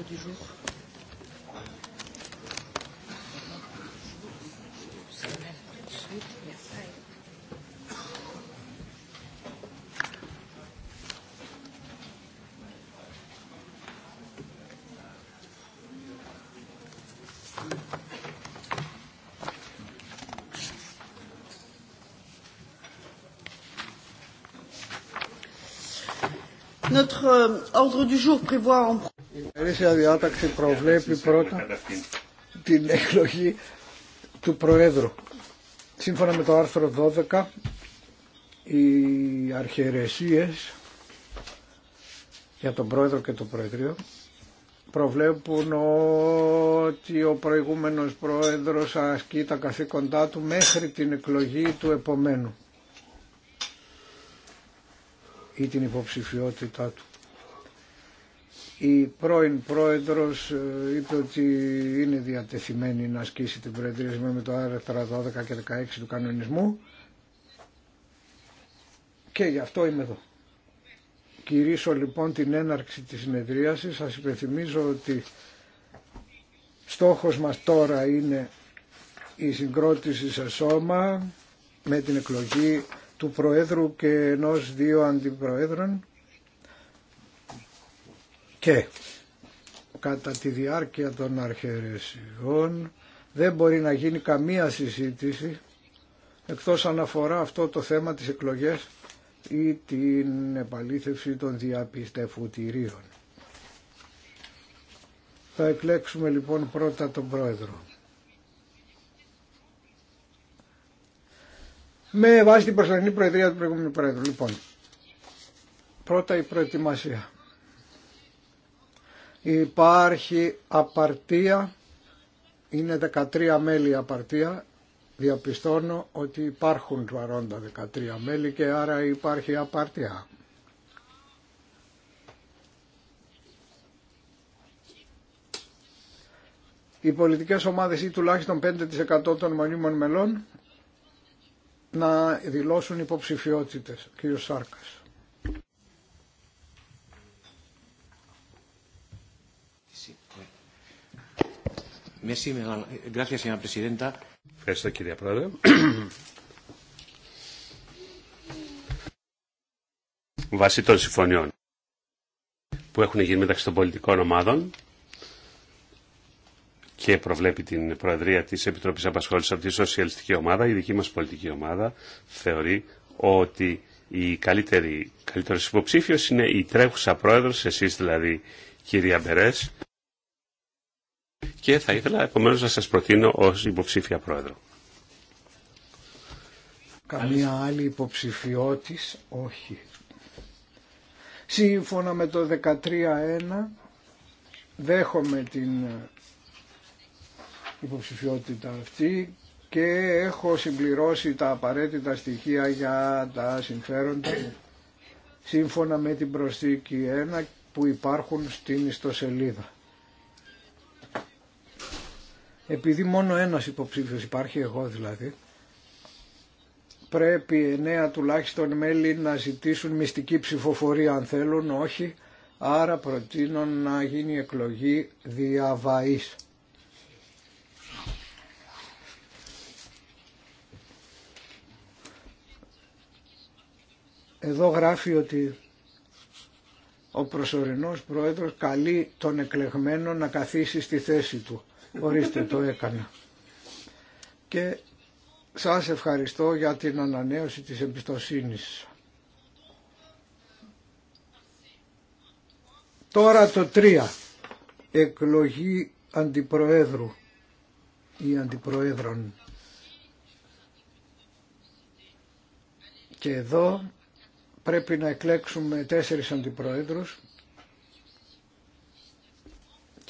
l'ordre du jour Notre ordre du jour prévoit en η διάταξη προβλέπει πρώτα την εκλογή του Προέδρου. Σύμφωνα με το άρθρο 12, οι αρχαιρεσίες για τον Πρόεδρο και το Προεδρείο προβλέπουν ότι ο προηγούμενος Πρόεδρος ασκεί τα καθήκοντά του μέχρι την εκλογή του επομένου ή την υποψηφιότητά του η πρώην πρόεδρος ε, είπε ότι είναι διατεθειμένη να ασκήσει την προεδρία με το άρθρα 12 και 16 του κανονισμού και γι' αυτό είμαι εδώ. Κυρίσω λοιπόν την έναρξη της συνεδρίασης. Σας υπενθυμίζω ότι στόχος μας τώρα είναι η συγκρότηση σε σώμα με την εκλογή του Προέδρου και ενός δύο αντιπροέδρων και κατά τη διάρκεια των αρχαιρεσιών δεν μπορεί να γίνει καμία συζήτηση εκτός αν αφορά αυτό το θέμα της εκλογές ή την επαλήθευση των διαπιστευουτηρίων. Θα εκλέξουμε λοιπόν πρώτα τον πρόεδρο. Με βάση την προσωρινή προεδρία του προηγούμενου πρόεδρου. Λοιπόν, πρώτα η προετοιμασία. Υπάρχει απαρτία, είναι 13 μέλη απαρτία, διαπιστώνω ότι υπάρχουν του παρόντα 13 μέλη και άρα υπάρχει απαρτία. οι πολιτικές ομάδες ή τουλάχιστον 5% των μονίμων μελών να δηλώσουν υποψηφιότητες, κύριο Σάρκας. Ευχαριστώ κυρία Πρόεδρε. Βάσει των συμφωνιών που έχουν γίνει μεταξύ των πολιτικών ομάδων και προβλέπει την Προεδρία της Επιτροπής Απασχόλησης από τη Σοσιαλιστική Ομάδα, η δική μας πολιτική ομάδα θεωρεί ότι η καλύτερη, καλύτερος υποψήφιος είναι η τρέχουσα πρόεδρος, εσείς δηλαδή κυρία Μπερές, και θα ήθελα επομένω να σας προτείνω ως υποψήφια πρόεδρο. Καμία άλλη υποψηφιότης, όχι. Σύμφωνα με το 13.1 δέχομαι την υποψηφιότητα αυτή και έχω συμπληρώσει τα απαραίτητα στοιχεία για τα συμφέροντα σύμφωνα με την προσθήκη 1 που υπάρχουν στην ιστοσελίδα επειδή μόνο ένας υποψήφιος υπάρχει, εγώ δηλαδή, πρέπει εννέα τουλάχιστον μέλη να ζητήσουν μυστική ψηφοφορία αν θέλουν, όχι, άρα προτείνω να γίνει εκλογή διαβαής. Εδώ γράφει ότι ο προσωρινός πρόεδρος καλεί τον εκλεγμένο να καθίσει στη θέση του. Ορίστε, το έκανα. Και σας ευχαριστώ για την ανανέωση της εμπιστοσύνης. Τώρα το 3. Εκλογή αντιπροέδρου ή αντιπροέδρων. Και εδώ πρέπει να εκλέξουμε τέσσερις αντιπροέδρους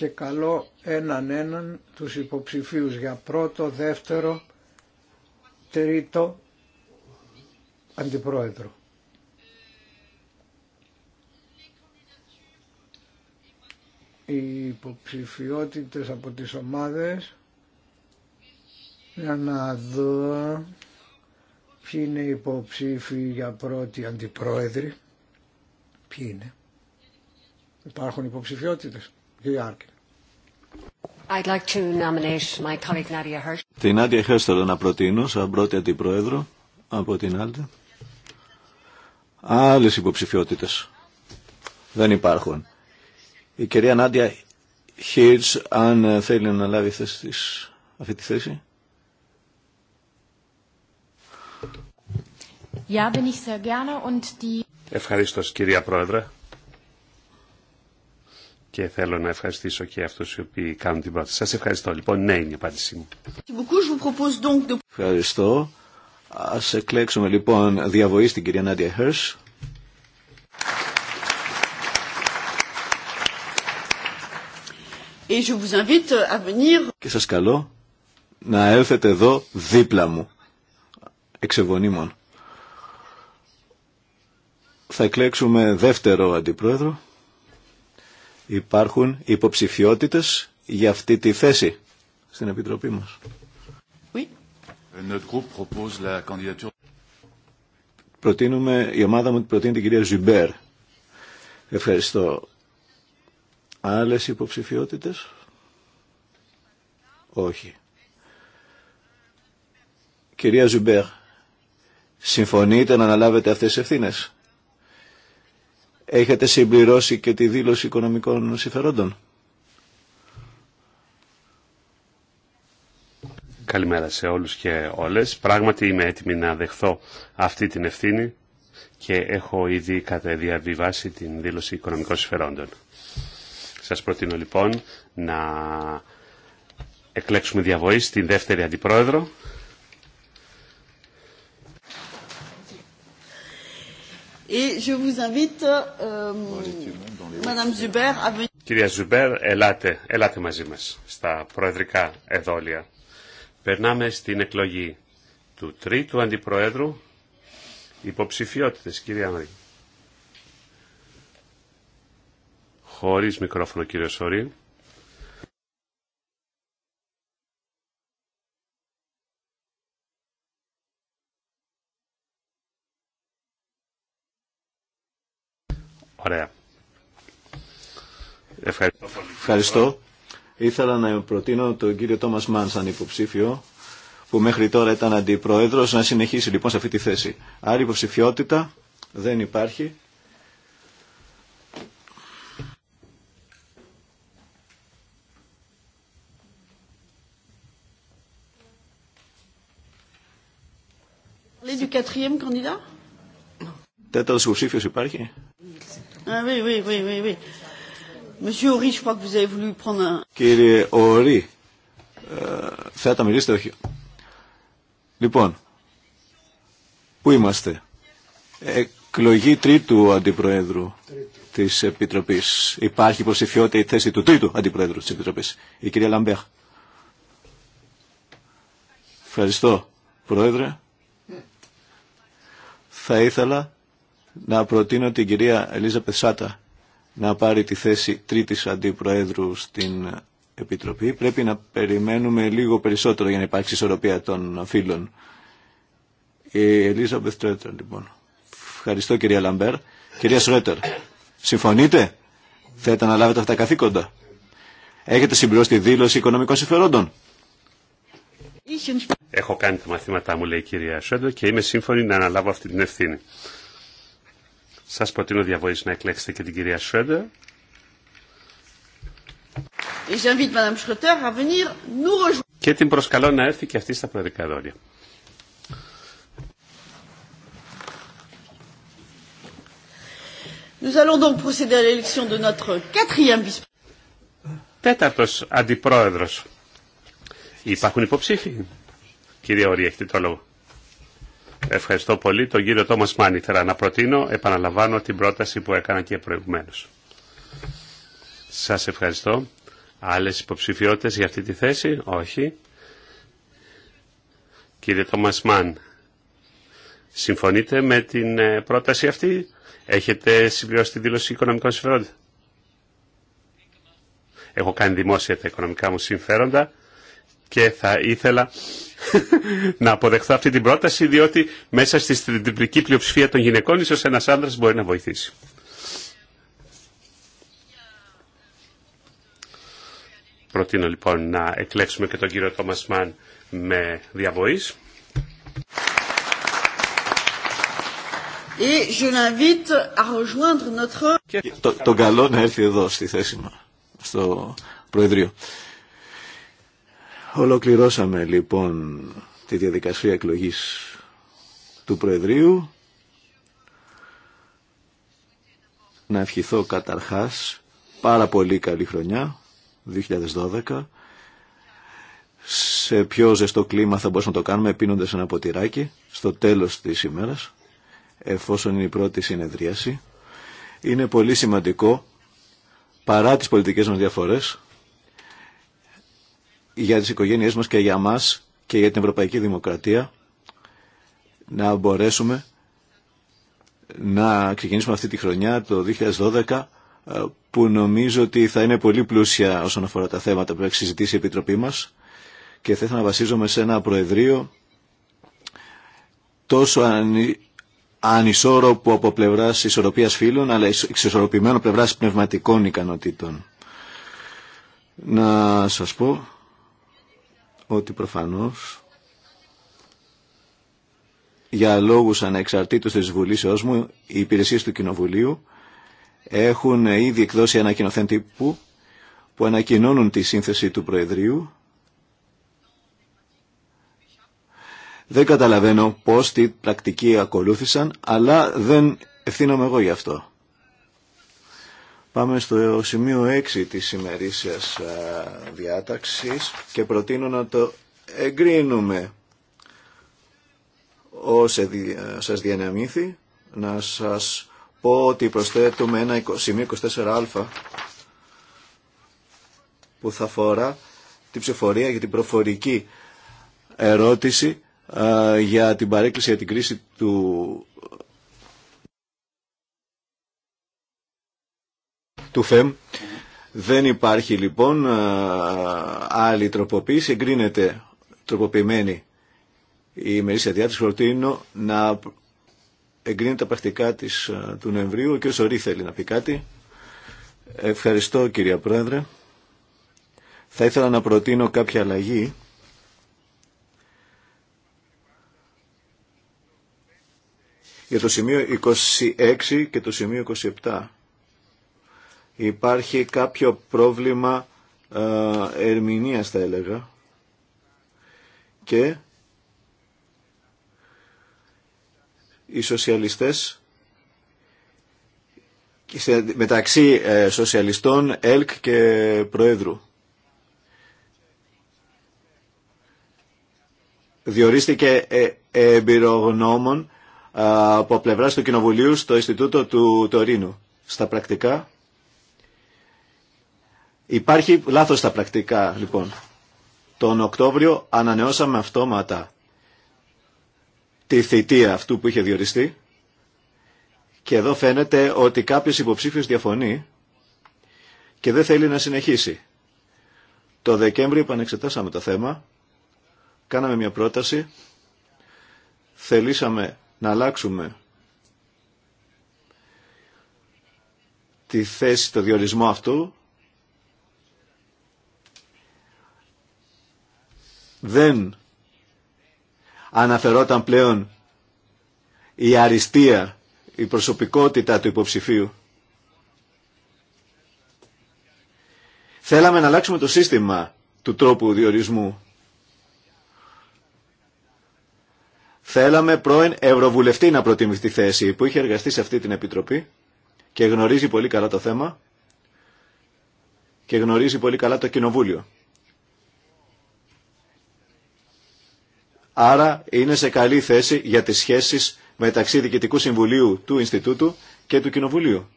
και καλώ έναν έναν τους υποψηφίους για πρώτο, δεύτερο, τρίτο αντιπρόεδρο. Οι υποψηφιότητες από τις ομάδες για να δω ποιοι είναι οι υποψήφοι για πρώτη αντιπρόεδρη. Ποιοι είναι. Υπάρχουν υποψηφιότητες. Την Νάντια Χέρς να προτείνω σαν πρώτη αντιπρόεδρο από την άλλη. Άλλες υποψηφιότητες δεν υπάρχουν. Η κυρία Νάντια Χίρτς αν θέλει να λάβει θέση της, αυτή τη θέση. Ευχαριστώ κυρία Πρόεδρε και θέλω να ευχαριστήσω και αυτού οι οποίοι κάνουν την πρόταση. Σα ευχαριστώ. Λοιπόν, ναι είναι η απάντησή μου. Ευχαριστώ. Α εκλέξουμε λοιπόν διαβοή στην κυρία Νάντια Χέρς. Και σας καλώ να έρθετε εδώ δίπλα μου, εξεβονίμων. Θα εκλέξουμε δεύτερο αντιπρόεδρο. Υπάρχουν υποψηφιότητες για αυτή τη θέση στην Επιτροπή μας. Προτείνουμε, η ομάδα μου προτείνει την κυρία Ζιμπέρ. Ευχαριστώ. Άλλες υποψηφιότητες. Όχι. Κυρία Ζουμπέρ, συμφωνείτε να αναλάβετε αυτές τις ευθύνες. Έχετε συμπληρώσει και τη δήλωση οικονομικών συμφερόντων. Καλημέρα σε όλους και όλες. Πράγματι είμαι έτοιμη να δεχθώ αυτή την ευθύνη και έχω ήδη καταδιαβιβάσει την δήλωση οικονομικών συμφερόντων. Σας προτείνω λοιπόν να εκλέξουμε διαβοή στην δεύτερη αντιπρόεδρο Et je vous invite, euh, Madame Zuber, à Κυρία Ζουμπέρ, ελάτε, ελάτε μαζί μας στα προεδρικά εδόλια. Περνάμε στην εκλογή του τρίτου αντιπροέδρου υποψηφιότητες, κυρία Μαρή. Χωρίς μικρόφωνο, κύριο Σωρή. Ωραία. Ευχαριστώ. Ευχαριστώ. Ήθελα να προτείνω τον κύριο Τόμας Μάν σαν υποψήφιο που μέχρι τώρα ήταν αντιπρόεδρος να συνεχίσει λοιπόν σε αυτή τη θέση. Άλλη υποψηφιότητα δεν υπάρχει. Τέταρτος υποψήφιος υπάρχει. Κύριε Ορί, ε, θα τα μιλήσετε όχι. Λοιπόν, πού είμαστε. Εκλογή τρίτου αντιπροέδρου της Επιτροπής. Υπάρχει υποψηφιότητα η θέση του τρίτου αντιπροέδρου της Επιτροπής. Η κυρία Λαμπέχ. Ευχαριστώ, Πρόεδρε. Θα ήθελα να προτείνω την κυρία Ελίζα Πεσάτα να πάρει τη θέση τρίτης αντιπροέδρου στην Επιτροπή. Πρέπει να περιμένουμε λίγο περισσότερο για να υπάρξει ισορροπία των φίλων. Η Ελίζα Πεστρέτερ, λοιπόν. Ευχαριστώ κυρία Λαμπέρ. Κυρία Σρέτερ, συμφωνείτε? Θέλετε να λάβετε αυτά τα καθήκοντα. Έχετε συμπληρώσει τη δήλωση οικονομικών συμφερόντων. Έχω κάνει τα μαθήματά μου, λέει η κυρία Σρέτερ, και είμαι σύμφωνη να αναλάβω αυτή την ευθύνη. Σας προτείνω διαβόηση να εκλέξετε και την κυρία Σρέντερ. Και την προσκαλώ να έρθει και αυτή στα προεδρικά δόλια. Nous allons donc procéder à l'élection de notre quatrième Τέταρτος αντιπρόεδρος. Υπάρχουν υποψήφοι. Κύριε Ορία, έχετε το λόγο. Ευχαριστώ πολύ. Τον κύριο Τόμας Μάνι ήθελα να προτείνω. Επαναλαμβάνω την πρόταση που έκανα και προηγουμένως. Σας ευχαριστώ. Άλλε υποψηφιότητες για αυτή τη θέση. Όχι. Κύριε Τόμας Μάν, συμφωνείτε με την ε, πρόταση αυτή. Έχετε συμπληρώσει τη δήλωση οικονομικών συμφερόντων. Έχω κάνει δημόσια τα οικονομικά μου συμφέροντα και θα ήθελα να αποδεχθώ αυτή την πρόταση διότι μέσα στη τριπλική πλειοψηφία των γυναικών ίσως ένας άνδρας μπορεί να βοηθήσει. Προτείνω λοιπόν να εκλέξουμε και τον κύριο Τόμας Μαν με διαβοής. Et je l'invite à rejoindre notre... τον καλό να έρθει εδώ στη θέση μας, στο Προεδρείο. Ολοκληρώσαμε λοιπόν τη διαδικασία εκλογής του Προεδρείου. Να ευχηθώ καταρχάς πάρα πολύ καλή χρονιά, 2012. Σε πιο ζεστό κλίμα θα μπορούσαμε να το κάνουμε πίνοντας ένα ποτηράκι στο τέλος της ημέρας, εφόσον είναι η πρώτη συνεδρίαση. Είναι πολύ σημαντικό, παρά τις πολιτικές μας διαφορές, για τις οικογένειές μας και για μας και για την Ευρωπαϊκή Δημοκρατία να μπορέσουμε να ξεκινήσουμε αυτή τη χρονιά το 2012 που νομίζω ότι θα είναι πολύ πλούσια όσον αφορά τα θέματα που έχει συζητήσει η Επιτροπή μας και θέλω να βασίζομαι σε ένα Προεδρείο τόσο ανισόρροπο από πλευρά ισορροπίας φίλων αλλά εξισορροπημένο πλευρά πνευματικών ικανοτήτων. Να σας πω ότι προφανώς για λόγους ανεξαρτήτως της βουλήσεώς μου οι υπηρεσίες του Κοινοβουλίου έχουν ήδη εκδώσει ανακοινωθέν τύπου που ανακοινώνουν τη σύνθεση του Προεδρίου. Δεν καταλαβαίνω πώς τη πρακτική ακολούθησαν, αλλά δεν ευθύνομαι εγώ γι' αυτό. Πάμε στο σημείο 6 της ημερήσιας διάταξης και προτείνω να το εγκρίνουμε όσε σας διανεμήθη. να σας πω ότι προσθέτουμε ένα σημείο 24α που θα αφορά την ψηφορία για την προφορική ερώτηση για την παρέκκληση για την κρίση του του ΦΕΜ. Δεν υπάρχει λοιπόν ε, άλλη τροποποίηση. Εγκρίνεται τροποποιημένη η ημερήσια διάθεση. Προτείνω να εγκρίνεται τα πρακτικά της, ε, του Νοεμβρίου. Ο κ. Σωρή θέλει να πει κάτι. Ευχαριστώ κυρία Πρόεδρε. Θα ήθελα να προτείνω κάποια αλλαγή. για το σημείο 26 και το σημείο 27 υπάρχει κάποιο πρόβλημα ερμηνείας θα έλεγα και οι σοσιαλιστές μεταξύ ε, σοσιαλιστών, ΕΛΚ και Προέδρου. Διορίστηκε ε, εμπειρογνώμων από πλευράς του Κοινοβουλίου στο Ινστιτούτο του Τωρίνου. Στα πρακτικά Υπάρχει λάθος στα πρακτικά, λοιπόν. Τον Οκτώβριο ανανεώσαμε αυτόματα τη θητεία αυτού που είχε διοριστεί και εδώ φαίνεται ότι κάποιος υποψήφιος διαφωνεί και δεν θέλει να συνεχίσει. Το Δεκέμβριο επανεξετάσαμε το θέμα, κάναμε μια πρόταση, θελήσαμε να αλλάξουμε τη θέση, το διορισμό αυτού δεν αναφερόταν πλέον η αριστεία, η προσωπικότητα του υποψηφίου. Θέλαμε να αλλάξουμε το σύστημα του τρόπου διορισμού. Θέλαμε πρώην Ευρωβουλευτή να προτιμηθεί τη θέση που είχε εργαστεί σε αυτή την Επιτροπή και γνωρίζει πολύ καλά το θέμα και γνωρίζει πολύ καλά το Κοινοβούλιο. Άρα είναι σε καλή θέση για τις σχέσεις μεταξύ Διοικητικού Συμβουλίου του Ινστιτούτου και του Κοινοβουλίου.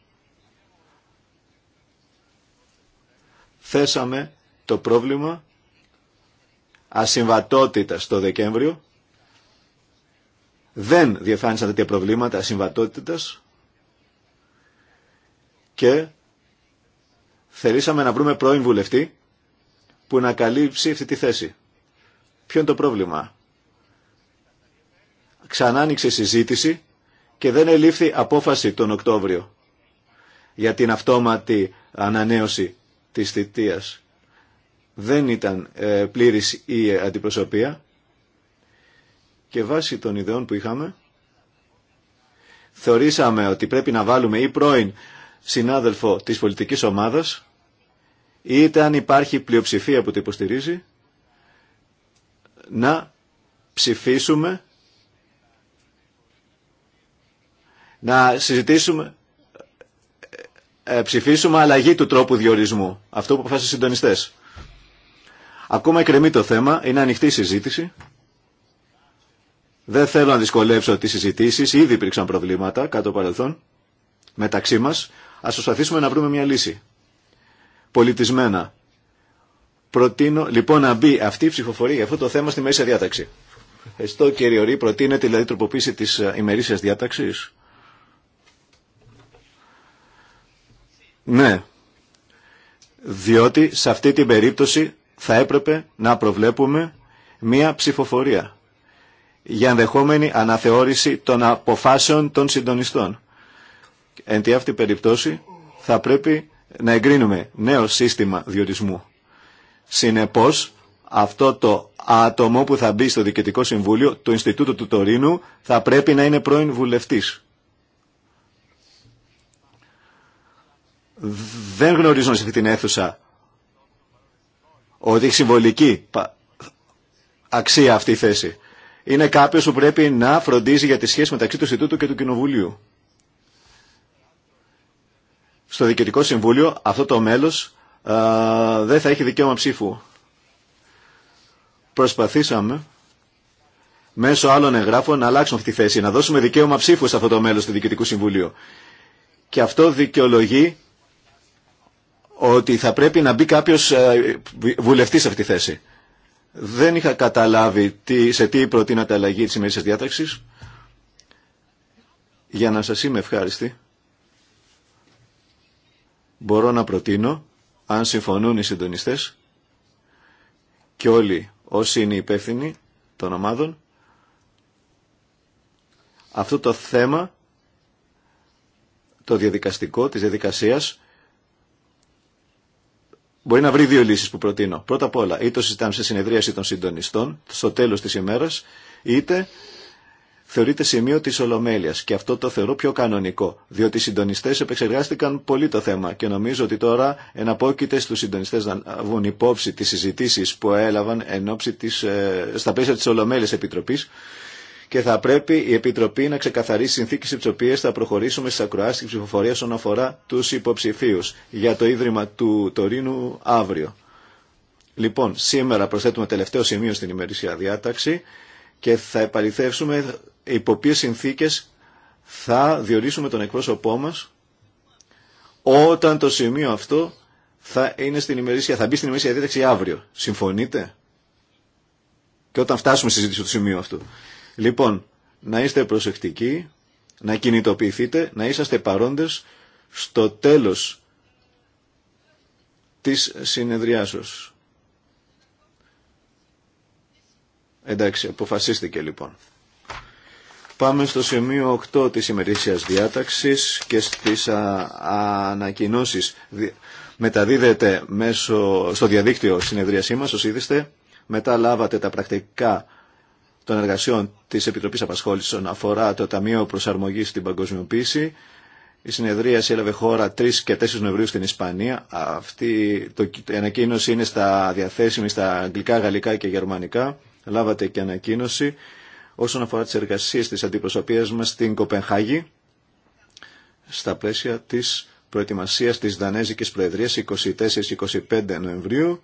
Θέσαμε το πρόβλημα ασυμβατότητας το Δεκέμβριο. Δεν διαφάνησαν τέτοια προβλήματα ασυμβατότητας και θελήσαμε να βρούμε πρώην βουλευτή που να καλύψει αυτή τη θέση. Ποιο είναι το πρόβλημα ξανά άνοιξε συζήτηση και δεν ελήφθη απόφαση τον Οκτώβριο για την αυτόματη ανανέωση της θητείας. Δεν ήταν ε, πλήρης η αντιπροσωπεία και βάσει των ιδεών που είχαμε θεωρήσαμε ότι πρέπει να βάλουμε ή πρώην συνάδελφο της πολιτικής ομάδας είτε αν υπάρχει πλειοψηφία που το υποστηρίζει να ψηφίσουμε να συζητήσουμε, ε, ψηφίσουμε αλλαγή του τρόπου διορισμού. Αυτό που αποφάσισαν οι συντονιστές. Ακόμα εκκρεμεί το θέμα, είναι ανοιχτή συζήτηση. Δεν θέλω να δυσκολεύσω τις συζητήσεις, ήδη υπήρξαν προβλήματα κάτω παρελθόν μεταξύ μας. Ας προσπαθήσουμε να βρούμε μια λύση. Πολιτισμένα. Προτείνω λοιπόν να μπει αυτή η ψηφοφορία για αυτό το θέμα στη μέση διάταξη. Ευχαριστώ κύριε Ρή, προτείνεται δηλαδή τροποποίηση της ε, ημερήσιας διάταξης. Ναι, διότι σε αυτή την περίπτωση θα έπρεπε να προβλέπουμε μία ψηφοφορία για ενδεχόμενη αναθεώρηση των αποφάσεων των συντονιστών. Εν τη αυτή περιπτώση θα πρέπει να εγκρίνουμε νέο σύστημα διορισμού. Συνεπώς, αυτό το άτομο που θα μπει στο Διοικητικό Συμβούλιο του Ινστιτούτου του Τωρίνου θα πρέπει να είναι πρώην βουλευτής. δεν γνωρίζουν σε αυτή την αίθουσα ότι έχει συμβολική αξία αυτή η θέση. Είναι κάποιο που πρέπει να φροντίζει για τη σχέση μεταξύ του Ινστιτούτου και του Κοινοβουλίου. Στο Διοικητικό Συμβούλιο αυτό το μέλος δεν θα έχει δικαίωμα ψήφου. Προσπαθήσαμε μέσω άλλων εγγράφων να αλλάξουμε αυτή τη θέση, να δώσουμε δικαίωμα ψήφου σε αυτό το μέλος του Διοικητικού Συμβουλίου. Και αυτό δικαιολογεί ότι θα πρέπει να μπει κάποιος ε, βουλευτής σε αυτή τη θέση. Δεν είχα καταλάβει τι, σε τι προτείνατε αλλαγή της σημερινής διάταξη. Για να σας είμαι ευχάριστη, μπορώ να προτείνω, αν συμφωνούν οι συντονιστές και όλοι όσοι είναι υπεύθυνοι των ομάδων, αυτό το θέμα, το διαδικαστικό της διαδικασίας, μπορεί να βρει δύο λύσεις που προτείνω. Πρώτα απ' όλα, είτε το συζητάμε σε συνεδρίαση των συντονιστών, στο τέλο τη ημέρα, είτε θεωρείται σημείο της Ολομέλειας και αυτό το θεωρώ πιο κανονικό, διότι οι συντονιστέ επεξεργάστηκαν πολύ το θέμα και νομίζω ότι τώρα εναπόκειται στους συντονιστέ να βγουν υπόψη τι συζητήσει που έλαβαν ε, στα πλαίσια τη Ολομέλεια επίτροπή και θα πρέπει η Επιτροπή να ξεκαθαρίσει συνθήκε τι οποίε θα προχωρήσουμε στι ακροάσει και ψηφοφορία όσον αφορά του υποψηφίου για το Ίδρυμα του Τωρίνου αύριο. Λοιπόν, σήμερα προσθέτουμε τελευταίο σημείο στην ημερήσια διάταξη και θα επαληθεύσουμε υπό ποιε συνθήκε θα διορίσουμε τον εκπρόσωπό μα όταν το σημείο αυτό θα, είναι στην ημερήσια, θα μπει στην ημερήσια διάταξη αύριο. Συμφωνείτε? Και όταν φτάσουμε στη συζήτηση του σημείου αυτού. Λοιπόν, να είστε προσεκτικοί, να κινητοποιηθείτε, να είσαστε παρόντες στο τέλος της συνεδριάσεως. Εντάξει, αποφασίστηκε λοιπόν. Πάμε στο σημείο 8 της ημερήσιας διάταξης και στις α, ανακοινώσεις. Μεταδίδεται μέσω, στο διαδίκτυο συνεδρίασή μας, όσοι είδηστε. Μετά λάβατε τα πρακτικά των εργασιών της Επιτροπής Απασχόλησης αφορά το Ταμείο προσαρμογή στην Παγκοσμιοποίηση. Η συνεδρίαση έλαβε χώρα 3 και 4 Νοεμβρίου στην Ισπανία. Αυτή η ανακοίνωση είναι στα διαθέσιμη στα αγγλικά, γαλλικά και γερμανικά. Λάβατε και ανακοίνωση όσον αφορά τι εργασίε τη αντιπροσωπεία μα στην Κοπενχάγη στα πλαίσια τη προετοιμασία τη Δανέζική Προεδρίας 24-25 Νοεμβρίου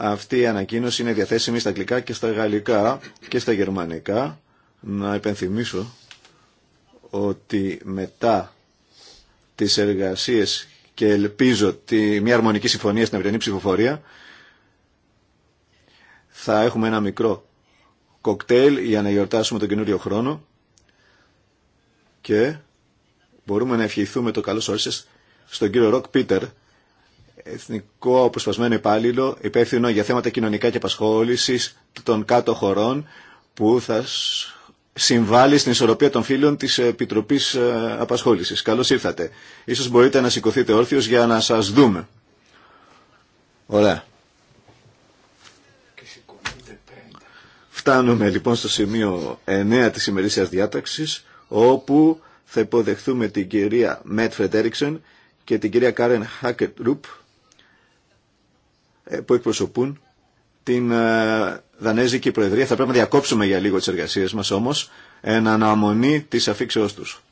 αυτή η ανακοίνωση είναι διαθέσιμη στα αγγλικά και στα γαλλικά και στα γερμανικά. Να υπενθυμίσω ότι μετά τις εργασίες και ελπίζω τη μια αρμονική συμφωνία στην αυριανή ψηφοφορία θα έχουμε ένα μικρό κοκτέιλ για να γιορτάσουμε τον καινούριο χρόνο και μπορούμε να ευχηθούμε το καλό όρισες στον κύριο Ροκ Πίτερ εθνικό αποσπασμένο υπάλληλο υπεύθυνο για θέματα κοινωνικά και απασχόληση των κάτω χωρών που θα συμβάλλει στην ισορροπία των φίλων της Επιτροπής ε, Απασχόλησης. Καλώς ήρθατε. Ίσως μπορείτε να σηκωθείτε όρθιος για να σας δούμε. Ωραία. Φτάνουμε λοιπόν στο σημείο 9 της ημερήσιας διάταξης όπου θα υποδεχθούμε την κυρία Μετ Φρεντέριξεν και την κυρία Κάρεν Χάκετ Ρουπ ε, που εκπροσωπούν την ε, Δανέζικη Προεδρία. Θα πρέπει να διακόψουμε για λίγο τις εργασίες μας όμως εν αναμονή της αφήξεώς τους.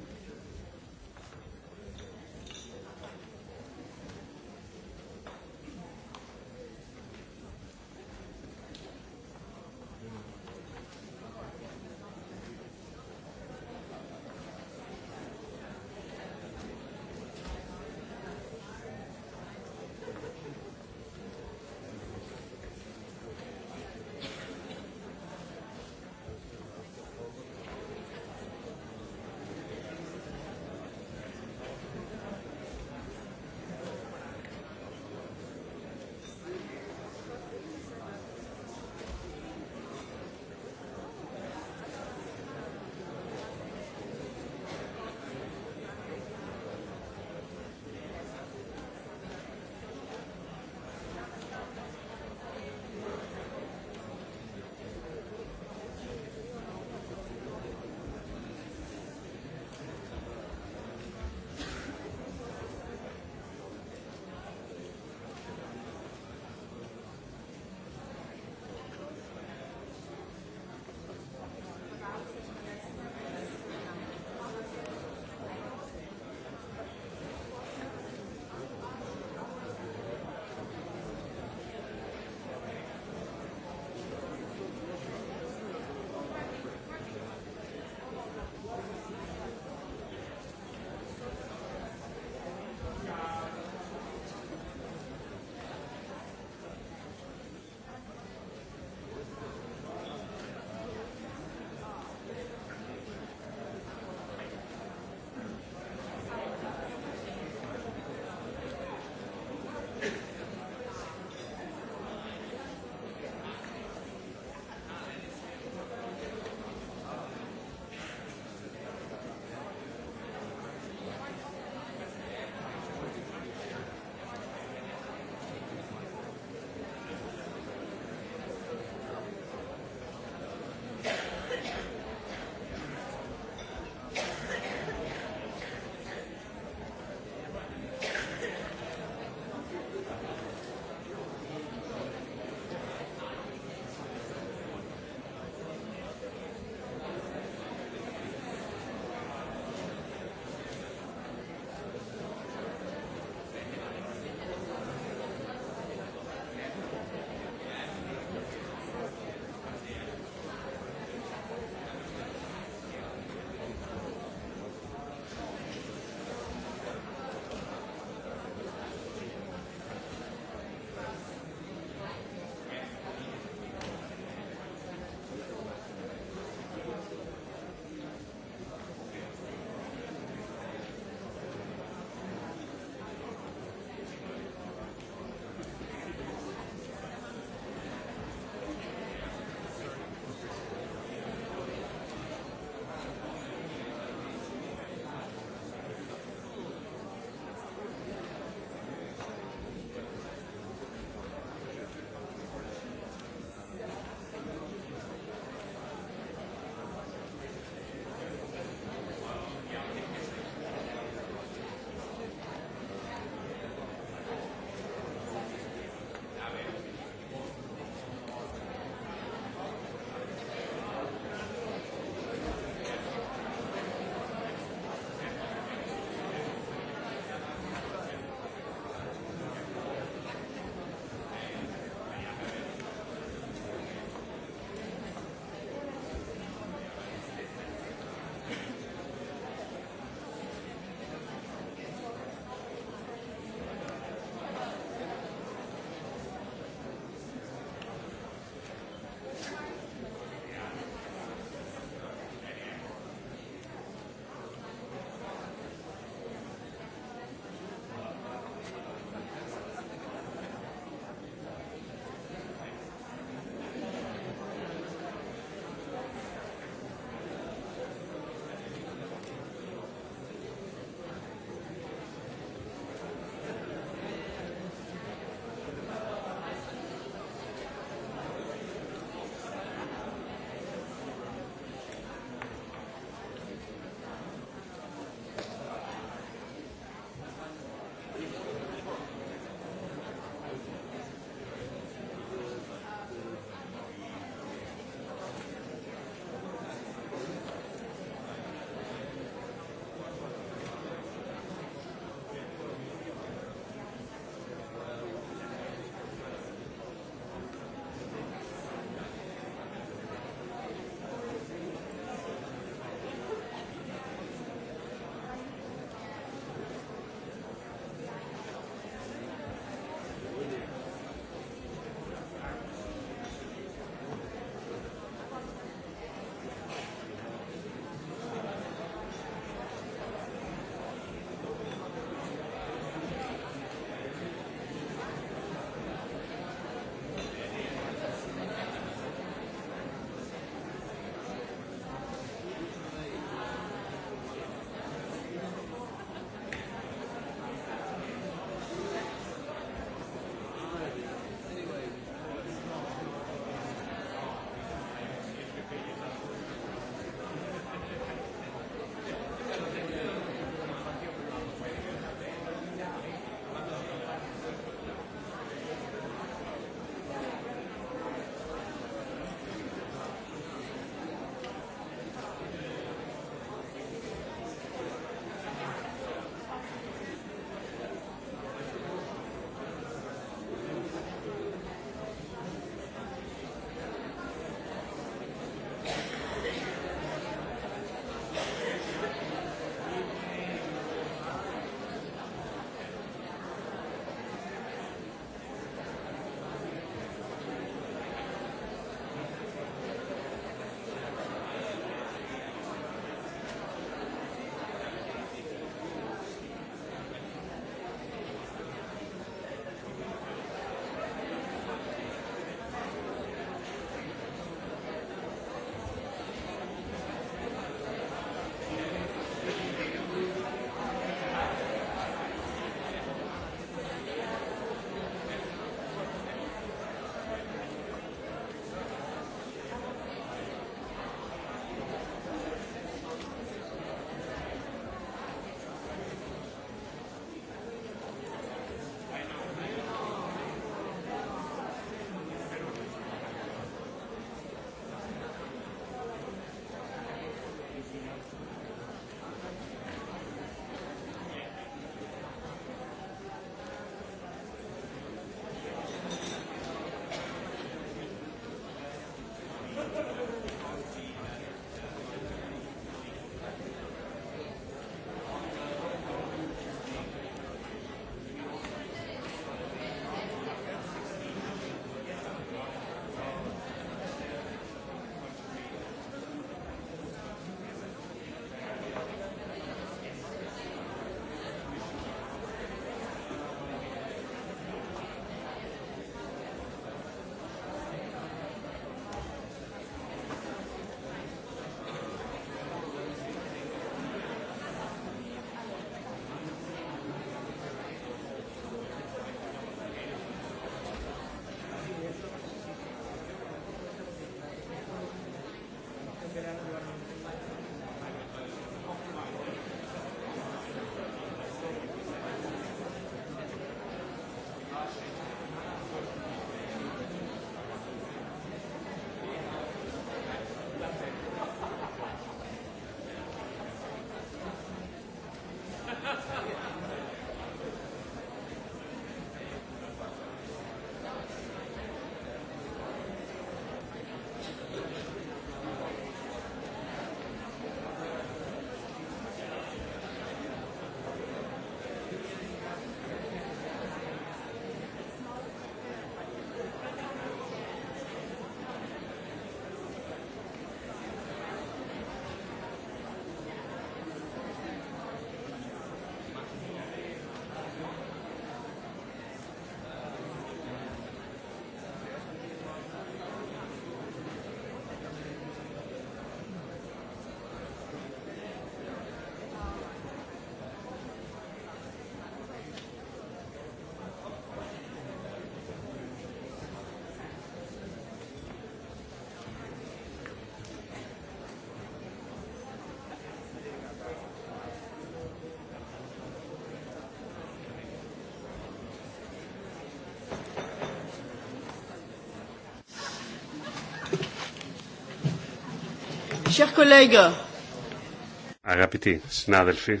Αγαπητοί συνάδελφοι,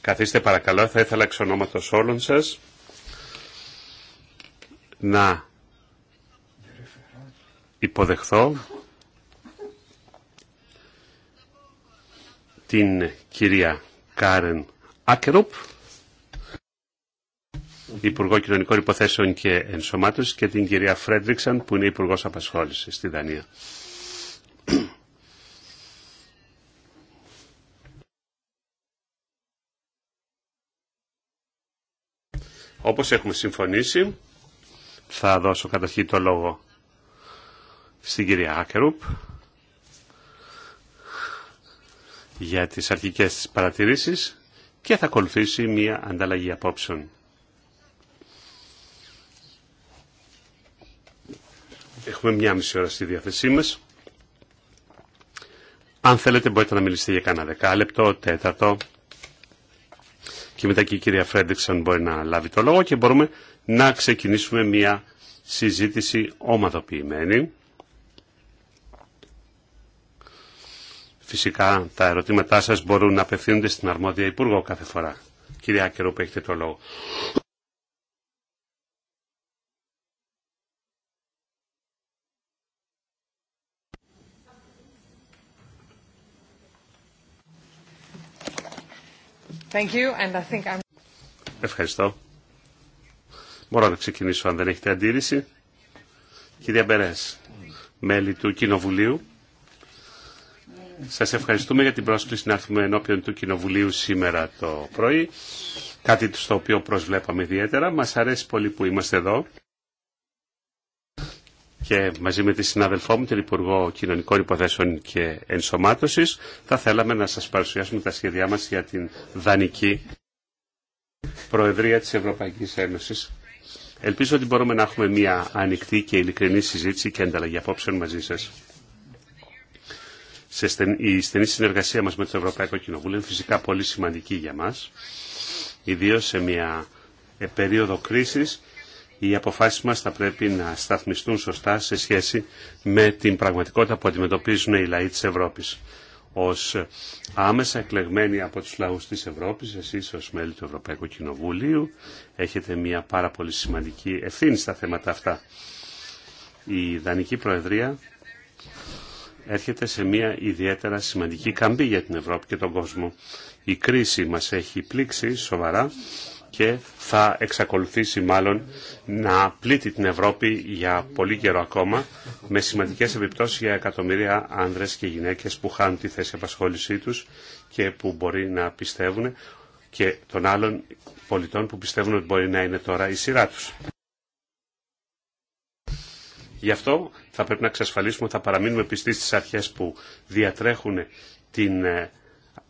καθίστε παρακαλώ, θα ήθελα εξ ονόματος όλων σας να υποδεχθώ την κυρία Κάρεν Άκερουπ, Υπουργό Κοινωνικών Υποθέσεων και Ενσωμάτωσης και την κυρία Φρέντριξαν που είναι Υπουργό Απασχόληση στη Δανία. Όπως έχουμε συμφωνήσει, θα δώσω καταρχήν το λόγο στην κυρία Άκερουπ για τις αρχικές της παρατηρήσεις και θα ακολουθήσει μία ανταλλαγή απόψεων. Έχουμε μία μισή ώρα στη διάθεσή μας. Αν θέλετε μπορείτε να μιλήσετε για κάνα δεκάλεπτο, τέταρτο. Και μετά και η κυρία Φρέντεξαν μπορεί να λάβει το λόγο και μπορούμε να ξεκινήσουμε μία συζήτηση ομαδοποιημένη. Φυσικά τα ερωτήματά σας μπορούν να απευθύνονται στην αρμόδια Υπουργό κάθε φορά. Κυρία Κερού, που έχετε το λόγο. Ευχαριστώ. Μπορώ να ξεκινήσω αν δεν έχετε αντίρρηση. Κυρία Μπερές, μέλη του Κοινοβουλίου, σας ευχαριστούμε για την πρόσκληση να έρθουμε ενώπιον του Κοινοβουλίου σήμερα το πρωί. Κάτι στο οποίο προσβλέπαμε ιδιαίτερα. Μας αρέσει πολύ που είμαστε εδώ και μαζί με τη συναδελφό μου, την Υπουργό Κοινωνικών Υποθέσεων και Ενσωμάτωσης, θα θέλαμε να σας παρουσιάσουμε τα σχέδιά μας για την δανική Προεδρία της Ευρωπαϊκής Ένωσης. Ελπίζω ότι μπορούμε να έχουμε μια ανοιχτή και ειλικρινή συζήτηση και ανταλλαγή απόψεων μαζί σας. η στενή συνεργασία μας με το Ευρωπαϊκό Κοινοβούλιο είναι φυσικά πολύ σημαντική για μας, ιδίως σε μια περίοδο κρίσης οι αποφάσεις μας θα πρέπει να σταθμιστούν σωστά σε σχέση με την πραγματικότητα που αντιμετωπίζουν οι λαοί της Ευρώπης. Ως άμεσα εκλεγμένοι από τους λαούς της Ευρώπης, εσείς ως μέλη του Ευρωπαϊκού Κοινοβουλίου, έχετε μια πάρα πολύ σημαντική ευθύνη στα θέματα αυτά. Η Δανική Προεδρία έρχεται σε μια ιδιαίτερα σημαντική καμπή για την Ευρώπη και τον κόσμο. Η κρίση μας έχει πλήξει σοβαρά και θα εξακολουθήσει μάλλον να πλήττει την Ευρώπη για πολύ καιρό ακόμα με σημαντικές επιπτώσεις για εκατομμύρια άνδρες και γυναίκες που χάνουν τη θέση απασχόλησή τους και που μπορεί να πιστεύουν και των άλλων πολιτών που πιστεύουν ότι μπορεί να είναι τώρα η σειρά τους. Γι' αυτό θα πρέπει να εξασφαλίσουμε ότι θα παραμείνουμε πιστοί στις αρχές που διατρέχουν την ε,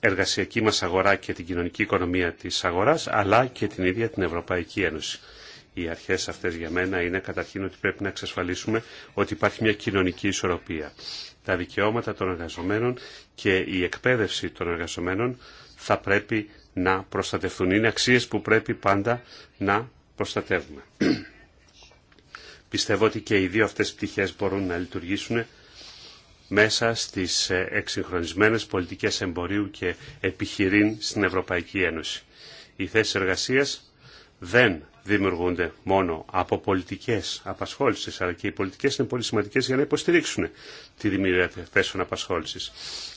εργασιακή μας αγορά και την κοινωνική οικονομία της αγοράς, αλλά και την ίδια την Ευρωπαϊκή Ένωση. Οι αρχές αυτές για μένα είναι καταρχήν ότι πρέπει να εξασφαλίσουμε ότι υπάρχει μια κοινωνική ισορροπία. Τα δικαιώματα των εργαζομένων και η εκπαίδευση των εργαζομένων θα πρέπει να προστατευτούν. Είναι αξίες που πρέπει πάντα να προστατεύουμε. Πιστεύω ότι και οι δύο αυτές πτυχές μπορούν να λειτουργήσουν μέσα στις ε, εξυγχρονισμένες πολιτικές εμπορίου και επιχειρήν στην Ευρωπαϊκή Ένωση. Οι θέσει εργασίας δεν δημιουργούνται μόνο από πολιτικές απασχόλησεις, αλλά και οι πολιτικές είναι πολύ σημαντικές για να υποστηρίξουν τη δημιουργία θέσεων απασχόλησης.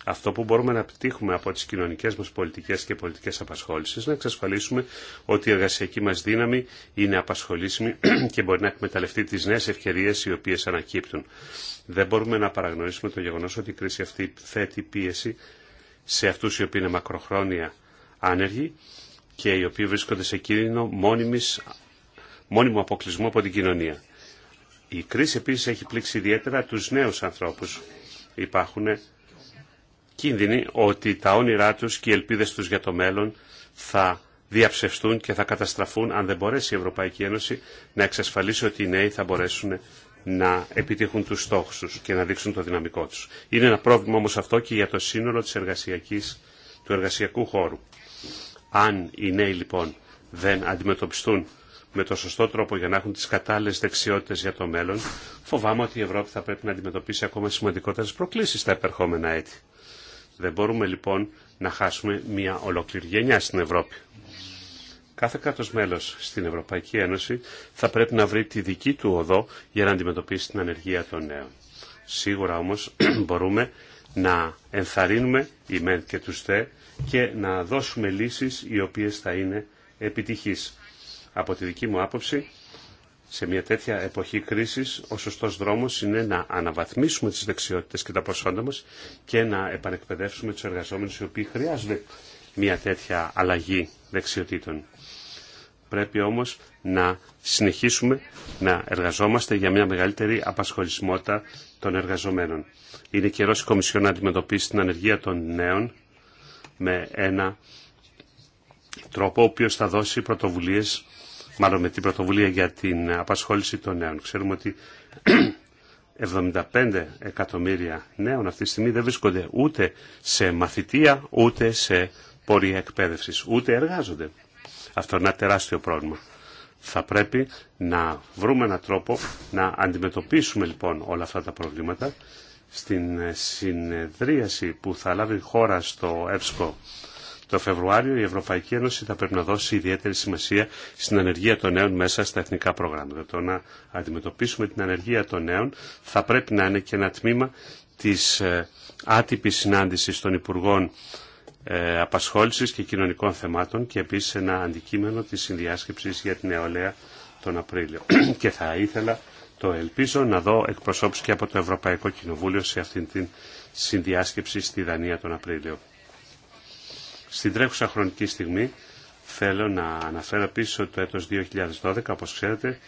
Αυτό που μπορούμε να επιτύχουμε από τις κοινωνικές μας πολιτικές και πολιτικές απασχόλησεις, να εξασφαλίσουμε ότι η εργασιακή μας δύναμη είναι απασχολήσιμη και μπορεί να εκμεταλλευτεί τις νέες ευκαιρίες οι οποίες ανακύπτουν. Δεν μπορούμε να παραγνωρίσουμε το γεγονός ότι η κρίση αυτή θέτει πίεση σε αυτούς οι οποίοι είναι μακροχρόνια άνεργοι και οι οποίοι βρίσκονται σε κίνδυνο μόνιμου αποκλεισμού από την κοινωνία. Η κρίση επίσης έχει πλήξει ιδιαίτερα τους νέους ανθρώπους. Υπάρχουν κίνδυνοι ότι τα όνειρά τους και οι ελπίδες τους για το μέλλον θα διαψευστούν και θα καταστραφούν αν δεν μπορέσει η Ευρωπαϊκή Ένωση να εξασφαλίσει ότι οι νέοι θα μπορέσουν να επιτύχουν τους στόχους τους και να δείξουν το δυναμικό τους. Είναι ένα πρόβλημα όμως αυτό και για το σύνολο της εργασιακής, του εργασιακού χώρου. Αν οι νέοι λοιπόν δεν αντιμετωπιστούν με το σωστό τρόπο για να έχουν τις κατάλληλες δεξιότητες για το μέλλον, φοβάμαι ότι η Ευρώπη θα πρέπει να αντιμετωπίσει ακόμα σημαντικότερες προκλήσεις τα επερχόμενα έτη. Δεν μπορούμε λοιπόν να χάσουμε μια ολόκληρη γενιά στην Ευρώπη. Κάθε κράτος μέλος στην Ευρωπαϊκή Ένωση θα πρέπει να βρει τη δική του οδό για να αντιμετωπίσει την ανεργία των νέων. Σίγουρα όμως μπορούμε να ενθαρρύνουμε οι μεν και τους τε και να δώσουμε λύσεις οι οποίες θα είναι επιτυχείς. Από τη δική μου άποψη, σε μια τέτοια εποχή κρίσης, ο σωστός δρόμος είναι να αναβαθμίσουμε τις δεξιότητες και τα προσόντα μας και να επανεκπαιδεύσουμε τους εργαζόμενους οι οποίοι χρειάζονται μια τέτοια αλλαγή δεξιοτήτων. Πρέπει όμως να συνεχίσουμε να εργαζόμαστε για μια μεγαλύτερη απασχολησιμότητα των εργαζομένων. Είναι καιρό η Κομισιόν να αντιμετωπίσει την ανεργία των νέων με ένα τρόπο ο οποίος θα δώσει πρωτοβουλίες, μάλλον με την πρωτοβουλία για την απασχόληση των νέων. Ξέρουμε ότι 75 εκατομμύρια νέων αυτή τη στιγμή δεν βρίσκονται ούτε σε μαθητεία, ούτε σε πορεία εκπαίδευσης, ούτε εργάζονται. Αυτό είναι ένα τεράστιο πρόβλημα. Θα πρέπει να βρούμε έναν τρόπο να αντιμετωπίσουμε λοιπόν όλα αυτά τα προβλήματα στην συνεδρίαση που θα λάβει η χώρα στο ΕΠΣΚΟ το Φεβρουάριο η Ευρωπαϊκή Ένωση θα πρέπει να δώσει ιδιαίτερη σημασία στην ανεργία των νέων μέσα στα εθνικά προγράμματα. Το να αντιμετωπίσουμε την ανεργία των νέων θα πρέπει να είναι και ένα τμήμα της ε, άτυπης συνάντησης των Υπουργών ε, απασχόλησης και κοινωνικών θεμάτων και επίσης ένα αντικείμενο της συνδιάσκεψης για την νεολαία τον Απρίλιο. και θα ήθελα, το ελπίζω, να δω εκπροσώπους και από το Ευρωπαϊκό Κοινοβούλιο σε αυτήν την συνδιάσκεψη στη Δανία τον Απρίλιο. Στην τρέχουσα χρονική στιγμή θέλω να αναφέρω επίσης ότι το έτος 2012, όπως ξέρετε,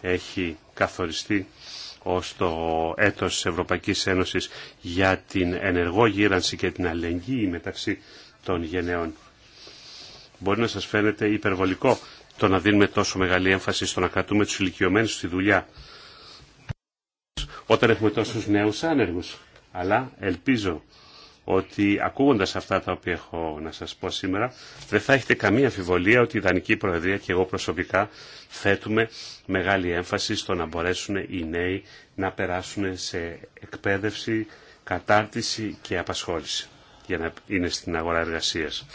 έχει καθοριστεί ως το έτος της Ευρωπαϊκής Ένωσης για την ενεργό γύρανση και την αλληλεγγύη μεταξύ των γενναίων. Μπορεί να σας φαίνεται υπερβολικό το να δίνουμε τόσο μεγάλη έμφαση στο να κρατούμε τους ηλικιωμένους στη δουλειά όταν έχουμε τόσους νέους άνεργους. Αλλά ελπίζω ότι ακούγοντας αυτά τα οποία έχω να σας πω σήμερα, δεν θα έχετε καμία αμφιβολία ότι η Δανική Προεδρία και εγώ προσωπικά θέτουμε μεγάλη έμφαση στο να μπορέσουν οι νέοι να περάσουν σε εκπαίδευση, κατάρτιση και απασχόληση για να είναι στην αγορά εργασίας.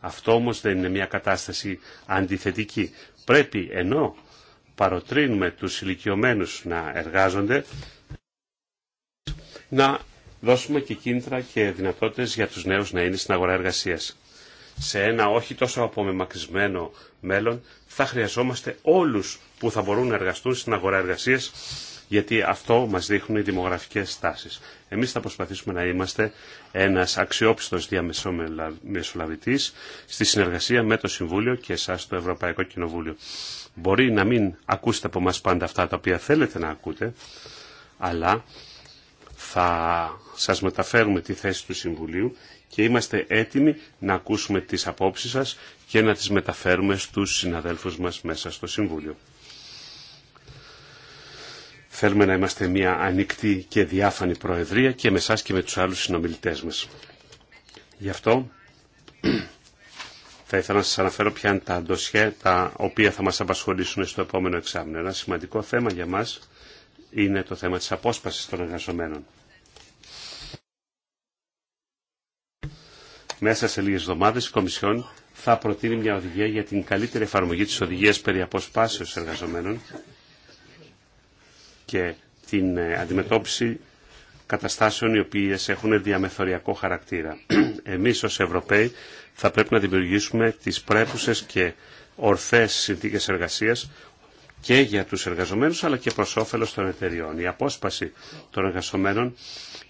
Αυτό όμως δεν είναι μια κατάσταση αντιθετική. Πρέπει ενώ παροτρύνουμε τους ηλικιωμένους να εργάζονται, να δώσουμε και κίνητρα και δυνατότητες για τους νέους να είναι στην αγορά εργασίας. Σε ένα όχι τόσο απομεμακρυσμένο μέλλον θα χρειαζόμαστε όλους που θα μπορούν να εργαστούν στην αγορά εργασίας γιατί αυτό μας δείχνουν οι δημογραφικές τάσεις. Εμείς θα προσπαθήσουμε να είμαστε ένας αξιόπιστος διαμεσολαβητής στη συνεργασία με το Συμβούλιο και εσάς το Ευρωπαϊκό Κοινοβούλιο. Μπορεί να μην ακούσετε από μας πάντα αυτά τα οποία θέλετε να ακούτε, αλλά θα σας μεταφέρουμε τη θέση του Συμβουλίου και είμαστε έτοιμοι να ακούσουμε τις απόψεις σας και να τις μεταφέρουμε στους συναδέλφους μας μέσα στο Συμβούλιο. Θέλουμε να είμαστε μια ανοιχτή και διάφανη Προεδρία και με εσάς και με τους άλλους συνομιλητές μας. Γι' αυτό θα ήθελα να σας αναφέρω ποια είναι τα ντοσιέ τα οποία θα μας απασχολήσουν στο επόμενο εξάμεινο. Ένα σημαντικό θέμα για μας είναι το θέμα της απόσπασης των εργαζομένων. Μέσα σε λίγες εβδομάδες η Κομισιόν θα προτείνει μια οδηγία για την καλύτερη εφαρμογή της οδηγίας περί αποσπάσεως εργαζομένων και την ε, αντιμετώπιση καταστάσεων οι οποίες έχουν διαμεθοριακό χαρακτήρα. Εμείς ως Ευρωπαίοι θα πρέπει να δημιουργήσουμε τις πρέπουσες και ορθές συνθήκες εργασίας και για τους εργαζομένους αλλά και προς όφελος των εταιριών. Η απόσπαση των εργαζομένων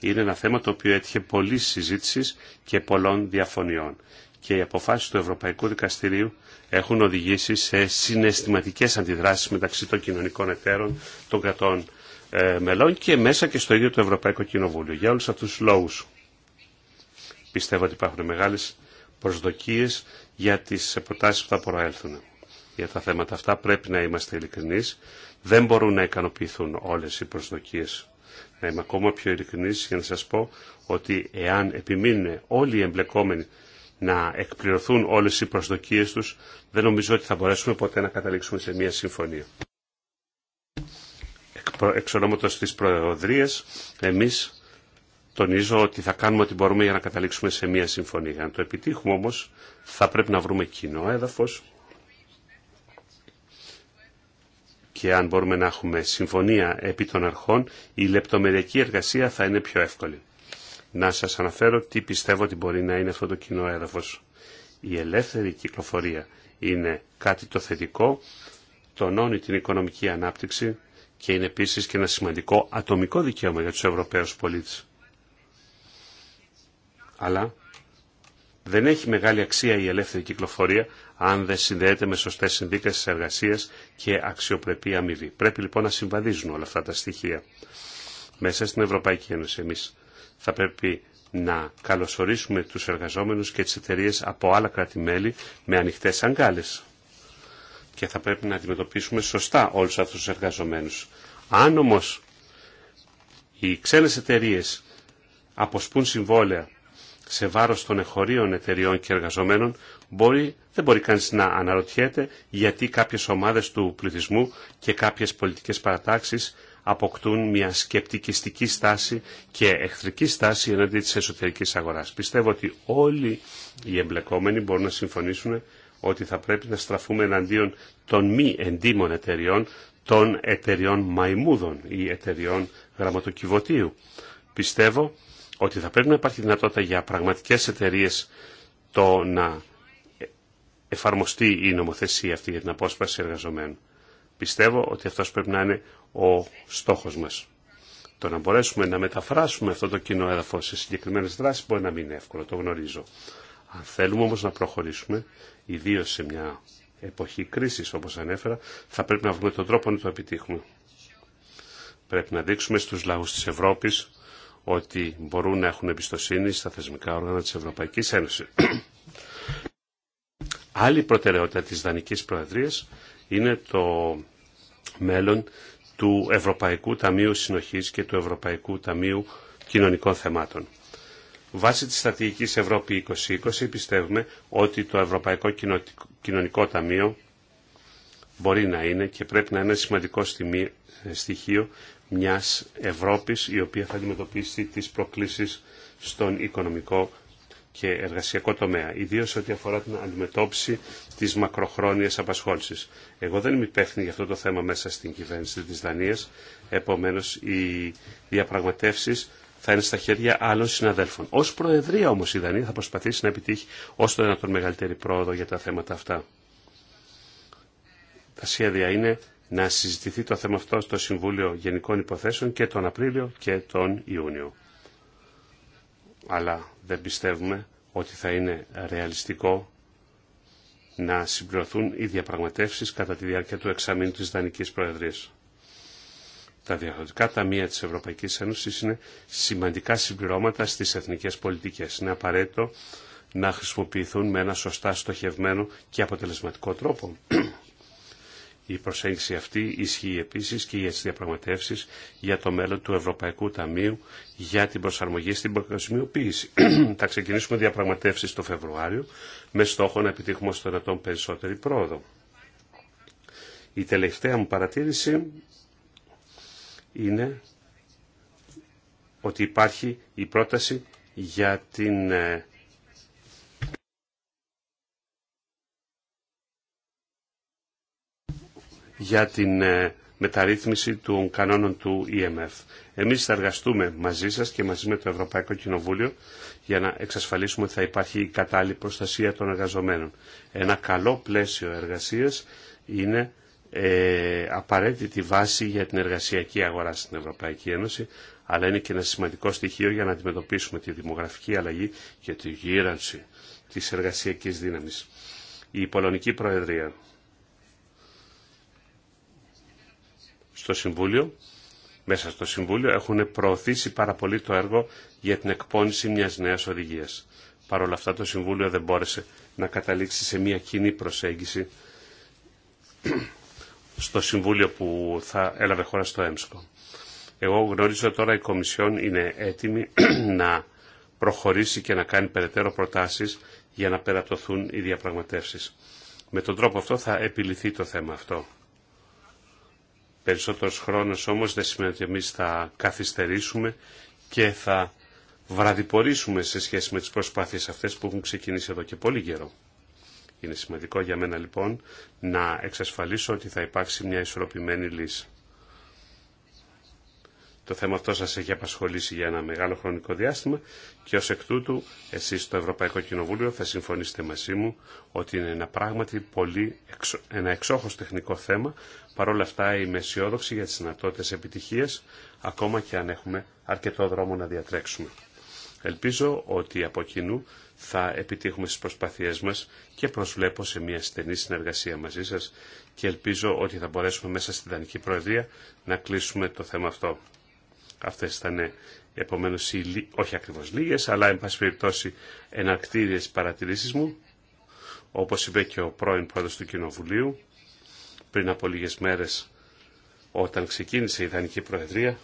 είναι ένα θέμα το οποίο έτυχε πολλή συζήτηση και πολλών διαφωνιών και οι αποφάσεις του Ευρωπαϊκού Δικαστηρίου έχουν οδηγήσει σε συναισθηματικές αντιδράσεις μεταξύ των κοινωνικών εταίρων των κρατών ε, μελών και μέσα και στο ίδιο το Ευρωπαϊκό Κοινοβούλιο. Για όλους αυτούς τους λόγους πιστεύω ότι υπάρχουν μεγάλες προσδοκίες για τις προτάσεις που θα προέλθουν για τα θέματα αυτά. Πρέπει να είμαστε ειλικρινεί. Δεν μπορούν να ικανοποιηθούν όλε οι προσδοκίε. Να είμαι ακόμα πιο ειλικρινή για να σα πω ότι εάν επιμείνουν όλοι οι εμπλεκόμενοι να εκπληρωθούν όλε οι προσδοκίε του, δεν νομίζω ότι θα μπορέσουμε ποτέ να καταλήξουμε σε μια συμφωνία. Εξ ονόματο τη Προεδρία, εμεί τονίζω ότι θα κάνουμε ό,τι μπορούμε για να καταλήξουμε σε μια συμφωνία. Αν το επιτύχουμε όμω, θα πρέπει να βρούμε κοινό έδαφο. και αν μπορούμε να έχουμε συμφωνία επί των αρχών, η λεπτομεριακή εργασία θα είναι πιο εύκολη. Να σας αναφέρω τι πιστεύω ότι μπορεί να είναι αυτό το κοινό έδαφος. Η ελεύθερη κυκλοφορία είναι κάτι το θετικό, τονώνει την οικονομική ανάπτυξη και είναι επίσης και ένα σημαντικό ατομικό δικαίωμα για τους Ευρωπαίους πολίτες. Αλλά δεν έχει μεγάλη αξία η ελεύθερη κυκλοφορία αν δεν συνδέεται με σωστέ συνδίκε τη εργασίας και αξιοπρεπή αμοιβή. Πρέπει λοιπόν να συμβαδίζουν όλα αυτά τα στοιχεία μέσα στην Ευρωπαϊκή Ένωση εμεί. Θα πρέπει να καλωσορίσουμε τους εργαζόμενους και τι εταιρείε από άλλα κράτη-μέλη με ανοιχτές αγκάλες. Και θα πρέπει να αντιμετωπίσουμε σωστά όλους αυτούς του εργαζόμενου. Αν όμω οι ξένες εταιρείε αποσπούν συμβόλαια σε βάρος των εχωρίων εταιριών και εργαζομένων, δεν μπορεί κανείς να αναρωτιέται γιατί κάποιες ομάδες του πληθυσμού και κάποιες πολιτικές παρατάξεις αποκτούν μια σκεπτικιστική στάση και εχθρική στάση ενάντια της εσωτερικής αγοράς. Πιστεύω ότι όλοι οι εμπλεκόμενοι μπορούν να συμφωνήσουν ότι θα πρέπει να στραφούμε εναντίον των μη εντύμων εταιριών, των εταιριών μαϊμούδων ή εταιριών γραμματοκιβωτίου. Πιστεύω ότι θα πρέπει να υπάρχει δυνατότητα για πραγματικές εταιρείε το να εφαρμοστεί η νομοθεσία αυτή για την απόσπαση εργαζομένων. Πιστεύω ότι αυτός πρέπει να είναι ο στόχος μας. Το να μπορέσουμε να μεταφράσουμε αυτό το κοινό έδαφο σε συγκεκριμένε δράσει μπορεί να μην είναι εύκολο, το γνωρίζω. Αν θέλουμε όμω να προχωρήσουμε, ιδίω σε μια εποχή κρίση όπω ανέφερα, θα πρέπει να βρούμε τον τρόπο να το επιτύχουμε. Πρέπει να δείξουμε στου λαού τη Ευρώπη ότι μπορούν να έχουν εμπιστοσύνη στα θεσμικά όργανα της Ευρωπαϊκής Ένωσης. Άλλη προτεραιότητα της Δανικής Προεδρίας είναι το μέλλον του Ευρωπαϊκού Ταμείου Συνοχής και του Ευρωπαϊκού Ταμείου Κοινωνικών Θεμάτων. Βάσει της στρατηγικής Ευρώπη 2020 πιστεύουμε ότι το Ευρωπαϊκό Κοινωνικό Ταμείο μπορεί να είναι και πρέπει να είναι σημαντικό στοιχείο μιας Ευρώπης η οποία θα αντιμετωπίσει τις προκλήσεις στον οικονομικό και εργασιακό τομέα, ιδίως ό,τι αφορά την αντιμετώπιση της μακροχρόνιας απασχόλησης. Εγώ δεν είμαι υπεύθυνη για αυτό το θέμα μέσα στην κυβέρνηση της Δανίας, επομένως οι διαπραγματεύσεις θα είναι στα χέρια άλλων συναδέλφων. Ως Προεδρία όμως η Δανία θα προσπαθήσει να επιτύχει όσο το δυνατόν μεγαλύτερη πρόοδο για τα θέματα αυτά. Τα σχέδια είναι να συζητηθεί το θέμα αυτό στο Συμβούλιο Γενικών Υποθέσεων και τον Απρίλιο και τον Ιούνιο. Αλλά δεν πιστεύουμε ότι θα είναι ρεαλιστικό να συμπληρωθούν οι διαπραγματεύσεις κατά τη διάρκεια του εξαμήνου της Δανικής Προεδρίας. Τα διαφορετικά ταμεία της Ευρωπαϊκής Ένωσης είναι σημαντικά συμπληρώματα στις εθνικές πολιτικές. Είναι απαραίτητο να χρησιμοποιηθούν με ένα σωστά στοχευμένο και αποτελεσματικό τρόπο. Η προσέγγιση αυτή ισχύει επίσης και για τι διαπραγματεύσεις για το μέλλον του Ευρωπαϊκού Ταμείου για την προσαρμογή στην προκοσμιοποίηση. Θα ξεκινήσουμε διαπραγματεύσεις το Φεβρουάριο με στόχο να επιτύχουμε στο δυνατόν περισσότερη πρόοδο. Η τελευταία μου παρατήρηση είναι ότι υπάρχει η πρόταση για την ε, για την ε, μεταρρύθμιση των κανόνων του EMF. Εμείς θα εργαστούμε μαζί σας και μαζί με το Ευρωπαϊκό Κοινοβούλιο για να εξασφαλίσουμε ότι θα υπάρχει η κατάλληλη προστασία των εργαζομένων. Ένα καλό πλαίσιο εργασίας είναι ε, απαραίτητη βάση για την εργασιακή αγορά στην Ευρωπαϊκή Ένωση, αλλά είναι και ένα σημαντικό στοιχείο για να αντιμετωπίσουμε τη δημογραφική αλλαγή και τη γύρανση της εργασιακής δύναμης. Η Πολωνική Προεδρία στο Συμβούλιο, μέσα στο Συμβούλιο έχουν προωθήσει πάρα πολύ το έργο για την εκπόνηση μιας νέας οδηγίας. Παρ' όλα αυτά το Συμβούλιο δεν μπόρεσε να καταλήξει σε μια κοινή προσέγγιση στο Συμβούλιο που θα έλαβε χώρα στο ΕΜΣΚΟ. Εγώ γνωρίζω τώρα η Κομισιόν είναι έτοιμη να προχωρήσει και να κάνει περαιτέρω προτάσεις για να περατωθούν οι διαπραγματεύσεις. Με τον τρόπο αυτό θα επιληθεί το θέμα αυτό. Περισσότερος χρόνος όμως δεν σημαίνει ότι εμείς θα καθυστερήσουμε και θα βραδιπορήσουμε σε σχέση με τις προσπάθειες αυτές που έχουν ξεκινήσει εδώ και πολύ καιρό. Είναι σημαντικό για μένα λοιπόν να εξασφαλίσω ότι θα υπάρξει μια ισορροπημένη λύση το θέμα αυτό σας έχει απασχολήσει για ένα μεγάλο χρονικό διάστημα και ως εκ τούτου εσείς στο Ευρωπαϊκό Κοινοβούλιο θα συμφωνήσετε μαζί μου ότι είναι ένα πράγματι πολύ ένα εξόχως τεχνικό θέμα. παρόλα αυτά είμαι αισιόδοξη για τις δυνατότητες επιτυχίες ακόμα και αν έχουμε αρκετό δρόμο να διατρέξουμε. Ελπίζω ότι από κοινού θα επιτύχουμε στις προσπάθειές μας και προσβλέπω σε μια στενή συνεργασία μαζί σας και ελπίζω ότι θα μπορέσουμε μέσα στην Δανική Προεδρία να κλείσουμε το θέμα αυτό. Αυτές ήταν επομένως όχι ακριβώς λίγες, αλλά εν πάση περιπτώσει εναρκτήριες παρατηρήσεις μου. Όπως είπε και ο πρώην πρόεδρος του Κοινοβουλίου, πριν από λίγες μέρες όταν ξεκίνησε η Ιδανική Προεδρία,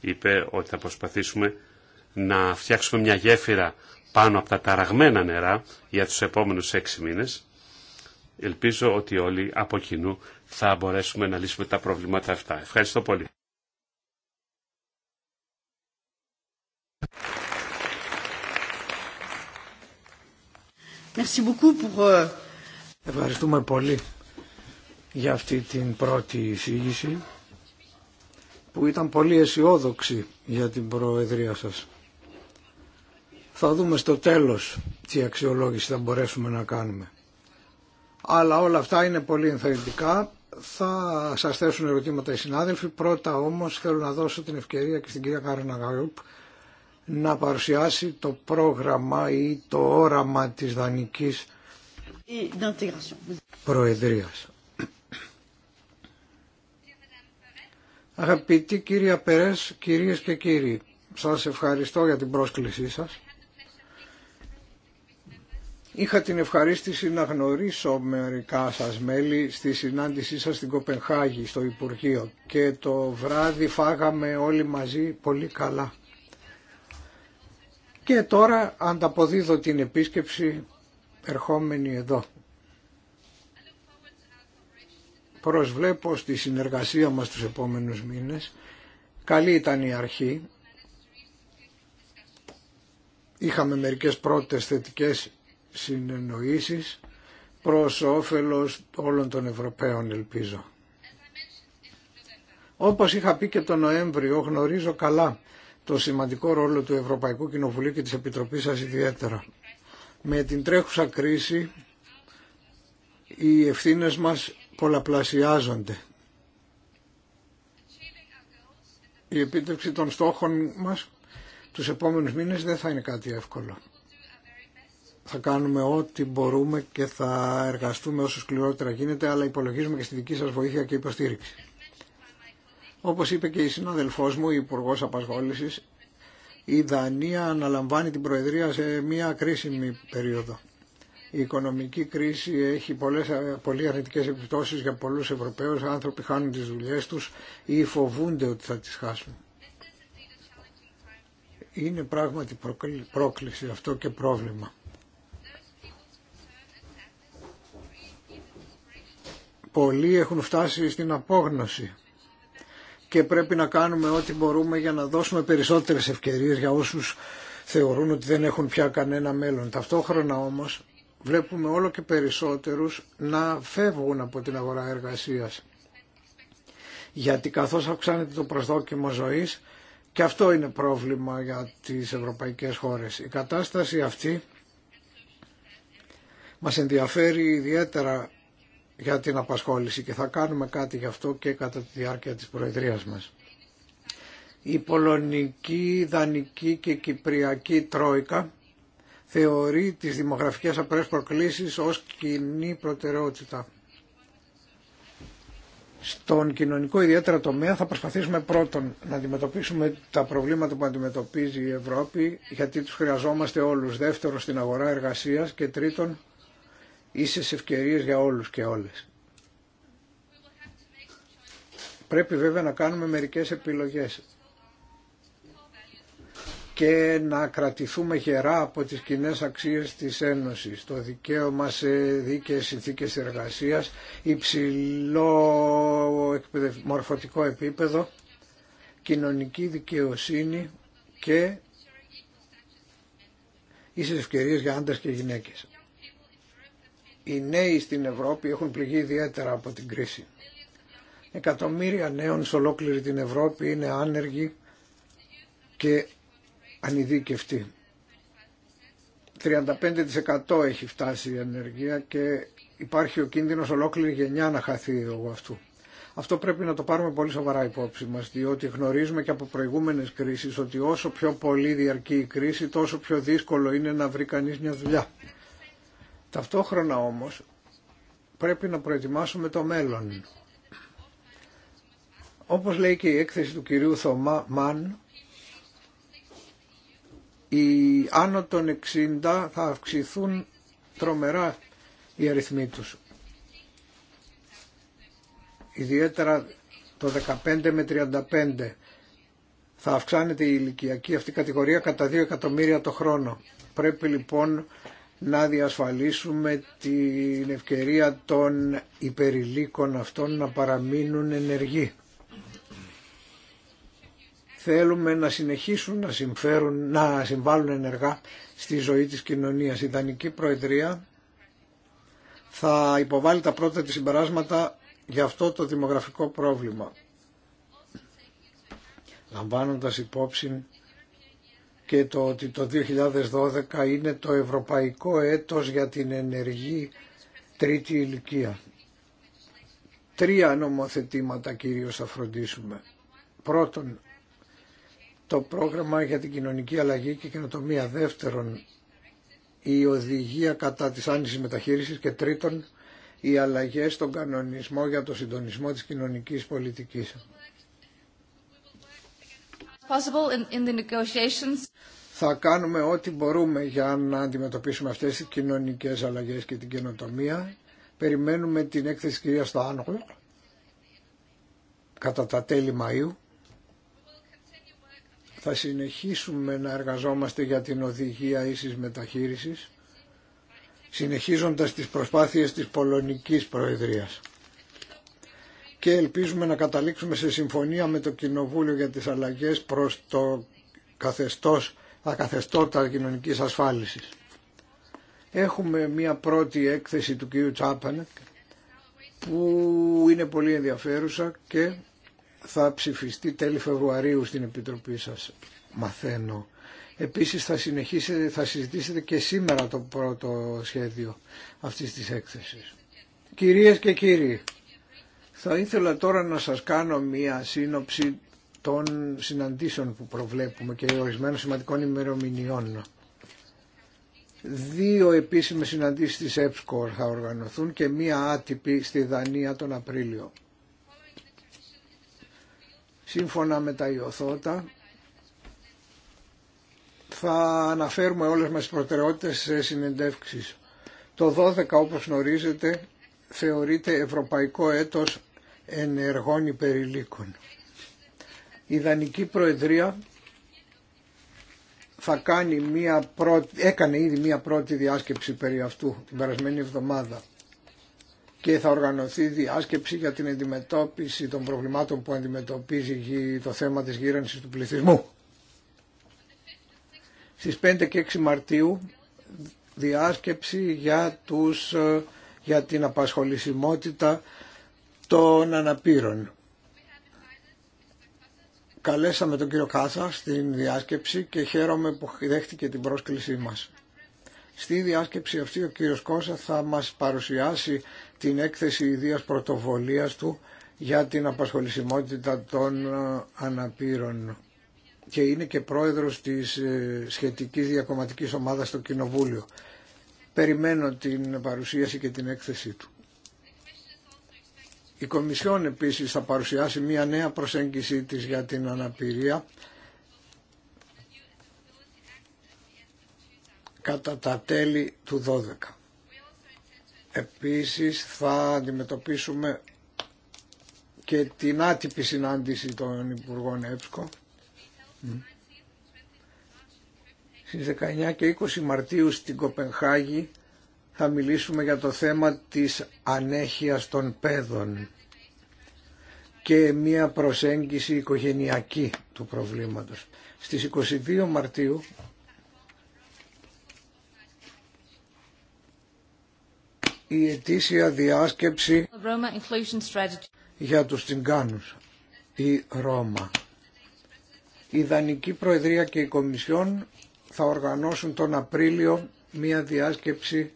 είπε ότι θα προσπαθήσουμε να φτιάξουμε μια γέφυρα πάνω από τα ταραγμένα νερά για τους επόμενους έξι μήνες. Ελπίζω ότι όλοι από κοινού θα μπορέσουμε να λύσουμε τα προβλήματα αυτά. Ευχαριστώ πολύ. Euh, Ευχαριστούμε πολύ για αυτή την πρώτη εισήγηση που ήταν πολύ αισιόδοξη για την Προεδρία σας. Θα δούμε στο τέλος τι αξιολόγηση θα μπορέσουμε να κάνουμε. Αλλά όλα αυτά είναι πολύ ενθαρρυντικά. Θα σας θέσουν ερωτήματα οι συνάδελφοι. Πρώτα όμως θέλω να δώσω την ευκαιρία και στην κυρία Κάρνα Γαλούπ να παρουσιάσει το πρόγραμμα ή το όραμα της δανικής προεδρίας. Αγαπητοί κύρια Περές, κυρίες και κύριοι, σας ευχαριστώ για την πρόσκλησή σας. Είχα την ευχαρίστηση να γνωρίσω μερικά σας μέλη στη συνάντησή σας στην Κοπενχάγη, στο Υπουργείο και το βράδυ φάγαμε όλοι μαζί πολύ καλά. Και τώρα ανταποδίδω την επίσκεψη ερχόμενη εδώ. Προσβλέπω στη συνεργασία μας τους επόμενους μήνες. Καλή ήταν η αρχή. Είχαμε μερικές πρώτες θετικές συνεννοήσεις προς όφελος όλων των Ευρωπαίων ελπίζω. Όπως είχα πει και τον Νοέμβριο γνωρίζω καλά το σημαντικό ρόλο του Ευρωπαϊκού Κοινοβουλίου και της Επιτροπής σας ιδιαίτερα. Με την τρέχουσα κρίση οι ευθύνες μας πολλαπλασιάζονται. Η επίτευξη των στόχων μας τους επόμενους μήνες δεν θα είναι κάτι εύκολο. Θα κάνουμε ό,τι μπορούμε και θα εργαστούμε όσο σκληρότερα γίνεται, αλλά υπολογίζουμε και στη δική σας βοήθεια και υποστήριξη. Όπως είπε και η συναδελφός μου, η Υπουργός Απασχόλησης, η Δανία αναλαμβάνει την Προεδρία σε μια κρίσιμη περίοδο. Η οικονομική κρίση έχει πολλές, πολύ αρνητικές επιπτώσεις για πολλούς Ευρωπαίους. Άνθρωποι χάνουν τις δουλειές τους ή φοβούνται ότι θα τις χάσουν. Είναι πράγματι πρόκληση αυτό και πρόβλημα. Πολλοί έχουν φτάσει στην απόγνωση και πρέπει να κάνουμε ό,τι μπορούμε για να δώσουμε περισσότερες ευκαιρίες για όσους θεωρούν ότι δεν έχουν πια κανένα μέλλον. Ταυτόχρονα όμως βλέπουμε όλο και περισσότερους να φεύγουν από την αγορά εργασίας. Γιατί καθώς αυξάνεται το προσδόκιμο ζωής και αυτό είναι πρόβλημα για τις ευρωπαϊκές χώρες. Η κατάσταση αυτή μας ενδιαφέρει ιδιαίτερα για την απασχόληση και θα κάνουμε κάτι γι' αυτό και κατά τη διάρκεια της Προεδρίας μας. Η Πολωνική, Δανική και Κυπριακή Τρόικα θεωρεί τις δημογραφικές απρές προκλήσεις ως κοινή προτεραιότητα. Στον κοινωνικό ιδιαίτερα τομέα θα προσπαθήσουμε πρώτον να αντιμετωπίσουμε τα προβλήματα που αντιμετωπίζει η Ευρώπη γιατί τους χρειαζόμαστε όλους. Δεύτερον στην αγορά εργασίας και τρίτον ίσες ευκαιρίες για όλους και όλες. Πρέπει βέβαια να κάνουμε μερικές επιλογές και να κρατηθούμε γερά από τις κοινέ αξίες της Ένωσης. Το δικαίωμα σε δίκαιες συνθήκες εργασίας, υψηλό μορφωτικό επίπεδο, κοινωνική δικαιοσύνη και ίσες ευκαιρίες για άντρες και γυναίκες οι νέοι στην Ευρώπη έχουν πληγεί ιδιαίτερα από την κρίση. Εκατομμύρια νέων σε ολόκληρη την Ευρώπη είναι άνεργοι και ανειδίκευτοι. 35% έχει φτάσει η ανεργία και υπάρχει ο κίνδυνος ολόκληρη γενιά να χαθεί λόγω αυτού. Αυτό πρέπει να το πάρουμε πολύ σοβαρά υπόψη μας, διότι γνωρίζουμε και από προηγούμενες κρίσεις ότι όσο πιο πολύ διαρκεί η κρίση, τόσο πιο δύσκολο είναι να βρει κανείς μια δουλειά. Ταυτόχρονα όμως πρέπει να προετοιμάσουμε το μέλλον. Όπως λέει και η έκθεση του κυρίου Θωμά Μαν, οι άνω των 60 θα αυξηθούν τρομερά οι αριθμοί τους. Ιδιαίτερα το 15 με 35 θα αυξάνεται η ηλικιακή αυτή κατηγορία κατά 2 εκατομμύρια το χρόνο. Πρέπει λοιπόν να διασφαλίσουμε την ευκαιρία των υπερηλίκων αυτών να παραμείνουν ενεργοί. Θέλουμε να συνεχίσουν να, συμφέρουν, να συμβάλλουν ενεργά στη ζωή της κοινωνίας. Η Δανική Προεδρία θα υποβάλει τα πρώτα της συμπεράσματα για αυτό το δημογραφικό πρόβλημα. Λαμβάνοντας υπόψη και το ότι το 2012 είναι το ευρωπαϊκό έτος για την ενεργή τρίτη ηλικία. Τρία νομοθετήματα κυρίως θα φροντίσουμε. Πρώτον, το πρόγραμμα για την κοινωνική αλλαγή και καινοτομία. Δεύτερον, η οδηγία κατά της άνησης μεταχείρισης και τρίτον, οι αλλαγές στον κανονισμό για το συντονισμό της κοινωνικής πολιτικής possible Θα κάνουμε ό,τι μπορούμε για να αντιμετωπίσουμε αυτές τις κοινωνικές αλλαγές και την καινοτομία. Περιμένουμε την έκθεση της κυρίας Στάνοχλ κατά τα τέλη Μαΐου. Θα συνεχίσουμε να εργαζόμαστε για την οδηγία ίσης μεταχείρισης, συνεχίζοντας τις προσπάθειες της Πολωνικής Προεδρίας και ελπίζουμε να καταλήξουμε σε συμφωνία με το Κοινοβούλιο για τις αλλαγές προς το καθεστώς, τα κοινωνικής ασφάλισης. Έχουμε μία πρώτη έκθεση του κ. Τσάπανεκ που είναι πολύ ενδιαφέρουσα και θα ψηφιστεί τέλη Φεβρουαρίου στην Επιτροπή σας. Μαθαίνω. Επίσης θα, συνεχίσετε, θα συζητήσετε και σήμερα το πρώτο σχέδιο αυτής της έκθεσης. Κυρίες και κύριοι, θα ήθελα τώρα να σας κάνω μία σύνοψη των συναντήσεων που προβλέπουμε και ορισμένων σημαντικών ημερομηνιών. Δύο επίσημες συναντήσεις της ΕΠΣΚΟΡ θα οργανωθούν και μία άτυπη στη Δανία τον Απρίλιο. Σύμφωνα με τα Ιωθώτα, θα αναφέρουμε όλες μας τις προτεραιότητες σε συνεντεύξεις. Το 12, όπως γνωρίζετε, θεωρείται Ευρωπαϊκό Έτος ενεργών υπερηλίκων. Η Δανική Προεδρία θα κάνει μία πρώτη, έκανε ήδη μία πρώτη διάσκεψη περί αυτού την περασμένη εβδομάδα και θα οργανωθεί διάσκεψη για την αντιμετώπιση των προβλημάτων που αντιμετωπίζει το θέμα της γύρανσης του πληθυσμού. Στις 5 και 6 Μαρτίου διάσκεψη για, τους, ε, για την απασχολησιμότητα των αναπήρων. Καλέσαμε τον κύριο Κάσα στην διάσκεψη και χαίρομαι που δέχτηκε την πρόσκλησή μας. Στη διάσκεψη αυτή ο κύριος Κόσα θα μας παρουσιάσει την έκθεση ιδίας πρωτοβολίας του για την απασχολησιμότητα των ε, αναπήρων και είναι και πρόεδρος της ε, σχετικής διακομματικής ομάδας στο Κοινοβούλιο. Περιμένω την παρουσίαση και την έκθεσή του. Η Κομισιόν επίσης θα παρουσιάσει μια νέα προσέγγιση της για την αναπηρία κατά τα τέλη του 12. Επίσης θα αντιμετωπίσουμε και την άτυπη συνάντηση των Υπουργών ΕΠΣΚΟ στις 19 και 20 Μαρτίου στην Κοπενχάγη θα μιλήσουμε για το θέμα της ανέχειας των παιδών και μία προσέγγιση οικογενειακή του προβλήματος. Στις 22 Μαρτίου η ετήσια διάσκεψη για τους Τσιγκάνους, η Ρώμα. Η Δανική Προεδρία και η Κομισιόν θα οργανώσουν τον Απρίλιο μία διάσκεψη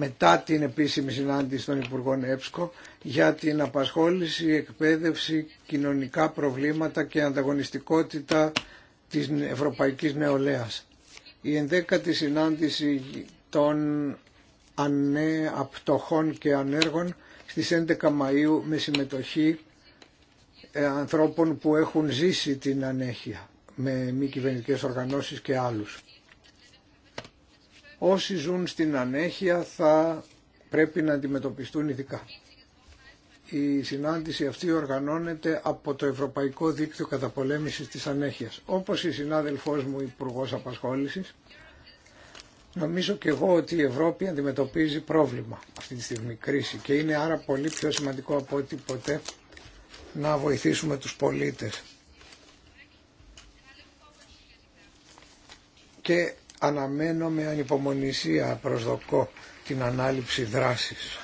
μετά την επίσημη συνάντηση των Υπουργών ΕΠΣΚΟ για την απασχόληση, εκπαίδευση, κοινωνικά προβλήματα και ανταγωνιστικότητα της Ευρωπαϊκής Νεολαίας. Η ενδέκατη συνάντηση των ανέαπτωχών και ανέργων στις 11 Μαΐου με συμμετοχή ε, ανθρώπων που έχουν ζήσει την ανέχεια με μη κυβερνητικέ οργανώσεις και άλλους. Όσοι ζουν στην ανέχεια θα πρέπει να αντιμετωπιστούν ειδικά. Η συνάντηση αυτή οργανώνεται από το Ευρωπαϊκό Δίκτυο Καταπολέμησης της Ανέχειας. Όπως η συνάδελφός μου υπουργό Απασχόλησης, νομίζω και εγώ ότι η Ευρώπη αντιμετωπίζει πρόβλημα αυτή τη στιγμή, κρίση και είναι άρα πολύ πιο σημαντικό από ό,τι ποτέ να βοηθήσουμε τους πολίτες. Και Αναμένω με ανυπομονησία προσδοκώ την ανάληψη δράσης.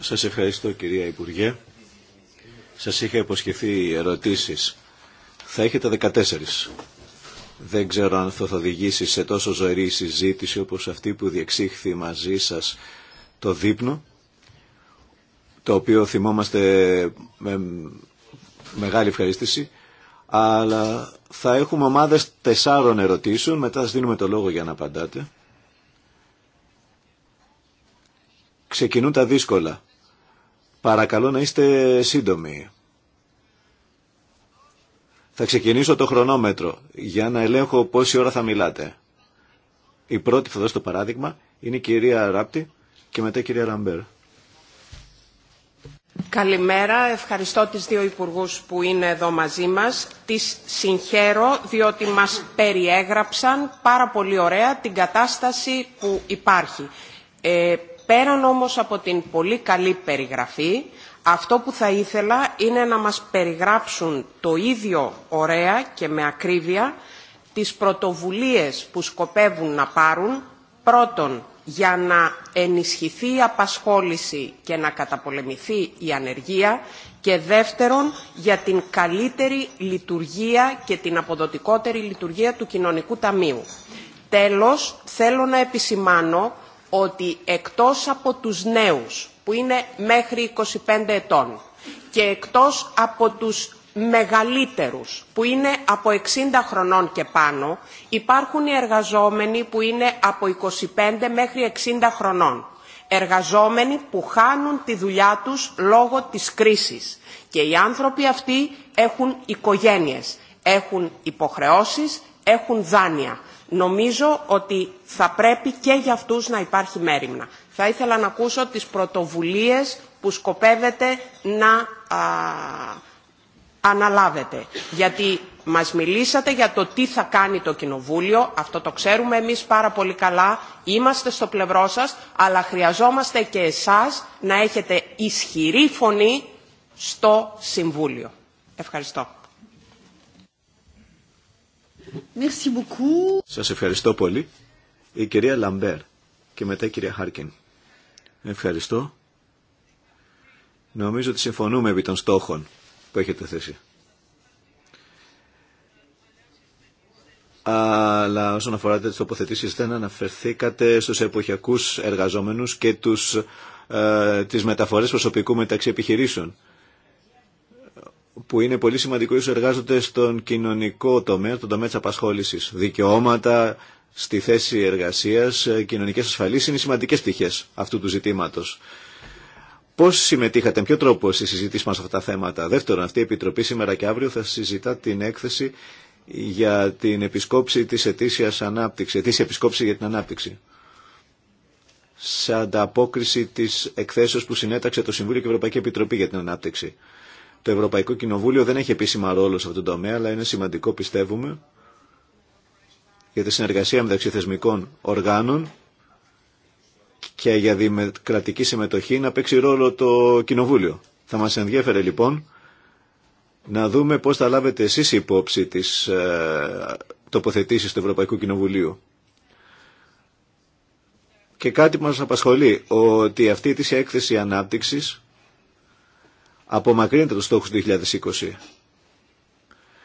Σας ευχαριστώ κυρία Υπουργέ. Σας είχα υποσχεθεί ερωτήσεις. Θα έχετε 14. Δεν ξέρω αν θα οδηγήσει σε τόσο ζωηρή συζήτηση όπως αυτή που διεξήχθη μαζί σας το δείπνο, το οποίο θυμόμαστε με μεγάλη ευχαρίστηση αλλά θα έχουμε ομάδες τεσσάρων ερωτήσεων, μετά σας δίνουμε το λόγο για να απαντάτε. Ξεκινούν τα δύσκολα. Παρακαλώ να είστε σύντομοι. Θα ξεκινήσω το χρονόμετρο για να ελέγχω πόση ώρα θα μιλάτε. Η πρώτη που θα δώσω το παράδειγμα είναι η κυρία Ράπτη και μετά η κυρία Ραμπέρ. Καλημέρα. Ευχαριστώ τις δύο υπουργούς που είναι εδώ μαζί μας. Τις συγχαίρω διότι μας περιέγραψαν πάρα πολύ ωραία την κατάσταση που υπάρχει. Ε, πέραν όμως από την πολύ καλή περιγραφή, αυτό που θα ήθελα είναι να μας περιγράψουν το ίδιο ωραία και με ακρίβεια τις πρωτοβουλίες που σκοπεύουν να πάρουν πρώτον για να ενισχυθεί η απασχόληση και να καταπολεμηθεί η ανεργία και δεύτερον για την καλύτερη λειτουργία και την αποδοτικότερη λειτουργία του Κοινωνικού Ταμείου. Τέλος, θέλω να επισημάνω ότι εκτός από τους νέους που είναι μέχρι 25 ετών και εκτός από τους μεγαλύτερους που είναι από 60 χρονών και πάνω, υπάρχουν οι εργαζόμενοι που είναι από 25 μέχρι 60 χρονών. Εργαζόμενοι που χάνουν τη δουλειά τους λόγω της κρίσης. Και οι άνθρωποι αυτοί έχουν οικογένειες, έχουν υποχρεώσεις, έχουν δάνεια. Νομίζω ότι θα πρέπει και για αυτούς να υπάρχει μέρημνα. Θα ήθελα να ακούσω τις πρωτοβουλίες που σκοπεύετε να αναλάβετε. Γιατί μας μιλήσατε για το τι θα κάνει το Κοινοβούλιο, αυτό το ξέρουμε εμείς πάρα πολύ καλά, είμαστε στο πλευρό σας, αλλά χρειαζόμαστε και εσάς να έχετε ισχυρή φωνή στο Συμβούλιο. Ευχαριστώ. Σας ευχαριστώ πολύ. Η κυρία Λαμπέρ και μετά η κυρία Χάρκιν. Ευχαριστώ. Νομίζω ότι συμφωνούμε επί των στόχων που έχετε θέσει. Αλλά όσον αφορά τι τοποθετήσει, δεν αναφερθήκατε στους εποχιακού εργαζόμενους και τους, ε, τις μεταφορές προσωπικού μεταξύ επιχειρήσεων που είναι πολύ σημαντικό ίσω εργάζονται στον κοινωνικό τομέα, τον τομέα της απασχόλησης. Δικαιώματα στη θέση εργασίας, ε, κοινωνικές ασφαλίσεις είναι σημαντικές πτυχές αυτού του ζητήματος. Πώ συμμετείχατε, με ποιο τρόπο στη συζήτηση μα αυτά τα θέματα. Δεύτερον, αυτή η Επιτροπή σήμερα και αύριο θα συζητά την έκθεση για την επισκόψη της ετήσιας ανάπτυξη, ετήσια επισκόψη για την ανάπτυξη. Σε ανταπόκριση της εκθέσεως που συνέταξε το Συμβούλιο και η Ευρωπαϊκή Επιτροπή για την Ανάπτυξη. Το Ευρωπαϊκό Κοινοβούλιο δεν έχει επίσημα ρόλο σε αυτόν τον τομέα, αλλά είναι σημαντικό, πιστεύουμε, για τη συνεργασία μεταξύ θεσμικών οργάνων και για δημοκρατική συμμετοχή να παίξει ρόλο το Κοινοβούλιο. Θα μας ενδιέφερε λοιπόν να δούμε πώς θα λάβετε εσείς υπόψη της ε, τοποθετήσεις του Ευρωπαϊκού Κοινοβουλίου. Και κάτι που μας απασχολεί, ότι αυτή η έκθεση ανάπτυξης απομακρύνεται τους στόχου του 2020.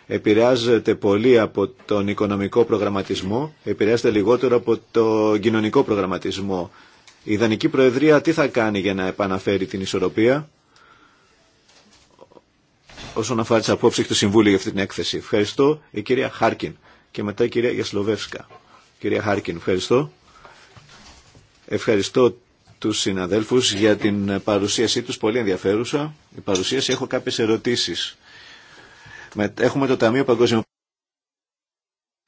Επηρεάζεται πολύ από τον οικονομικό προγραμματισμό, επηρεάζεται λιγότερο από τον κοινωνικό προγραμματισμό η Ιδανική Προεδρία τι θα κάνει για να επαναφέρει την ισορροπία όσον αφορά τι απόψει του Συμβούλου για αυτή την έκθεση. Ευχαριστώ η κυρία Χάρκιν και μετά η κυρία Γιασλοβεύσκα. Κυρία Χάρκιν, ευχαριστώ. Ευχαριστώ τους συναδέλφους για την παρουσίασή τους, πολύ ενδιαφέρουσα. Η παρουσίαση έχω κάποιες ερωτήσει. Έχουμε το Ταμείο Παγκόσμιου.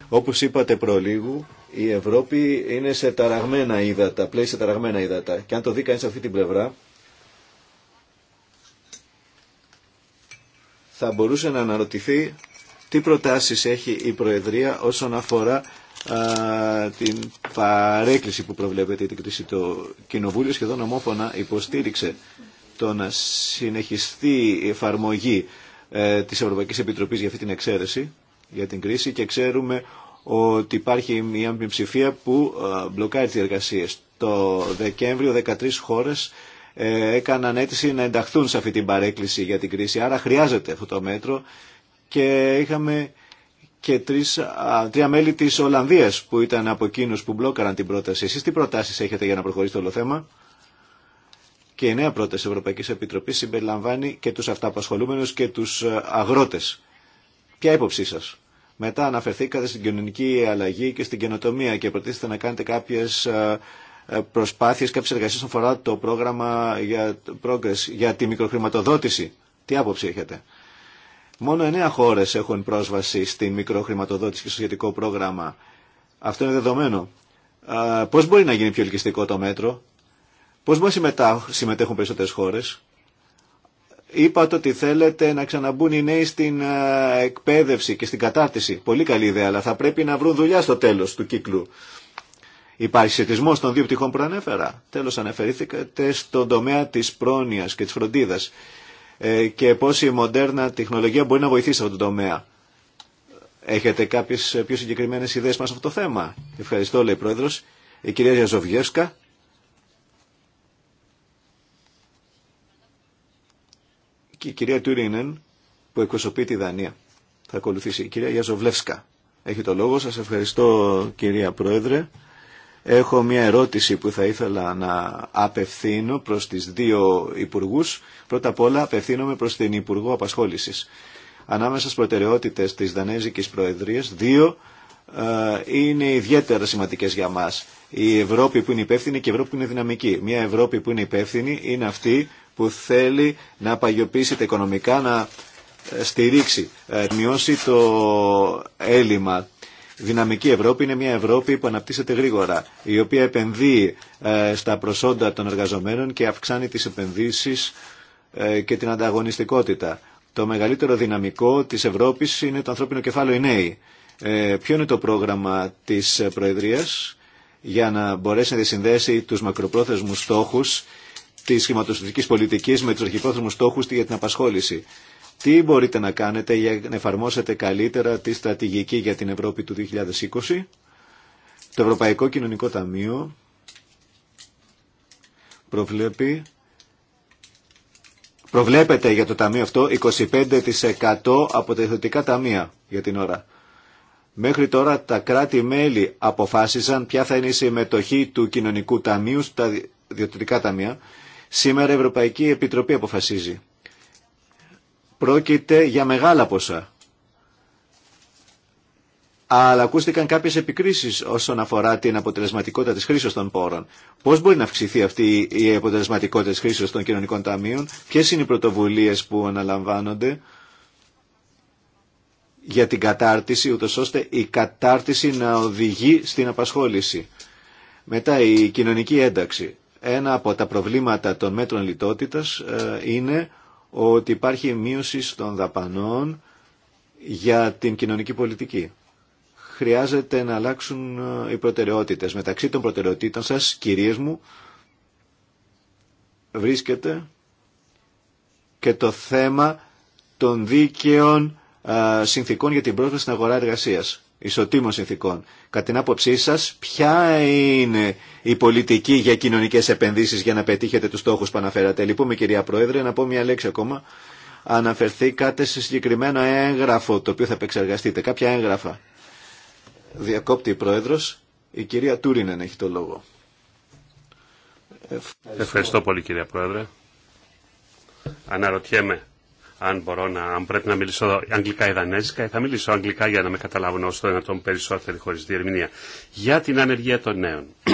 Όπω είπατε προλίγου, η Ευρώπη είναι σε ταραγμένα ύδατα, πλέει σε ταραγμένα ύδατα. Και αν το δει κανείς σε αυτή την πλευρά, θα μπορούσε να αναρωτηθεί τι προτάσεις έχει η Προεδρία όσον αφορά α, την παρέκκληση που προβλέπεται την κρίση. Το Κοινοβούλιο σχεδόν ομόφωνα υποστήριξε το να συνεχιστεί η εφαρμογή ε, της Ευρωπαϊκής Επιτροπής για αυτή την εξαίρεση, για την κρίση και ξέρουμε ότι υπάρχει μια πλειοψηφία που ε, μπλοκάρει τις εργασίες. Το Δεκέμβριο 13 χώρες ε, έκαναν αίτηση να ενταχθούν σε αυτή την παρέκκληση για την κρίση. Άρα χρειάζεται αυτό το μέτρο και είχαμε και τρεις, τρία μέλη της Ολλανδίας που ήταν από εκείνους που μπλόκαραν την πρόταση. Εσείς τι προτάσεις έχετε για να προχωρήσει το όλο θέμα. Και η νέα πρόταση Ευρωπαϊκής Επιτροπής συμπεριλαμβάνει και τους αυταπασχολούμενους και τους ε, αγρότες. Ποια είναι η υποψή σας. Μετά αναφερθήκατε στην κοινωνική αλλαγή και στην καινοτομία και προτίθεται να κάνετε κάποιες ε, ε, προσπάθειες, κάποιες εργασίες αφορά το πρόγραμμα για, progress, για τη μικροχρηματοδότηση. Τι άποψη έχετε. Μόνο εννέα χώρες έχουν πρόσβαση στη μικροχρηματοδότηση και στο σχετικό πρόγραμμα. Αυτό είναι δεδομένο. Ε, πώς μπορεί να γίνει πιο ελκυστικό το μέτρο. Πώς μπορεί να συμμετέχουν περισσότερες χώρες. Είπατε ότι θέλετε να ξαναμπούν οι νέοι στην ε, εκπαίδευση και στην κατάρτιση. Πολύ καλή ιδέα, αλλά θα πρέπει να βρουν δουλειά στο τέλο του κύκλου. Υπάρχει σχετισμό των δύο πτυχών που ανέφερα. Τέλος αναφερθήκατε στον τομέα τη πρόνοια και της φροντίδας ε, και πώ η μοντέρνα τεχνολογία μπορεί να βοηθήσει σε αυτόν τον τομέα. Έχετε κάποιε πιο συγκεκριμένε ιδέε μας σε αυτό το θέμα. Ευχαριστώ, λέει η Πρόεδρος. Η κυρία Γιαζοβιέσκα Και η κυρία Τουρίνεν που εκπροσωπεί τη Δανία. Θα ακολουθήσει η κυρία Γιαζοβλεύσκα. Έχει το λόγο. Σας ευχαριστώ κυρία Πρόεδρε. Έχω μια ερώτηση που θα ήθελα να απευθύνω προς τις δύο υπουργούς. Πρώτα απ' όλα απευθύνομαι προς την Υπουργό Απασχόλησης. Ανάμεσα στις προτεραιότητες της Δανέζικης Προεδρίας, δύο ε, είναι ιδιαίτερα σημαντικές για μας. Η Ευρώπη που είναι υπεύθυνη και η Ευρώπη που είναι δυναμική. Μια Ευρώπη που είναι υπεύθυνη είναι αυτή που θέλει να παγιοποιήσει τα οικονομικά, να ε, στηρίξει, ε, μειώσει το έλλειμμα. Δυναμική Ευρώπη είναι μια Ευρώπη που αναπτύσσεται γρήγορα, η οποία επενδύει ε, στα προσόντα των εργαζομένων και αυξάνει τις επενδύσεις και την ανταγωνιστικότητα. Το μεγαλύτερο δυναμικό της Ευρώπης είναι το ανθρώπινο κεφάλαιο οι νέοι. Ποιο είναι το πρόγραμμα της Προεδρίας για να μπορέσει να συνδέσει τους μακροπρόθεσμους στόχους Τη χρηματοδοτικής πολιτικής με του αρχιπρόθεσμου στόχους για την απασχόληση. Τι μπορείτε να κάνετε για να εφαρμόσετε καλύτερα τη στρατηγική για την Ευρώπη του 2020. Το Ευρωπαϊκό Κοινωνικό Ταμείο προβλέπει προβλέπεται για το ταμείο αυτό 25% από τα ιδιωτικά ταμεία για την ώρα. Μέχρι τώρα τα κράτη-μέλη αποφάσισαν ποια θα είναι η συμμετοχή του κοινωνικού ταμείου στα ιδιωτικά ταμεία Σήμερα η Ευρωπαϊκή Επιτροπή αποφασίζει. Πρόκειται για μεγάλα ποσά. Αλλά ακούστηκαν κάποιες επικρίσεις όσον αφορά την αποτελεσματικότητα της χρήσης των πόρων. Πώς μπορεί να αυξηθεί αυτή η αποτελεσματικότητα της χρήσης των κοινωνικών ταμείων, ποιες είναι οι πρωτοβουλίες που αναλαμβάνονται για την κατάρτιση, ούτως ώστε η κατάρτιση να οδηγεί στην απασχόληση. Μετά η κοινωνική ένταξη. Ένα από τα προβλήματα των μέτρων λιτότητας ε, είναι ότι υπάρχει μείωση των δαπανών για την κοινωνική πολιτική. Χρειάζεται να αλλάξουν ε, οι προτεραιότητες. Μεταξύ των προτεραιοτήτων σας, κυρίες μου, βρίσκεται και το θέμα των δίκαιων ε, συνθήκων για την πρόσβαση στην αγορά εργασίας ισοτήμων συνθήκων. Κατά την άποψή σα, ποια είναι η πολιτική για κοινωνικές επενδύσεις για να πετύχετε τους στόχους που αναφέρατε. Λοιπόν, κυρία Πρόεδρε, να πω μια λέξη ακόμα. Αναφερθήκατε σε συγκεκριμένο έγγραφο το οποίο θα επεξεργαστείτε. Κάποια έγγραφα. Διακόπτη η Πρόεδρος. Η κυρία Τούρινεν έχει το λόγο. Ευχαριστώ, Ευχαριστώ πολύ κυρία Πρόεδρε. Αναρωτιέμαι αν, μπορώ να, αν πρέπει να μιλήσω αγγλικά ή δανέζικα, θα μιλήσω αγγλικά για να με καταλάβουν όσο το δυνατόν περισσότεροι χωρίς διερμηνία. Για την ανεργία των νέων.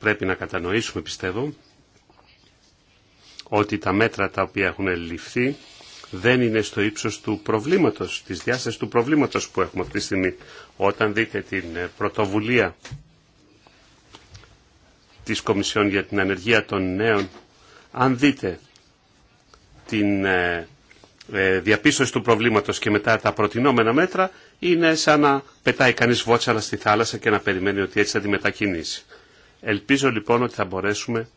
πρέπει να κατανοήσουμε, πιστεύω, ότι τα μέτρα τα οποία έχουν ληφθεί δεν είναι στο ύψος του προβλήματος, της διάστασης του προβλήματος που έχουμε αυτή τη στιγμή. Όταν δείτε την ε, πρωτοβουλία της Κομισιόν για την Ανεργία των Νέων, αν δείτε την ε, ε, διαπίστωση του προβλήματος και μετά τα προτινόμενα μέτρα είναι σαν να πετάει κανείς βότσαλα στη θάλασσα και να περιμένει ότι έτσι θα τη μετακινήσει. Ελπίζω λοιπόν ότι θα μπορέσουμε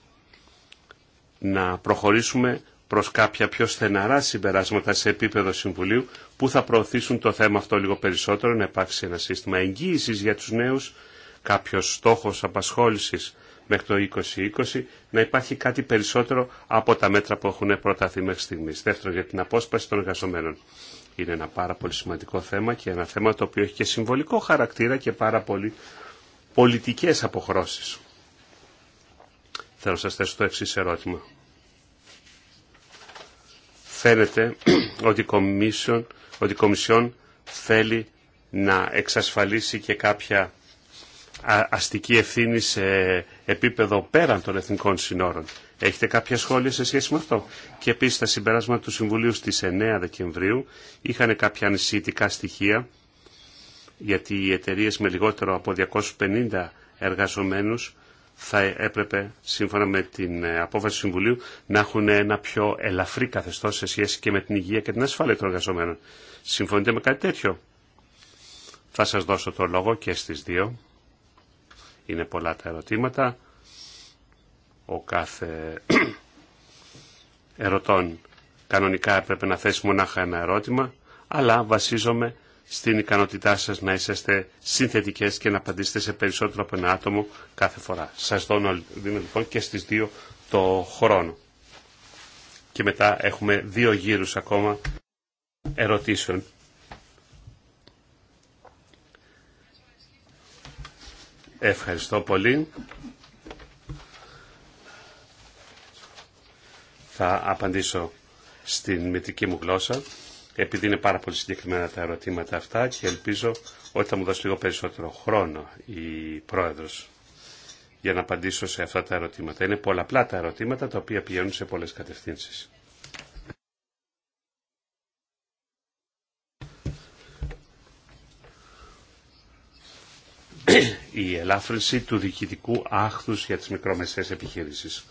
να προχωρήσουμε προς κάποια πιο στεναρά συμπεράσματα σε επίπεδο Συμβουλίου που θα προωθήσουν το θέμα αυτό λίγο περισσότερο, να υπάρξει ένα σύστημα εγγύησης για τους νέους, κάποιος στόχος απασχόλησης μέχρι το 2020 να υπάρχει κάτι περισσότερο από τα μέτρα που έχουν προταθεί μέχρι στιγμής. Δεύτερον, για την απόσπαση των εργαζομένων. Είναι ένα πάρα πολύ σημαντικό θέμα και ένα θέμα το οποίο έχει και συμβολικό χαρακτήρα και πάρα πολύ πολιτικές αποχρώσεις. Θέλω να σας θέσω το εξή ερώτημα. Φαίνεται ότι η Κομισιόν, ότι η θέλει να εξασφαλίσει και κάποια αστική ευθύνη σε επίπεδο πέραν των εθνικών συνόρων. Έχετε κάποια σχόλια σε σχέση με αυτό. Και επίση τα συμπεράσματα του Συμβουλίου στι 9 Δεκεμβρίου είχαν κάποια ανησυχητικά στοιχεία γιατί οι εταιρείε με λιγότερο από 250 εργαζομένου θα έπρεπε, σύμφωνα με την ε, απόφαση του Συμβουλίου, να έχουν ένα πιο ελαφρύ καθεστώ σε σχέση και με την υγεία και την ασφάλεια των εργαζομένων. Συμφωνείτε με κάτι τέτοιο. Θα σας δώσω το λόγο και στις δύο είναι πολλά τα ερωτήματα. Ο κάθε ερωτών κανονικά έπρεπε να θέσει μονάχα ένα ερώτημα, αλλά βασίζομαι στην ικανότητά σας να είσαστε συνθετικές και να απαντήσετε σε περισσότερο από ένα άτομο κάθε φορά. Σας δίνω, λοιπόν και στις δύο το χρόνο. Και μετά έχουμε δύο γύρους ακόμα ερωτήσεων. Ευχαριστώ πολύ. Θα απαντήσω στην μητρική μου γλώσσα, επειδή είναι πάρα πολύ συγκεκριμένα τα ερωτήματα αυτά και ελπίζω ότι θα μου δώσει λίγο περισσότερο χρόνο η Πρόεδρος για να απαντήσω σε αυτά τα ερωτήματα. Είναι πολλαπλά τα ερωτήματα τα οποία πηγαίνουν σε πολλές κατευθύνσεις. η ελάφρυνση του διοικητικού άχθους για τις μικρομεσαίες επιχειρήσεις.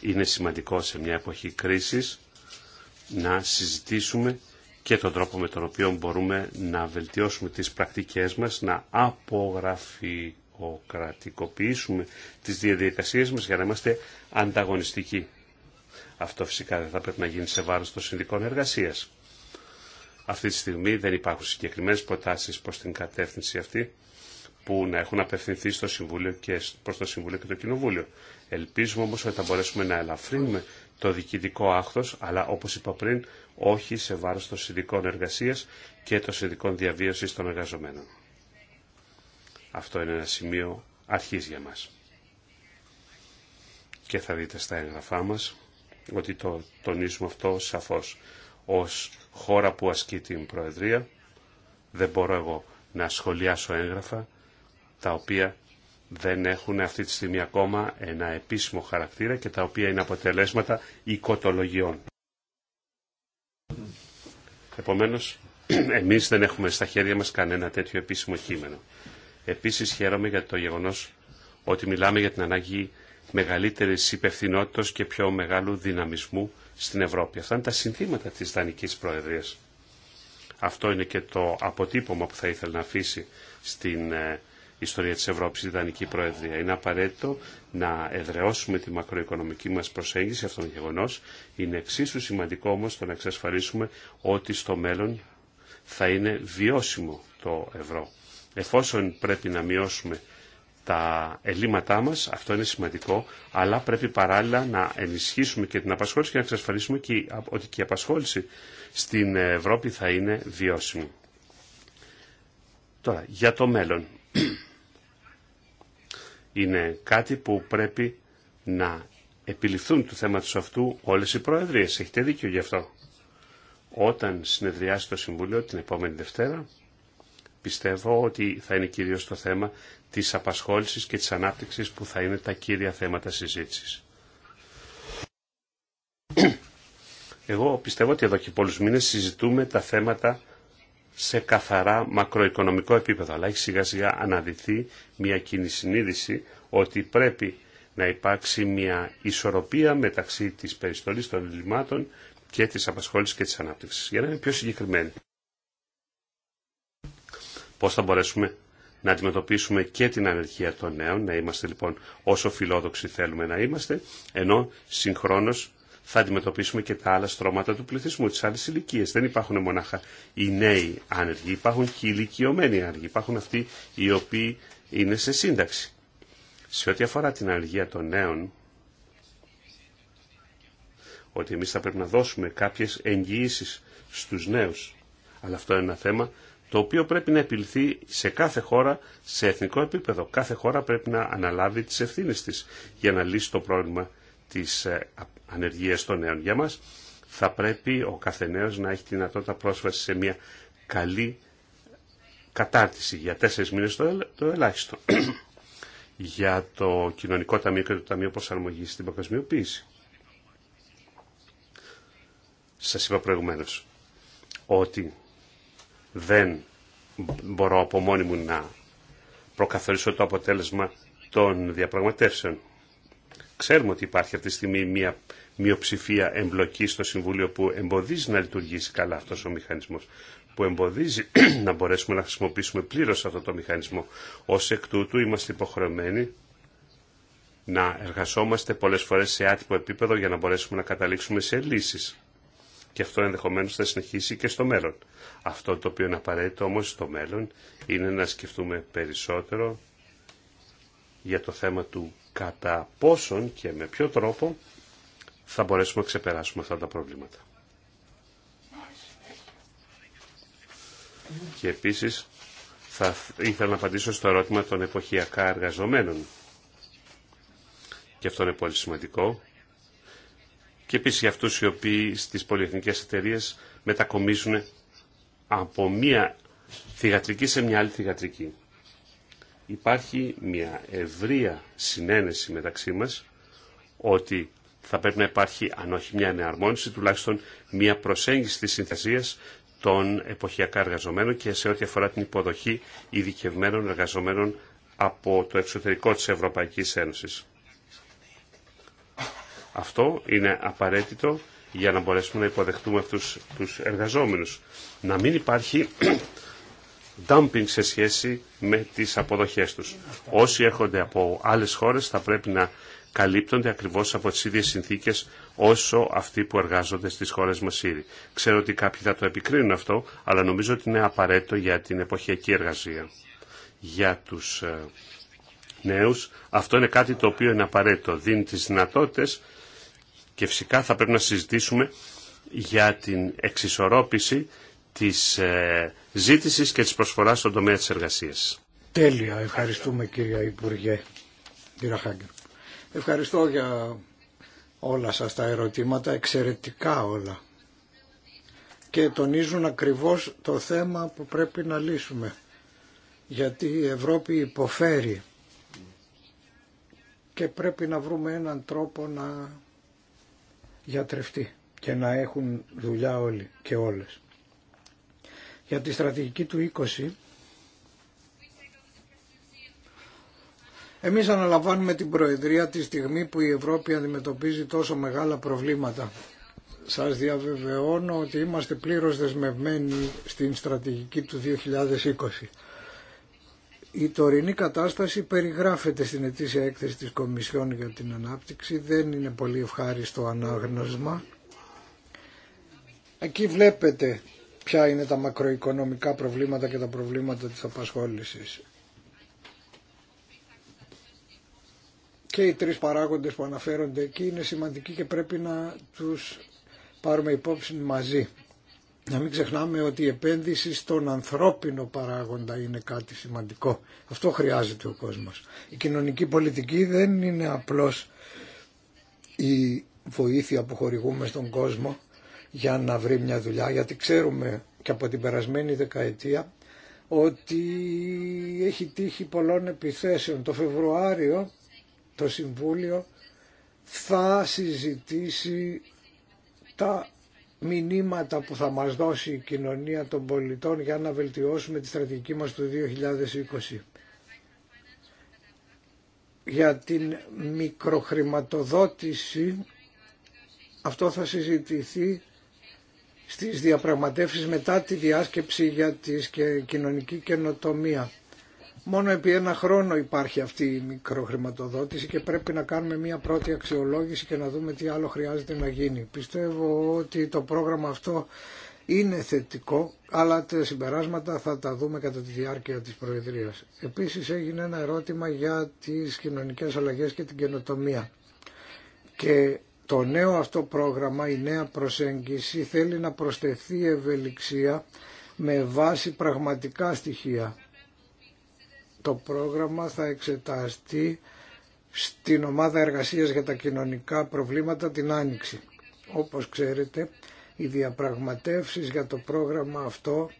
Είναι σημαντικό σε μια εποχή κρίσης να συζητήσουμε και τον τρόπο με τον οποίο μπορούμε να βελτιώσουμε τις πρακτικές μας, να απογραφικοκρατικοποιήσουμε τις διαδικασίες μας για να είμαστε ανταγωνιστικοί. Αυτό φυσικά δεν θα πρέπει να γίνει σε βάρος των συνδικών εργασίας. Αυτή τη στιγμή δεν υπάρχουν συγκεκριμένες προτάσεις προς την κατεύθυνση αυτή που να έχουν απευθυνθεί στο Συμβούλιο και προς το Συμβούλιο και το Κοινοβούλιο. Ελπίζουμε όμως ότι θα μπορέσουμε να ελαφρύνουμε το διοικητικό άχθος, αλλά όπως είπα πριν, όχι σε βάρος των συνδικών εργασίας και των συνδικών διαβίωσης των εργαζομένων. Αυτό είναι ένα σημείο αρχής για μας. Και θα δείτε στα έγγραφά μας ότι το τονίζουμε αυτό σαφώς. Ως χώρα που ασκεί την Προεδρία, δεν μπορώ εγώ να σχολιάσω έγγραφα τα οποία δεν έχουν αυτή τη στιγμή ακόμα ένα επίσημο χαρακτήρα και τα οποία είναι αποτελέσματα οικοτολογιών. Επομένως, εμείς δεν έχουμε στα χέρια μας κανένα τέτοιο επίσημο κείμενο. Επίσης χαίρομαι για το γεγονός ότι μιλάμε για την ανάγκη μεγαλύτερης υπευθυνότητα και πιο μεγάλου δυναμισμού στην Ευρώπη. Αυτά είναι τα συνθήματα της Δανικής Προεδρίας. Αυτό είναι και το αποτύπωμα που θα ήθελα να αφήσει στην ε, ιστορία της Ευρώπης η Ιδανική Προεδρία. Είναι απαραίτητο να εδραιώσουμε τη μακροοικονομική μας προσέγγιση αυτόν τον γεγονός. Είναι εξίσου σημαντικό όμως το να εξασφαλίσουμε ότι στο μέλλον θα είναι βιώσιμο το ευρώ. Εφόσον πρέπει να μειώσουμε τα ελλείμματά μας, αυτό είναι σημαντικό, αλλά πρέπει παράλληλα να ενισχύσουμε και την απασχόληση και να εξασφαλίσουμε και ότι και η απασχόληση στην Ευρώπη θα είναι βιώσιμη. Τώρα, για το μέλλον είναι κάτι που πρέπει να επιληφθούν του θέματος αυτού όλες οι προεδρίες. Έχετε δίκιο γι' αυτό. Όταν συνεδριάσει το Συμβουλίο την επόμενη Δευτέρα, πιστεύω ότι θα είναι κυρίως το θέμα της απασχόλησης και της ανάπτυξης που θα είναι τα κύρια θέματα συζήτησης. Εγώ πιστεύω ότι εδώ και πολλούς μήνες συζητούμε τα θέματα σε καθαρά μακροοικονομικό επίπεδο. Αλλά έχει σιγά σιγά αναδυθεί μια κοινή συνείδηση ότι πρέπει να υπάρξει μια ισορροπία μεταξύ της περιστολής των ελλημάτων και της απασχόλησης και της ανάπτυξης. Για να είμαι πιο συγκεκριμένη. Πώς θα μπορέσουμε να αντιμετωπίσουμε και την ανεργία των νέων, να είμαστε λοιπόν όσο φιλόδοξοι θέλουμε να είμαστε, ενώ συγχρόνως θα αντιμετωπίσουμε και τα άλλα στρώματα του πληθυσμού, τις άλλες ηλικίε. Δεν υπάρχουν μονάχα οι νέοι άνεργοι, υπάρχουν και οι ηλικιωμένοι άνεργοι, υπάρχουν αυτοί οι οποίοι είναι σε σύνταξη. Σε ό,τι αφορά την αργία των νέων, ότι εμείς θα πρέπει να δώσουμε κάποιες εγγυήσεις στους νέους. Αλλά αυτό είναι ένα θέμα το οποίο πρέπει να επιληθεί σε κάθε χώρα σε εθνικό επίπεδο. Κάθε χώρα πρέπει να αναλάβει τις ευθύνες της για να λύσει το πρόβλημα της ε, ανεργίας των νέων. Για μας θα πρέπει ο καθενέας να έχει τη δυνατότητα πρόσβαση σε μια καλή κατάρτιση για τέσσερις μήνες το, το ελάχιστο για το Κοινωνικό Ταμείο και το Ταμείο Προσαρμογής στην Παγκοσμιοποίηση. Σας είπα προηγουμένως ότι δεν μπορώ από μόνη μου να προκαθορίσω το αποτέλεσμα των διαπραγματεύσεων. Ξέρουμε ότι υπάρχει αυτή τη στιγμή μια μειοψηφία εμπλοκή στο Συμβούλιο που εμποδίζει να λειτουργήσει καλά αυτός ο μηχανισμός, που εμποδίζει να μπορέσουμε να χρησιμοποιήσουμε πλήρως αυτό το μηχανισμό. Ως εκ τούτου είμαστε υποχρεωμένοι να εργασόμαστε πολλές φορές σε άτυπο επίπεδο για να μπορέσουμε να καταλήξουμε σε λύσεις. Και αυτό ενδεχομένως θα συνεχίσει και στο μέλλον. Αυτό το οποίο είναι απαραίτητο όμω στο μέλλον είναι να σκεφτούμε περισσότερο για το θέμα του κατά πόσον και με ποιο τρόπο θα μπορέσουμε να ξεπεράσουμε αυτά τα προβλήματα. Και επίσης θα ήθελα να απαντήσω στο ερώτημα των εποχιακά εργαζομένων. Και αυτό είναι πολύ σημαντικό. Και επίσης για αυτούς οι οποίοι στις πολυεθνικές εταιρείε μετακομίζουν από μία θηγατρική σε μια άλλη θηγατρική υπάρχει μια ευρεία συνένεση μεταξύ μας ότι θα πρέπει να υπάρχει, αν όχι μια εναρμόνιση, τουλάχιστον μια προσέγγιση της συνθεσίας των εποχιακά εργαζομένων και σε ό,τι αφορά την υποδοχή ειδικευμένων εργαζομένων από το εξωτερικό της Ευρωπαϊκής Ένωσης. Αυτό είναι απαραίτητο για να μπορέσουμε να υποδεχτούμε αυτούς τους εργαζόμενους. Να μην υπάρχει dumping σε σχέση με τις αποδοχές τους. Όσοι έρχονται από άλλες χώρες θα πρέπει να καλύπτονται ακριβώς από τις ίδιες συνθήκες όσο αυτοί που εργάζονται στις χώρες μας ήδη. Ξέρω ότι κάποιοι θα το επικρίνουν αυτό, αλλά νομίζω ότι είναι απαραίτητο για την εποχιακή εργασία. Για τους ε, νέους αυτό είναι κάτι το οποίο είναι απαραίτητο. Δίνει τις δυνατότητες και φυσικά θα πρέπει να συζητήσουμε για την εξισορρόπηση της ε, ζήτησης και της προσφοράς στον τομέα της εργασίας. Τέλεια. Ευχαριστούμε κύριε Υπουργέ, κύριε Χάγκερ. Ευχαριστώ για όλα σας τα ερωτήματα, εξαιρετικά όλα. Και τονίζουν ακριβώς το θέμα που πρέπει να λύσουμε. Γιατί η Ευρώπη υποφέρει και πρέπει να βρούμε έναν τρόπο να γιατρευτεί και να έχουν δουλειά όλοι και όλες για τη στρατηγική του 20 Εμείς αναλαμβάνουμε την Προεδρία τη στιγμή που η Ευρώπη αντιμετωπίζει τόσο μεγάλα προβλήματα. Σας διαβεβαιώνω ότι είμαστε πλήρως δεσμευμένοι στην στρατηγική του 2020. Η τωρινή κατάσταση περιγράφεται στην ετήσια έκθεση της Κομισιόν για την Ανάπτυξη. Δεν είναι πολύ ευχάριστο ανάγνωσμα. Εκεί βλέπετε ποια είναι τα μακροοικονομικά προβλήματα και τα προβλήματα της απασχόλησης. Και οι τρεις παράγοντες που αναφέρονται εκεί είναι σημαντικοί και πρέπει να τους πάρουμε υπόψη μαζί. Να μην ξεχνάμε ότι η επένδυση στον ανθρώπινο παράγοντα είναι κάτι σημαντικό. Αυτό χρειάζεται ο κόσμος. Η κοινωνική πολιτική δεν είναι απλώς η βοήθεια που χορηγούμε στον κόσμο για να βρει μια δουλειά γιατί ξέρουμε και από την περασμένη δεκαετία ότι έχει τύχει πολλών επιθέσεων. Το Φεβρουάριο το Συμβούλιο θα συζητήσει τα μηνύματα που θα μας δώσει η κοινωνία των πολιτών για να βελτιώσουμε τη στρατηγική μας του 2020. Για την μικροχρηματοδότηση αυτό θα συζητηθεί στις διαπραγματεύσεις μετά τη διάσκεψη για τη κοινωνική καινοτομία. Μόνο επί ένα χρόνο υπάρχει αυτή η μικροχρηματοδότηση και πρέπει να κάνουμε μια πρώτη αξιολόγηση και να δούμε τι άλλο χρειάζεται να γίνει. Πιστεύω ότι το πρόγραμμα αυτό είναι θετικό, αλλά τα συμπεράσματα θα τα δούμε κατά τη διάρκεια της Προεδρίας. Επίσης έγινε ένα ερώτημα για τις κοινωνικές αλλαγές και την καινοτομία. Και το νέο αυτό πρόγραμμα, η νέα προσέγγιση, θέλει να προσθεθεί ευελιξία με βάση πραγματικά στοιχεία. Το πρόγραμμα θα εξεταστεί στην ομάδα εργασίας για τα κοινωνικά προβλήματα την Άνοιξη. Όπως ξέρετε, οι διαπραγματεύσεις για το πρόγραμμα αυτό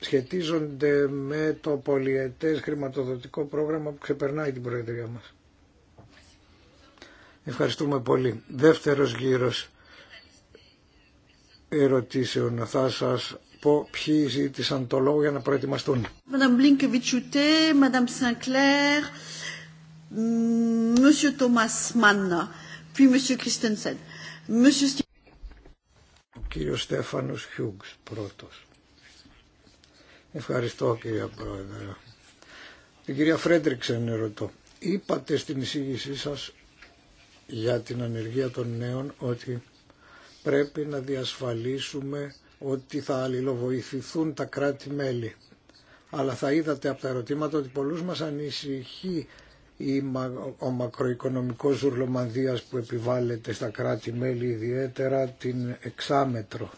σχετίζονται με το πολιετές χρηματοδοτικό πρόγραμμα που ξεπερνάει την Προεδρία μας. Ευχαριστούμε πολύ. Δεύτερος γύρος ερωτήσεων. Θα σας πω ποιοι ζήτησαν το λόγο για να προετοιμαστούν. Madame Blinkevichute, Madame Sinclair, mm, Monsieur Thomas Mann, puis Monsieur Christensen. Monsieur... Ο κύριος Στέφανος Χιούγκς πρώτος. Ευχαριστώ κύριε Πρόεδρε. Την κυρία Φρέντριξεν ρωτώ. Είπατε στην εισήγησή σας για την ανεργία των νέων ότι πρέπει να διασφαλίσουμε ότι θα αλληλοβοηθηθούν τα κράτη-μέλη. Αλλά θα είδατε από τα ερωτήματα ότι πολλούς μας ανησυχεί ο μακροοικονομικός ζουρλομανδίας που επιβάλλεται στα κράτη-μέλη ιδιαίτερα την εξάμετρο.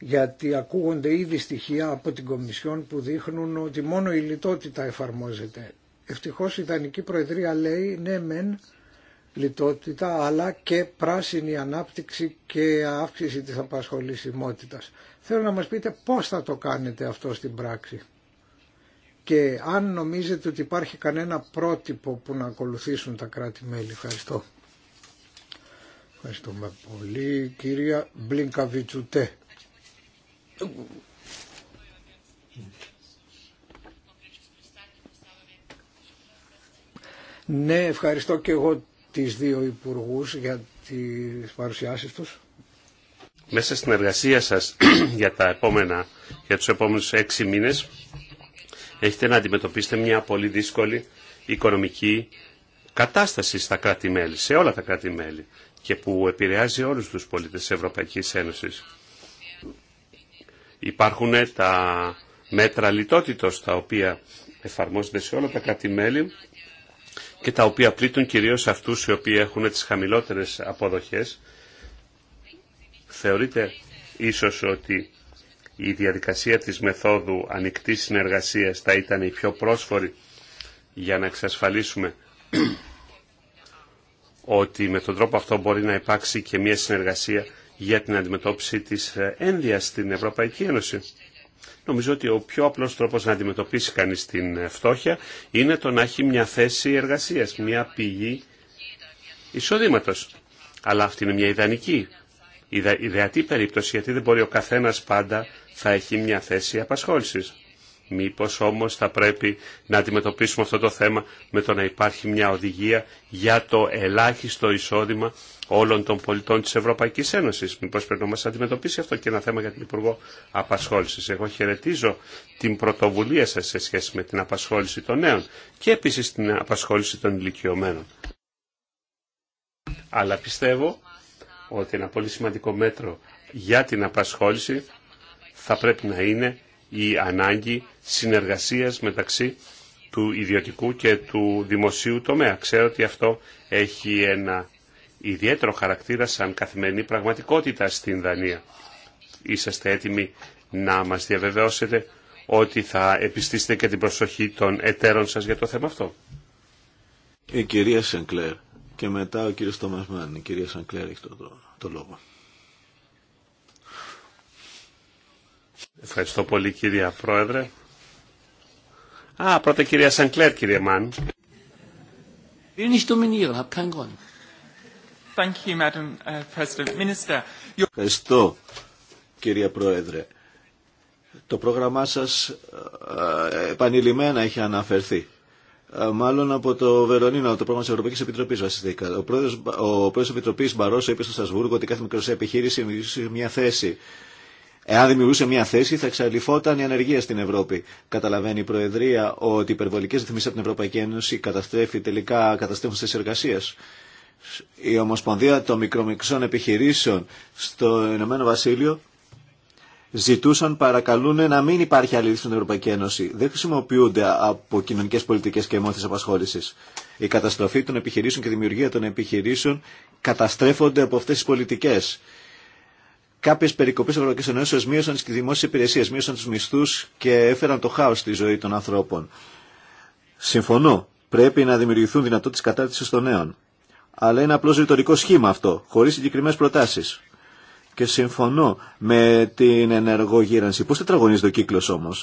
Γιατί ακούγονται ήδη στοιχεία από την Κομισιόν που δείχνουν ότι μόνο η λιτότητα εφαρμόζεται. Ευτυχώς η Δανική Προεδρία λέει ναι μεν λιτότητα αλλά και πράσινη ανάπτυξη και αύξηση της απασχολησιμότητας. Θέλω να μας πείτε πώς θα το κάνετε αυτό στην πράξη και αν νομίζετε ότι υπάρχει κανένα πρότυπο που να ακολουθήσουν τα κράτη-μέλη. Ευχαριστώ. με πολύ κυρία Μπλίνκαβιτσουτέ. Ναι, ευχαριστώ και εγώ τις δύο υπουργούς για τις παρουσιάσεις τους. Μέσα στην εργασία σας για, τα επόμενα, για τους επόμενους έξι μήνες έχετε να αντιμετωπίσετε μια πολύ δύσκολη οικονομική κατάσταση στα κράτη-μέλη, σε όλα τα κράτη-μέλη και που επηρεάζει όλους τους πολίτες της Ευρωπαϊκής Ένωσης. Υπάρχουν τα μέτρα λιτότητος τα οποία εφαρμόζονται σε όλα τα κράτη-μέλη και τα οποία πλήττουν κυρίως αυτούς οι οποίοι έχουν τις χαμηλότερες αποδοχές. Θεωρείτε ίσως ότι η διαδικασία της μεθόδου ανοιχτή συνεργασίας θα ήταν η πιο πρόσφορη για να εξασφαλίσουμε ότι με τον τρόπο αυτό μπορεί να υπάρξει και μια συνεργασία για την αντιμετώπιση της ε, ένδυας στην Ευρωπαϊκή Ένωση. Νομίζω ότι ο πιο απλός τρόπος να αντιμετωπίσει κανείς την ε, φτώχεια είναι το να έχει μια θέση εργασίας, μια πηγή εισοδήματο. Αλλά αυτή είναι μια ιδανική, ιδεατή περίπτωση γιατί δεν μπορεί ο καθένα πάντα θα έχει μια θέση απασχόλησης. Μήπως όμως θα πρέπει να αντιμετωπίσουμε αυτό το θέμα με το να υπάρχει μια οδηγία για το ελάχιστο εισόδημα όλων των πολιτών της Ευρωπαϊκής Ένωσης. Μήπως πρέπει να μας αντιμετωπίσει αυτό και ένα θέμα για την Υπουργό Απασχόλησης. Εγώ χαιρετίζω την πρωτοβουλία σας σε σχέση με την απασχόληση των νέων και επίσης την απασχόληση των ηλικιωμένων. Αλλά πιστεύω ότι ένα πολύ σημαντικό μέτρο για την απασχόληση θα πρέπει να είναι η ανάγκη συνεργασίας μεταξύ του ιδιωτικού και του δημοσίου τομέα. Ξέρω ότι αυτό έχει ένα ιδιαίτερο χαρακτήρα σαν καθημερινή πραγματικότητα στην Δανία. Είσαστε έτοιμοι να μας διαβεβαιώσετε ότι θα επιστήσετε και την προσοχή των εταίρων σας για το θέμα αυτό. Η κυρία Σενκλέρ και μετά ο κύριος Τόμας Η κυρία Σενκλέρ έχει το λόγο. Ευχαριστώ πολύ κυρία Πρόεδρε. Α, πρώτα κυρία Σανκλέρ, κύριε Μάν. Uh, Ευχαριστώ, κυρία Πρόεδρε. Το πρόγραμμά σας ε, επανειλημμένα έχει αναφερθεί. Ε, μάλλον από το Βερολίνο, το πρόγραμμα τη Ευρωπαϊκή Επιτροπή βασιστήκα. Ο πρόεδρο ο πρόεδρος Επιτροπή Μπαρόσο είπε στο Στασβούργο ότι κάθε μικροσία επιχείρηση είναι μια θέση Εάν δημιουργούσε μια θέση, θα εξαλειφόταν η ανεργία στην Ευρώπη. Καταλαβαίνει η Προεδρία ότι οι υπερβολικέ ρυθμίσει από την Ευρωπαϊκή Ένωση καταστρέφει τελικά καταστρέφουν στι εργασία. Η Ομοσπονδία των Μικρομεξών Επιχειρήσεων στο Ηνωμένο Βασίλειο ζητούσαν, παρακαλούν να μην υπάρχει άλλη στην Ευρωπαϊκή Ένωση. Δεν χρησιμοποιούνται από κοινωνικέ πολιτικέ και μόρφε απασχόληση. Η καταστροφή των επιχειρήσεων και η δημιουργία των επιχειρήσεων καταστρέφονται από αυτέ τι πολιτικέ. Κάποιε περικοπέ τη Ευρωπαϊκή Ενώσεω μείωσαν τι δημόσιε υπηρεσίε, μείωσαν του μισθού και έφεραν το χάο στη ζωή των ανθρώπων. Συμφωνώ. Πρέπει να δημιουργηθούν δυνατότητε κατάρτιση των νέων. Αλλά είναι απλώ ρητορικό σχήμα αυτό, χωρί συγκεκριμένε προτάσει. Και συμφωνώ με την ενεργογύρανση. Πώ τετραγωνίζεται ο κύκλο όμω.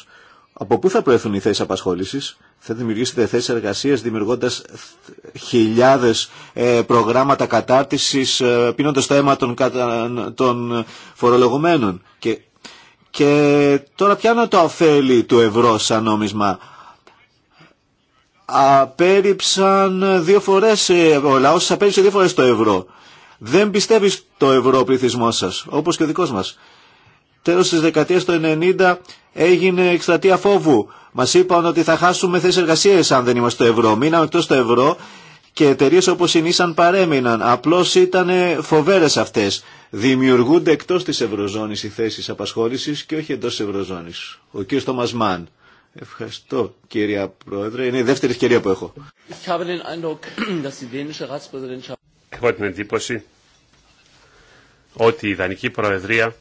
Από πού θα προέρθουν οι θέσει απασχόληση, θα δημιουργήσετε θέσει εργασία δημιουργώντα χιλιάδε ε, προγράμματα κατάρτιση, ε, πίνοντα το αίμα των, των φορολογουμένων. Και, και τώρα είναι το αφέλη του ευρώ σαν νόμισμα. Απέριψαν δύο φορέ, ε, ο λαό απέριψε δύο φορέ το ευρώ. Δεν πιστεύει το ευρώ ο πληθυσμό σα, όπω και ο δικό μα τέλος της δεκαετίας του 90 έγινε εκστρατεία φόβου. Μας είπαν ότι θα χάσουμε θέσεις εργασίας αν δεν είμαστε στο ευρώ. Μείναμε εκτός στο ευρώ και εταιρείε όπως η Nissan παρέμειναν. Απλώς ήταν φοβέρες αυτές. Δημιουργούνται εκτός της ευρωζώνης οι θέσεις απασχόλησης και όχι εντός της ευρωζώνης. Ο κ. Τόμας Μαν. Ευχαριστώ κυρία Πρόεδρε. Είναι η δεύτερη ευκαιρία που έχω. Έχω την εντύπωση ότι η Ιδανική Προεδρία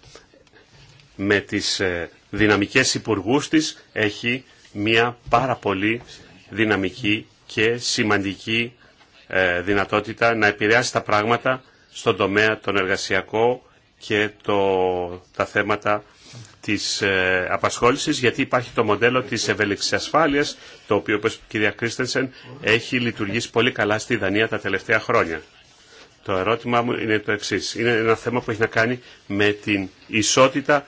με τις ε, δυναμικές υπουργούς της έχει μια πάρα πολύ δυναμική και σημαντική ε, δυνατότητα να επηρεάσει τα πράγματα στον τομέα τον εργασιακό και το, τα θέματα της ε, απασχόλησης γιατί υπάρχει το μοντέλο της ευέλικτης ασφάλειας το οποίο όπως η κυρία Κρίστενσεν έχει λειτουργήσει πολύ καλά στη Δανία τα τελευταία χρόνια. Το ερώτημά μου είναι το εξής. Είναι ένα θέμα που έχει να κάνει με την ισότητα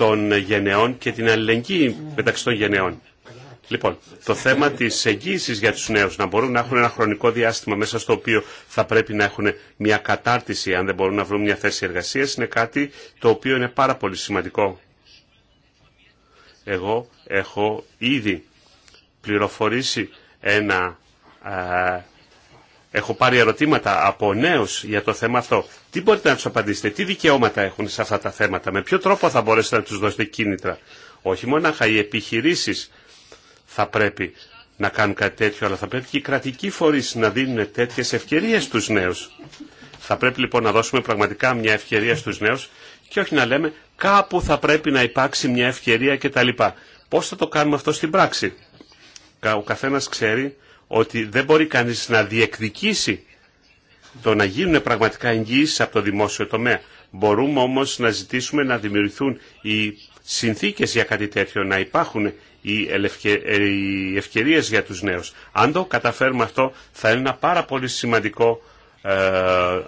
των γενεών και την αλληλεγγύη μεταξύ των γενεών. Λοιπόν, το θέμα τη εγγύηση για του νέου, να μπορούν να έχουν ένα χρονικό διάστημα μέσα στο οποίο θα πρέπει να έχουν μια κατάρτιση, αν δεν μπορούν να βρουν μια θέση εργασία, είναι κάτι το οποίο είναι πάρα πολύ σημαντικό. Εγώ έχω ήδη πληροφορήσει ένα Έχω πάρει ερωτήματα από νέου για το θέμα αυτό. Τι μπορείτε να του απαντήσετε, τι δικαιώματα έχουν σε αυτά τα θέματα, με ποιο τρόπο θα μπορέσετε να του δώσετε κίνητρα. Όχι μόνο οι επιχειρήσει θα πρέπει να κάνουν κάτι τέτοιο, αλλά θα πρέπει και οι κρατικοί φορεί να δίνουν τέτοιε ευκαιρίε στου νέου. Θα πρέπει λοιπόν να δώσουμε πραγματικά μια ευκαιρία στου νέου και όχι να λέμε κάπου θα πρέπει να υπάρξει μια ευκαιρία κτλ. Πώ θα το κάνουμε αυτό στην πράξη. Ο καθένα ξέρει ότι δεν μπορεί κανείς να διεκδικήσει το να γίνουν πραγματικά εγγύησεις από το δημόσιο τομέα. Μπορούμε όμως να ζητήσουμε να δημιουργηθούν οι συνθήκες για κάτι τέτοιο, να υπάρχουν οι ε, ευκαιρίες για τους νέους. Αν το καταφέρουμε αυτό θα είναι ένα πάρα πολύ σημαντικό ε,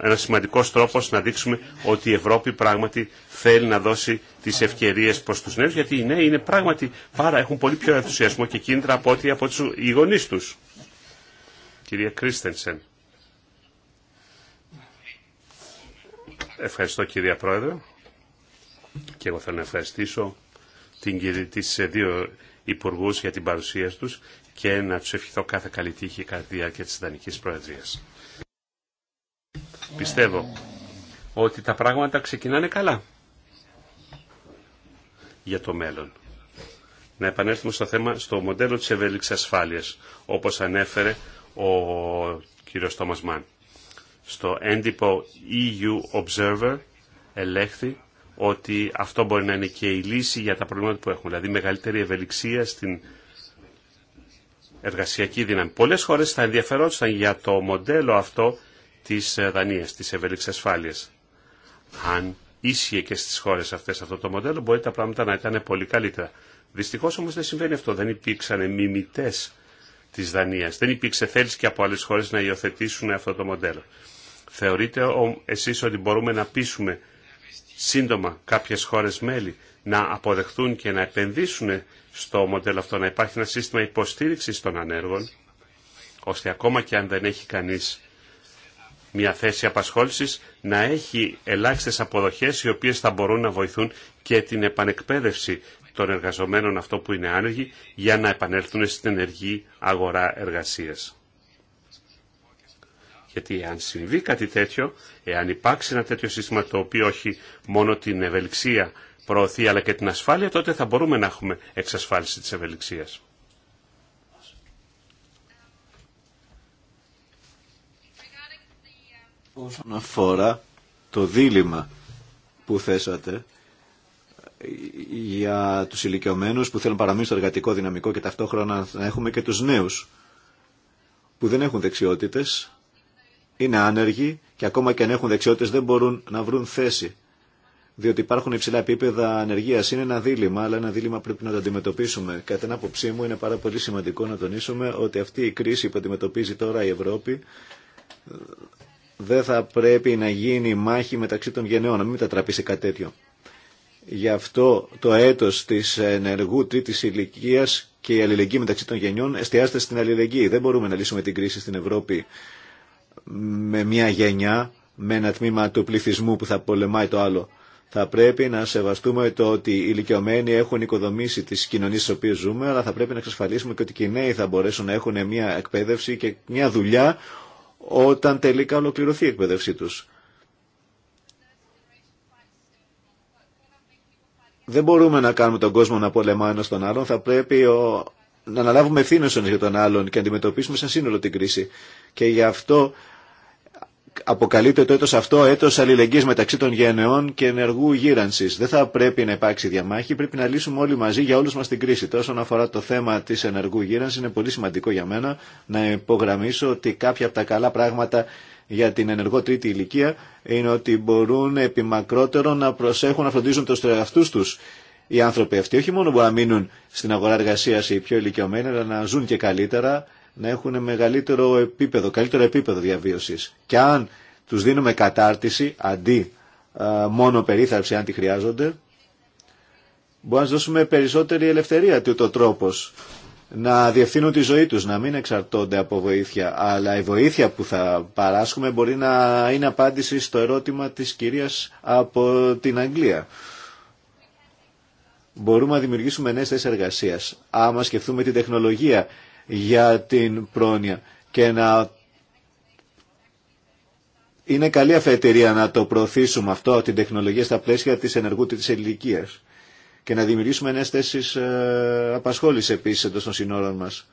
ένα σημαντικό τρόπο να δείξουμε ότι η Ευρώπη πράγματι θέλει να δώσει τις ευκαιρίες προς τους νέους γιατί οι νέοι είναι πράγματι πάρα, έχουν πολύ πιο ενθουσιασμό και κίνητρα από ό,τι από τους γονεί τους κυρία Κρίστενσεν. Ευχαριστώ κυρία Πρόεδρε και εγώ θέλω να ευχαριστήσω την, τις ε, δύο υπουργούς για την παρουσία τους και να τους ευχηθώ κάθε καλή τύχη κατά τη διάρκεια της Ιδανικής Προεδρίας. Πιστεύω ότι τα πράγματα ξεκινάνε καλά για το μέλλον. Να επανέλθουμε στο θέμα, στο μοντέλο της ευέλικης ασφάλειας, όπως ανέφερε ο κύριος Τόμας Μάν. Στο έντυπο EU Observer ελέγχθη ότι αυτό μπορεί να είναι και η λύση για τα προβλήματα που έχουμε, δηλαδή μεγαλύτερη ευελιξία στην εργασιακή δύναμη. Πολλές χώρες θα ενδιαφερόντουσαν για το μοντέλο αυτό της ε, Δανίας, της ευέλικης ασφάλειας. Αν ίσχυε και στις χώρες αυτές αυτό το μοντέλο, μπορεί τα πράγματα να ήταν πολύ καλύτερα. Δυστυχώς όμως δεν συμβαίνει αυτό. Δεν υπήρξαν μιμητές της Δανίας. Δεν υπήρξε θέληση και από άλλες χώρες να υιοθετήσουν αυτό το μοντέλο. Θεωρείτε εσείς ότι μπορούμε να πείσουμε σύντομα κάποιες χώρες μέλη να αποδεχθούν και να επενδύσουν στο μοντέλο αυτό, να υπάρχει ένα σύστημα υποστήριξης των ανέργων, ώστε ακόμα και αν δεν έχει κανείς μια θέση απασχόλησης, να έχει ελάχιστες αποδοχές οι οποίες θα μπορούν να βοηθούν και την επανεκπαίδευση των εργαζομένων αυτό που είναι άνεργοι για να επανέλθουν στην ενεργή αγορά εργασίας. Γιατί αν συμβεί κάτι τέτοιο, εάν υπάρξει ένα τέτοιο σύστημα το οποίο όχι μόνο την ευελιξία προωθεί αλλά και την ασφάλεια, τότε θα μπορούμε να έχουμε εξασφάλιση της ευελιξίας. Όσον αφορά το δίλημα που θέσατε, για του ηλικιωμένου που θέλουν παραμείνουν στο εργατικό δυναμικό και ταυτόχρονα να έχουμε και του νέου που δεν έχουν δεξιότητε, είναι άνεργοι και ακόμα και αν έχουν δεξιότητε δεν μπορούν να βρουν θέση. Διότι υπάρχουν υψηλά επίπεδα ανεργία. Είναι ένα δίλημα, αλλά ένα δίλημα πρέπει να το αντιμετωπίσουμε. Κατά την άποψή μου, είναι πάρα πολύ σημαντικό να τονίσουμε ότι αυτή η κρίση που αντιμετωπίζει τώρα η Ευρώπη ε, δεν θα πρέπει να γίνει μάχη μεταξύ των γενναιών, να μην μετατραπεί σε κάτι τέτοιο. Γι' αυτό το έτος της ενεργού τρίτης ηλικία και η αλληλεγγύη μεταξύ των γενιών εστιάζεται στην αλληλεγγύη. Δεν μπορούμε να λύσουμε την κρίση στην Ευρώπη με μια γενιά, με ένα τμήμα του πληθυσμού που θα πολεμάει το άλλο. Θα πρέπει να σεβαστούμε το ότι οι ηλικιωμένοι έχουν οικοδομήσει τι κοινωνίε στι οποίε ζούμε, αλλά θα πρέπει να εξασφαλίσουμε και ότι οι νέοι θα μπορέσουν να έχουν μια εκπαίδευση και μια δουλειά όταν τελικά ολοκληρωθεί η εκπαίδευσή τους. Δεν μπορούμε να κάνουμε τον κόσμο να πολεμά ένα τον άλλον. Θα πρέπει ο... να αναλάβουμε ευθύνε για τον άλλον και να αντιμετωπίσουμε σαν σύνολο την κρίση. Και γι' αυτό αποκαλείται το έτος αυτό έτος αλληλεγγύης μεταξύ των γενεών και ενεργού γύρανσης. Δεν θα πρέπει να υπάρξει διαμάχη, πρέπει να λύσουμε όλοι μαζί για όλους μας την κρίση. Τόσο αφορά το θέμα της ενεργού γύρανσης, είναι πολύ σημαντικό για μένα να υπογραμμίσω ότι κάποια από τα καλά πράγματα για την ενεργό τρίτη ηλικία είναι ότι μπορούν επιμακρότερο να προσέχουν να φροντίζουν τους εαυτούς τους οι άνθρωποι αυτοί. Όχι μόνο μπορούν να μείνουν στην αγορά εργασία οι πιο ηλικιωμένοι, αλλά να ζουν και καλύτερα, να έχουν μεγαλύτερο επίπεδο, καλύτερο επίπεδο διαβίωσης. Και αν τους δίνουμε κατάρτιση αντί μόνο περίθαλψη αν τη χρειάζονται, μπορεί να δώσουμε περισσότερη ελευθερία του το τρόπος να διευθύνουν τη ζωή τους, να μην εξαρτώνται από βοήθεια. Αλλά η βοήθεια που θα παράσχουμε μπορεί να είναι απάντηση στο ερώτημα της κυρίας από την Αγγλία. Μπορούμε να δημιουργήσουμε νέες θέσεις εργασίας, άμα σκεφτούμε την τεχνολογία για την πρόνοια και να είναι καλή αφετηρία να το προωθήσουμε αυτό, την τεχνολογία στα πλαίσια της ενεργού της και να δημιουργήσουμε νέες θέσεις ε, απασχόληση επίσης εντός των συνόρων μας.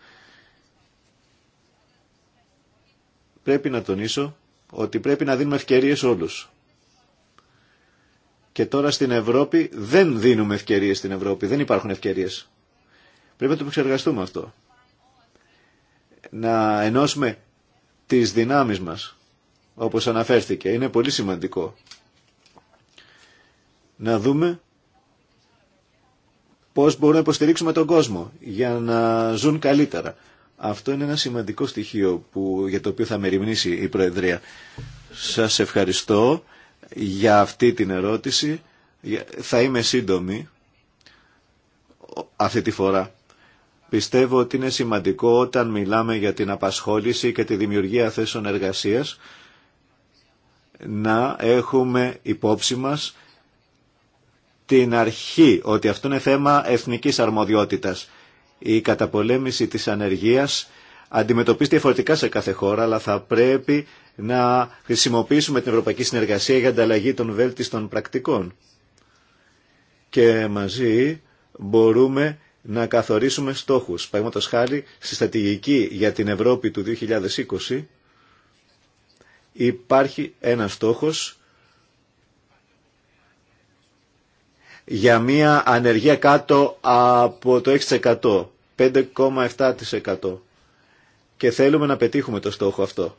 Πρέπει να τονίσω ότι πρέπει να δίνουμε ευκαιρίες όλους. Και τώρα στην Ευρώπη δεν δίνουμε ευκαιρίες στην Ευρώπη, δεν υπάρχουν ευκαιρίες. Πρέπει να το εξεργαστούμε αυτό. Να ενώσουμε τις δυνάμεις μας, όπως αναφέρθηκε. Είναι πολύ σημαντικό. Να δούμε πώς μπορούμε να υποστηρίξουμε τον κόσμο για να ζουν καλύτερα. Αυτό είναι ένα σημαντικό στοιχείο που, για το οποίο θα μεριμνήσει η Προεδρία. Σας ευχαριστώ για αυτή την ερώτηση. Θα είμαι σύντομη αυτή τη φορά. Πιστεύω ότι είναι σημαντικό όταν μιλάμε για την απασχόληση και τη δημιουργία θέσεων εργασίας να έχουμε υπόψη μας την αρχή ότι αυτό είναι θέμα εθνικής αρμοδιότητας. Η καταπολέμηση της ανεργίας αντιμετωπίζεται διαφορετικά σε κάθε χώρα, αλλά θα πρέπει να χρησιμοποιήσουμε την ευρωπαϊκή συνεργασία για ανταλλαγή των βέλτιστων πρακτικών. Και μαζί μπορούμε να καθορίσουμε στόχους. Παραδείγματος χάρη, στη στρατηγική για την Ευρώπη του 2020 υπάρχει ένας στόχος για μια ανεργία κάτω από το 6%, 5,7%. Και θέλουμε να πετύχουμε το στόχο αυτό.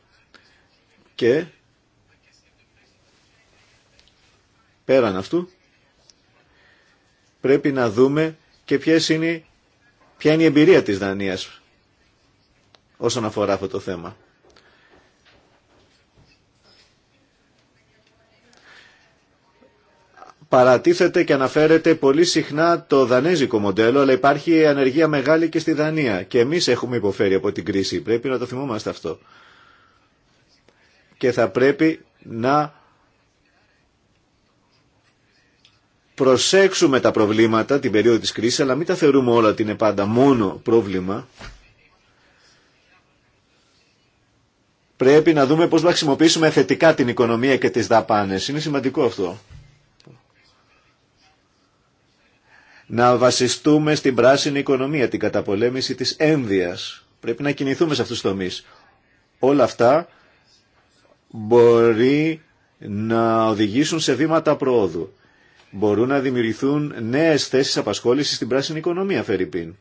Και πέραν αυτού πρέπει να δούμε και ποιες είναι, ποια είναι η εμπειρία της Δανίας όσον αφορά αυτό το θέμα. παρατίθεται και αναφέρεται πολύ συχνά το δανέζικο μοντέλο, αλλά υπάρχει ανεργία μεγάλη και στη Δανία. Και εμείς έχουμε υποφέρει από την κρίση. Πρέπει να το θυμόμαστε αυτό. Και θα πρέπει να προσέξουμε τα προβλήματα την περίοδο της κρίσης, αλλά μην τα θεωρούμε όλα ότι είναι πάντα μόνο πρόβλημα. Πρέπει να δούμε πώς να χρησιμοποιήσουμε θετικά την οικονομία και τις δαπάνες. Είναι σημαντικό αυτό. να βασιστούμε στην πράσινη οικονομία, την καταπολέμηση της ένδυας. Πρέπει να κινηθούμε σε αυτούς τους τομείς. Όλα αυτά μπορεί να οδηγήσουν σε βήματα προόδου. Μπορούν να δημιουργηθούν νέες θέσεις απασχόλησης στην πράσινη οικονομία, Φερρυπίν.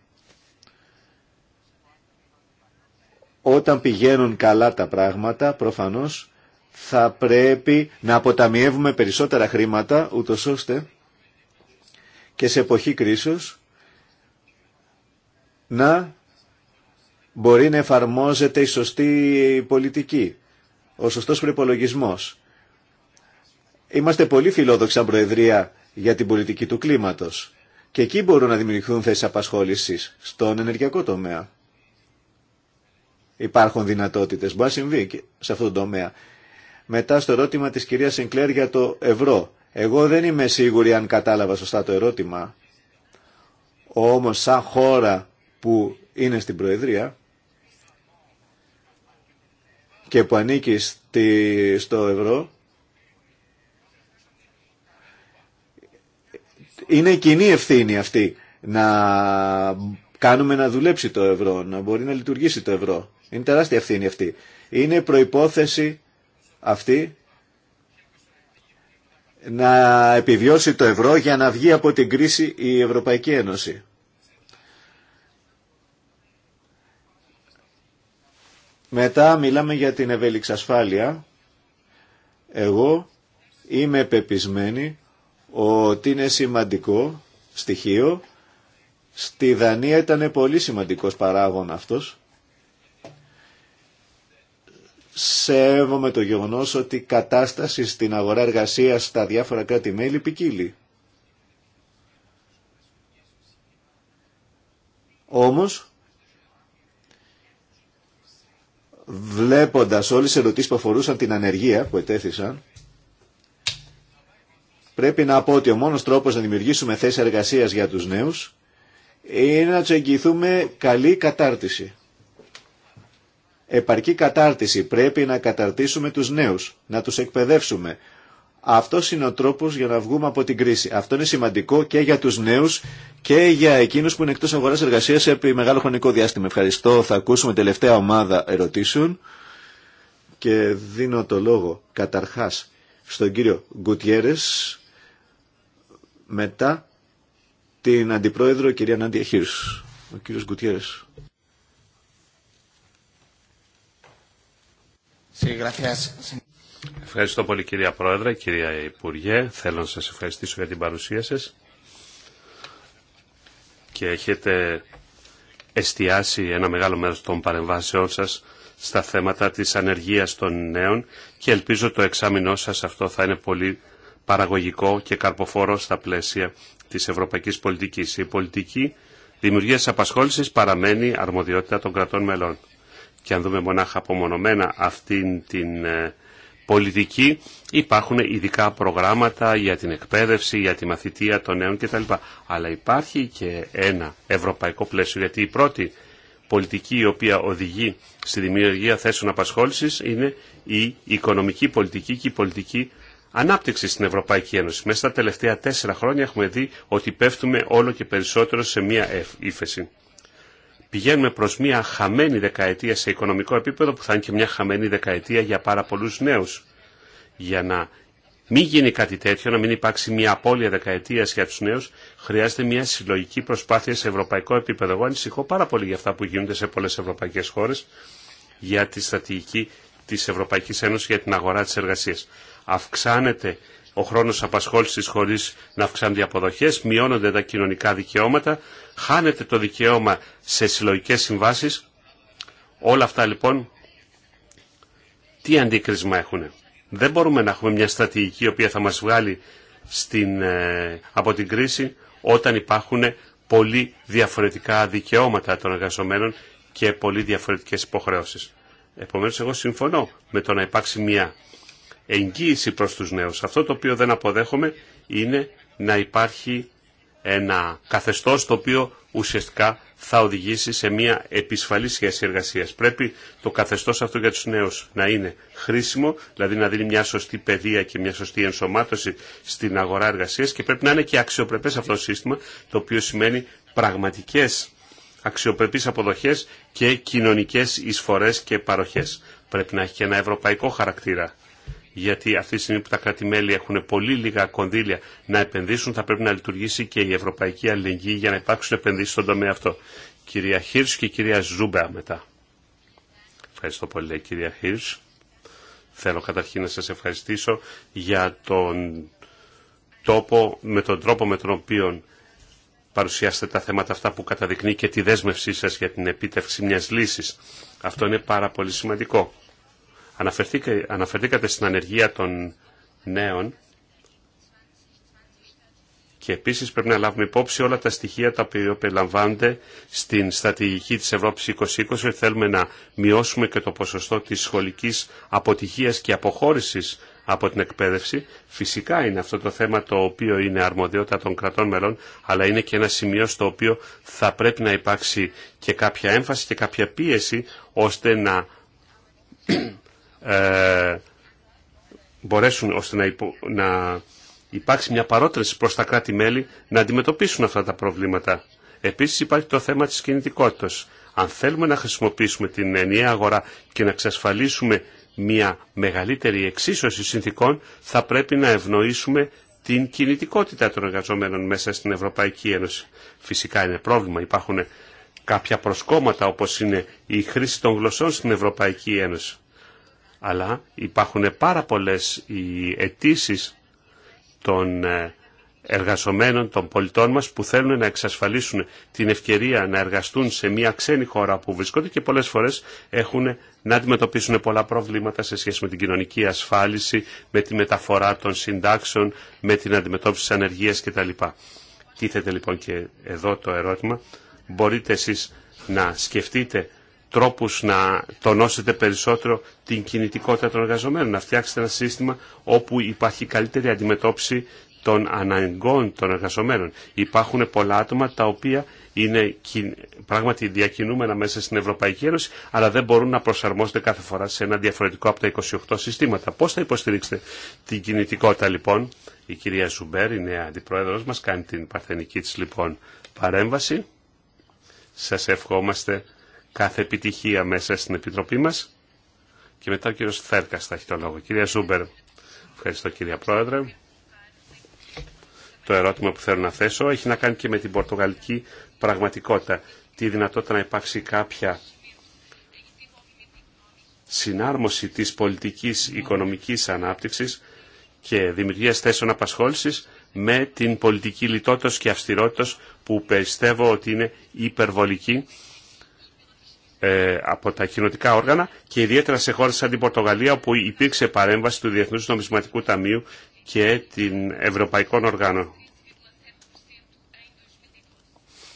Όταν πηγαίνουν καλά τα πράγματα, προφανώς, θα πρέπει να αποταμιεύουμε περισσότερα χρήματα, ούτως ώστε και σε εποχή κρίσεως να μπορεί να εφαρμόζεται η σωστή πολιτική, ο σωστός προϋπολογισμός. Είμαστε πολύ φιλόδοξα Προεδρία για την πολιτική του κλίματος και εκεί μπορούν να δημιουργηθούν θέσεις απασχόλησης στον ενεργειακό τομέα. Υπάρχουν δυνατότητες, μπορεί να συμβεί σε αυτό το τομέα. Μετά στο ερώτημα της κυρίας Σενκλέρ για το ευρώ. Εγώ δεν είμαι σίγουρη αν κατάλαβα σωστά το ερώτημα, όμως σαν χώρα που είναι στην Προεδρία και που ανήκει στη, στο ευρώ, είναι κοινή ευθύνη αυτή να κάνουμε να δουλέψει το ευρώ, να μπορεί να λειτουργήσει το ευρώ. Είναι τεράστια ευθύνη αυτή. Είναι προϋπόθεση αυτή να επιβιώσει το ευρώ για να βγει από την κρίση η Ευρωπαϊκή Ένωση. Μετά μιλάμε για την ασφάλεια. Εγώ είμαι πεπισμένη ότι είναι σημαντικό στοιχείο. Στη Δανία ήταν πολύ σημαντικός παράγων αυτός σέβομαι το γεγονός ότι η κατάσταση στην αγορά εργασίας στα διάφορα κράτη-μέλη ποικίλει. Όμως, βλέποντας όλες τις ερωτήσεις που αφορούσαν την ανεργία που ετέθησαν, πρέπει να πω ότι ο μόνος τρόπος να δημιουργήσουμε θέσεις εργασίας για τους νέους είναι να τους εγγυηθούμε καλή κατάρτιση. Επαρκή κατάρτιση. Πρέπει να καταρτήσουμε τους νέους, να τους εκπαιδεύσουμε. Αυτό είναι ο τρόπος για να βγούμε από την κρίση. Αυτό είναι σημαντικό και για τους νέους και για εκείνους που είναι εκτός αγοράς εργασίας επί μεγάλο χρονικό διάστημα. Ευχαριστώ. Θα ακούσουμε τελευταία ομάδα ερωτήσεων και δίνω το λόγο καταρχάς στον κύριο Γκουτιέρες μετά την Αντιπρόεδρο κυρία Νάντια Ο κύριος Γκουτιέρες. Ευχαριστώ πολύ κυρία Πρόεδρε, κυρία Υπουργέ. Θέλω να σας ευχαριστήσω για την παρουσία σας και έχετε εστιάσει ένα μεγάλο μέρος των παρεμβάσεών σας στα θέματα της ανεργίας των νέων και ελπίζω το εξάμεινό σας αυτό θα είναι πολύ παραγωγικό και καρποφόρο στα πλαίσια της ευρωπαϊκής πολιτικής. Η πολιτική δημιουργίας απασχόλησης παραμένει αρμοδιότητα των κρατών μελών και αν δούμε μονάχα απομονωμένα αυτήν την ε, πολιτική, υπάρχουν ειδικά προγράμματα για την εκπαίδευση, για τη μαθητεία των νέων κτλ. Αλλά υπάρχει και ένα ευρωπαϊκό πλαίσιο, γιατί η πρώτη πολιτική η οποία οδηγεί στη δημιουργία θέσεων απασχόλησης είναι η οικονομική πολιτική και η πολιτική ανάπτυξη στην Ευρωπαϊκή Ένωση. Μέσα στα τελευταία τέσσερα χρόνια έχουμε δει ότι πέφτουμε όλο και περισσότερο σε μία ύφεση πηγαίνουμε προς μια χαμένη δεκαετία σε οικονομικό επίπεδο που θα είναι και μια χαμένη δεκαετία για πάρα πολλούς νέους. Για να μην γίνει κάτι τέτοιο, να μην υπάρξει μια απώλεια δεκαετία για τους νέους, χρειάζεται μια συλλογική προσπάθεια σε ευρωπαϊκό επίπεδο. Εγώ ανησυχώ πάρα πολύ για αυτά που γίνονται σε πολλές ευρωπαϊκές χώρες, για τη στρατηγική τη Ευρωπαϊκή Ένωση για την αγορά της εργασίας. Αυξάνεται ο χρόνος απασχόλησης χωρίς να αυξάνονται οι αποδοχές, μειώνονται τα κοινωνικά δικαιώματα, χάνεται το δικαίωμα σε συλλογικές συμβάσεις. Όλα αυτά λοιπόν τι αντίκρισμα έχουν. Δεν μπορούμε να έχουμε μια στρατηγική η οποία θα μας βγάλει στην, ε, από την κρίση όταν υπάρχουν πολύ διαφορετικά δικαιώματα των εργαζομένων και πολύ διαφορετικές υποχρεώσεις. Επομένως εγώ συμφωνώ με το να υπάρξει μια εγγύηση προς τους νέους. Αυτό το οποίο δεν αποδέχομαι είναι να υπάρχει ένα καθεστώς το οποίο ουσιαστικά θα οδηγήσει σε μια επισφαλή σχέση εργασία. Πρέπει το καθεστώς αυτό για τους νέους να είναι χρήσιμο, δηλαδή να δίνει μια σωστή παιδεία και μια σωστή ενσωμάτωση στην αγορά εργασίας και πρέπει να είναι και αξιοπρεπές αυτό το σύστημα, το οποίο σημαίνει πραγματικές αξιοπρεπείς αποδοχές και κοινωνικές εισφορές και παροχές. Πρέπει να έχει και ένα ευρωπαϊκό χαρακτήρα γιατί αυτή τη στιγμή που τα κράτη-μέλη έχουν πολύ λίγα κονδύλια να επενδύσουν, θα πρέπει να λειτουργήσει και η Ευρωπαϊκή Αλληλεγγύη για να υπάρξουν επενδύσεις στον τομέα αυτό. Κυρία Χίρς και κυρία Ζούμπεα μετά. Ευχαριστώ πολύ κυρία Χίρς. Θέλω καταρχήν να σας ευχαριστήσω για τον τόπο, με τον τρόπο με τον οποίο παρουσιάσετε τα θέματα αυτά που καταδεικνύει και τη δέσμευσή σας για την επίτευξη μιας λύσης. Αυτό είναι πάρα πολύ σημαντικό. Αναφερθήκατε στην ανεργία των νέων και επίσης πρέπει να λάβουμε υπόψη όλα τα στοιχεία τα οποία περιλαμβάνονται στην στρατηγική της Ευρώπης 2020. Θέλουμε να μειώσουμε και το ποσοστό της σχολικής αποτυχίας και αποχώρησης από την εκπαίδευση. Φυσικά είναι αυτό το θέμα το οποίο είναι αρμοδιότητα των κρατών μελών, αλλά είναι και ένα σημείο στο οποίο θα πρέπει να υπάρξει και κάποια έμφαση και κάποια πίεση ώστε να ε, μπορέσουν ώστε να, να υπάρξει μια παρότρεση προς τα κράτη-μέλη να αντιμετωπίσουν αυτά τα προβλήματα. Επίσης υπάρχει το θέμα της κινητικότητας. Αν θέλουμε να χρησιμοποιήσουμε την ενιαία αγορά και να εξασφαλίσουμε μια μεγαλύτερη εξίσωση συνθήκων, θα πρέπει να ευνοήσουμε την κινητικότητα των εργαζομένων μέσα στην Ευρωπαϊκή Ένωση. Φυσικά είναι πρόβλημα. Υπάρχουν κάποια προσκόμματα όπως είναι η χρήση των γλωσσών στην Ευρωπαϊκή Ένωση αλλά υπάρχουν πάρα πολλές οι αιτήσει των ε, εργαζομένων, των πολιτών μας που θέλουν να εξασφαλίσουν την ευκαιρία να εργαστούν σε μια ξένη χώρα που βρισκόνται και πολλές φορές έχουν να αντιμετωπίσουν πολλά προβλήματα σε σχέση με την κοινωνική ασφάλιση, με τη μεταφορά των συντάξεων, με την αντιμετώπιση της ανεργίας κτλ. Τίθεται λοιπόν και εδώ το ερώτημα, μπορείτε εσείς να σκεφτείτε τρόπους να τονώσετε περισσότερο την κινητικότητα των εργαζομένων, να φτιάξετε ένα σύστημα όπου υπάρχει καλύτερη αντιμετώπιση των αναγκών των εργαζομένων. Υπάρχουν πολλά άτομα τα οποία είναι πράγματι διακινούμενα μέσα στην Ευρωπαϊκή Ένωση, αλλά δεν μπορούν να προσαρμόζονται κάθε φορά σε ένα διαφορετικό από τα 28 συστήματα. Πώς θα υποστηρίξετε την κινητικότητα λοιπόν. Η κυρία Σουμπέρ, η νέα αντιπρόεδρος μας, κάνει την παρθενική τη λοιπόν παρέμβαση. Σας ευχόμαστε κάθε επιτυχία μέσα στην Επιτροπή μας. Και μετά ο κύριος Θέρκα θα έχει το λόγο. Κυρία Ζούμπερ, ευχαριστώ κυρία Πρόεδρε. Το ερώτημα που θέλω να θέσω έχει να κάνει και με την πορτογαλική πραγματικότητα. Τη δυνατότητα να υπάρξει κάποια συνάρμοση της πολιτικής οικονομικής ανάπτυξης και δημιουργίας θέσεων απασχόλησης με την πολιτική λιτότητα και αυστηρότητα που πιστεύω ότι είναι υπερβολική ε, από τα κοινοτικά όργανα και ιδιαίτερα σε χώρες σαν την Πορτογαλία όπου υπήρξε παρέμβαση του Διεθνούς Νομισματικού Ταμείου και την Ευρωπαϊκών Οργάνων.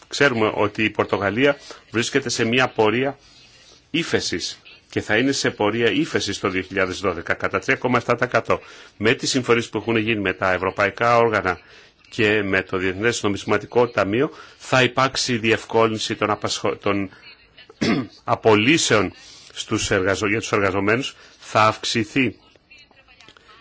Ξέρουμε ότι η Πορτογαλία βρίσκεται σε μια πορεία ύφεση και θα είναι σε πορεία ύφεση το 2012 κατά 3,7%. Με τις συμφορίες που έχουν γίνει με τα ευρωπαϊκά όργανα και με το Διεθνές Νομισματικό Ταμείο θα υπάρξει διευκόλυνση των, απολύσεων στους εργαζο... για τους εργαζομένους θα αυξηθεί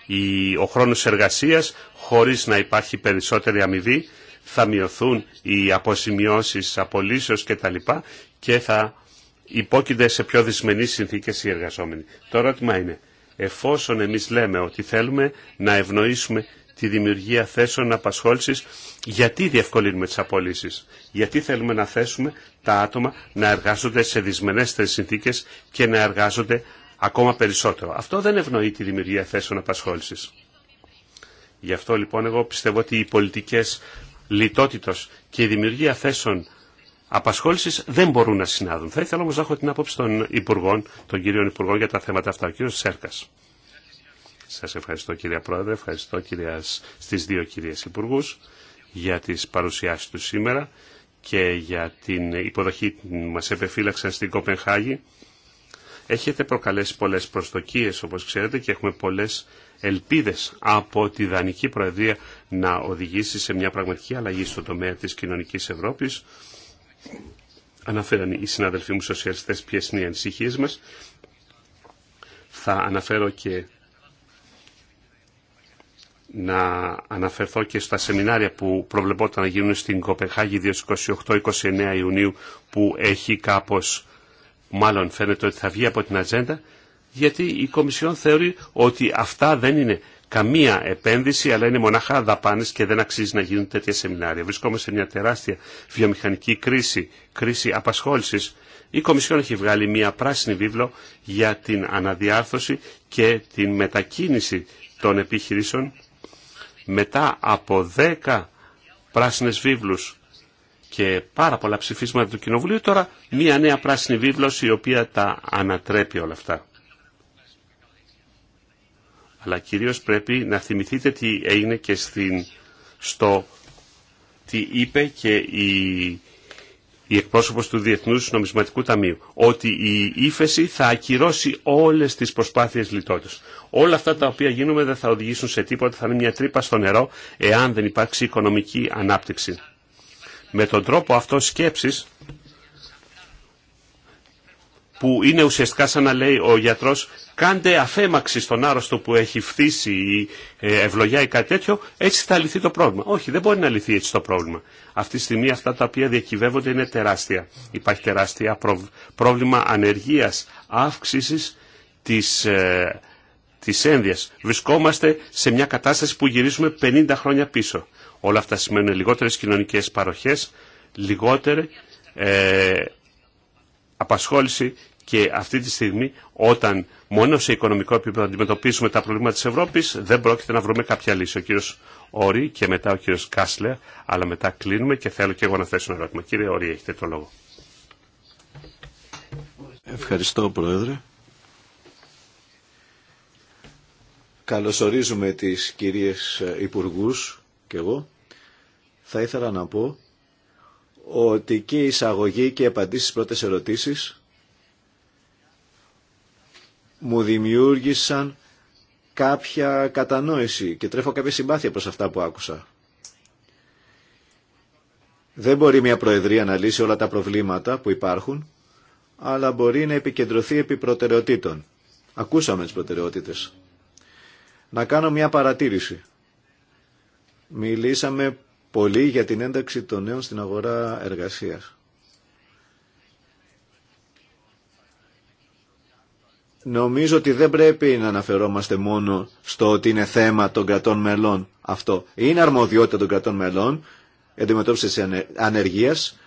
η... ο χρόνος εργασίας χωρίς να υπάρχει περισσότερη αμοιβή, θα μειωθούν οι αποσημειώσεις απολύσεως κτλ. και θα υπόκεινται σε πιο δυσμενείς συνθήκες οι εργαζόμενοι. Το ερώτημα είναι, εφόσον εμείς λέμε ότι θέλουμε να ευνοήσουμε τη δημιουργία θέσεων απασχόλησης. Γιατί διευκολύνουμε τις απολύσεις. Γιατί θέλουμε να θέσουμε τα άτομα να εργάζονται σε δυσμενέστερες συνθήκες και να εργάζονται ακόμα περισσότερο. Αυτό δεν ευνοεί τη δημιουργία θέσεων απασχόλησης. Γι' αυτό λοιπόν εγώ πιστεύω ότι οι πολιτικές λιτότητος και η δημιουργία θέσεων απασχόληση δεν μπορούν να συνάδουν. Θα ήθελα όμω να έχω την άποψη των υπουργών, των κυρίων υπουργών για τα θέματα αυτά. Ο κύριο Σέρκα. Σας ευχαριστώ κυρία Πρόεδρε, ευχαριστώ κυρία, στις δύο κυρίες Υπουργούς για τις παρουσιάσεις του σήμερα και για την υποδοχή που μας επεφύλαξαν στην Κοπενχάγη. Έχετε προκαλέσει πολλές προσδοκίες όπως ξέρετε και έχουμε πολλές ελπίδες από τη Δανική Προεδρία να οδηγήσει σε μια πραγματική αλλαγή στο τομέα της κοινωνικής Ευρώπης. Αναφέραν οι συναδελφοί μου σοσιαλιστές ποιες είναι οι Θα αναφέρω και να αναφερθώ και στα σεμινάρια που προβλεπόταν να γίνουν στην Κοπεχάγη 28-29 Ιουνίου που έχει κάπως, μάλλον φαίνεται ότι θα βγει από την ατζέντα, γιατί η Κομισιόν θεωρεί ότι αυτά δεν είναι καμία επένδυση, αλλά είναι μονάχα δαπάνες και δεν αξίζει να γίνουν τέτοια σεμινάρια. Βρισκόμαστε σε μια τεράστια βιομηχανική κρίση, κρίση απασχόλησης. Η Κομισιόν έχει βγάλει μια πράσινη βίβλο για την αναδιάρθρωση και την μετακίνηση των επιχειρήσεων μετά από δέκα πράσινες βίβλους και πάρα πολλά ψηφίσματα του Κοινοβουλίου, τώρα μία νέα πράσινη βίβλος η οποία τα ανατρέπει όλα αυτά. Αλλά κυρίως πρέπει να θυμηθείτε τι έγινε και στην, στο τι είπε και η η εκπρόσωπος του Διεθνούς Νομισματικού Ταμείου, ότι η ύφεση θα ακυρώσει όλες τις προσπάθειες λιτότητας. Όλα αυτά τα οποία γίνουμε δεν θα οδηγήσουν σε τίποτα, θα είναι μια τρύπα στο νερό, εάν δεν υπάρξει οικονομική ανάπτυξη. Με τον τρόπο αυτό σκέψης, που είναι ουσιαστικά σαν να λέει ο γιατρός κάντε αφέμαξη στον άρρωστο που έχει φθήσει η ε, ευλογιά ή κάτι τέτοιο, έτσι θα λυθεί το πρόβλημα. Όχι, δεν μπορεί να λυθεί έτσι το πρόβλημα. Αυτή τη στιγμή αυτά τα οποία διακυβεύονται είναι τεράστια. Υπάρχει τεράστια πρόβλημα ανεργίας, αύξησης της, ε, Βρισκόμαστε σε μια κατάσταση που γυρίζουμε 50 χρόνια πίσω. Όλα αυτά σημαίνουν λιγότερες κοινωνικές παροχές, λιγότερη ε, απασχόληση και αυτή τη στιγμή, όταν μόνο σε οικονομικό επίπεδο αντιμετωπίσουμε τα προβλήματα της Ευρώπης, δεν πρόκειται να βρούμε κάποια λύση. Ο κύριο Όρη και μετά ο κύριο Κάσλερ, αλλά μετά κλείνουμε και θέλω και εγώ να θέσω ένα ερώτημα. Κύριε Όρη, έχετε το λόγο. Ευχαριστώ, Πρόεδρε. Καλωσορίζουμε τις κυρίες Υπουργούς και εγώ. Θα ήθελα να πω ότι και η εισαγωγή και οι απαντήσεις στις πρώτες ερωτήσεις μου δημιούργησαν κάποια κατανόηση και τρέφω κάποια συμπάθεια προς αυτά που άκουσα. Δεν μπορεί μια Προεδρία να λύσει όλα τα προβλήματα που υπάρχουν, αλλά μπορεί να επικεντρωθεί επί προτεραιοτήτων. Ακούσαμε τις προτεραιότητες. Να κάνω μια παρατήρηση. Μιλήσαμε πολύ για την ένταξη των νέων στην αγορά εργασίας. Νομίζω ότι δεν πρέπει να αναφερόμαστε μόνο στο ότι είναι θέμα των κρατών μελών αυτό. Είναι αρμοδιότητα των κρατών μελών, αντιμετώπιση ανεργίας,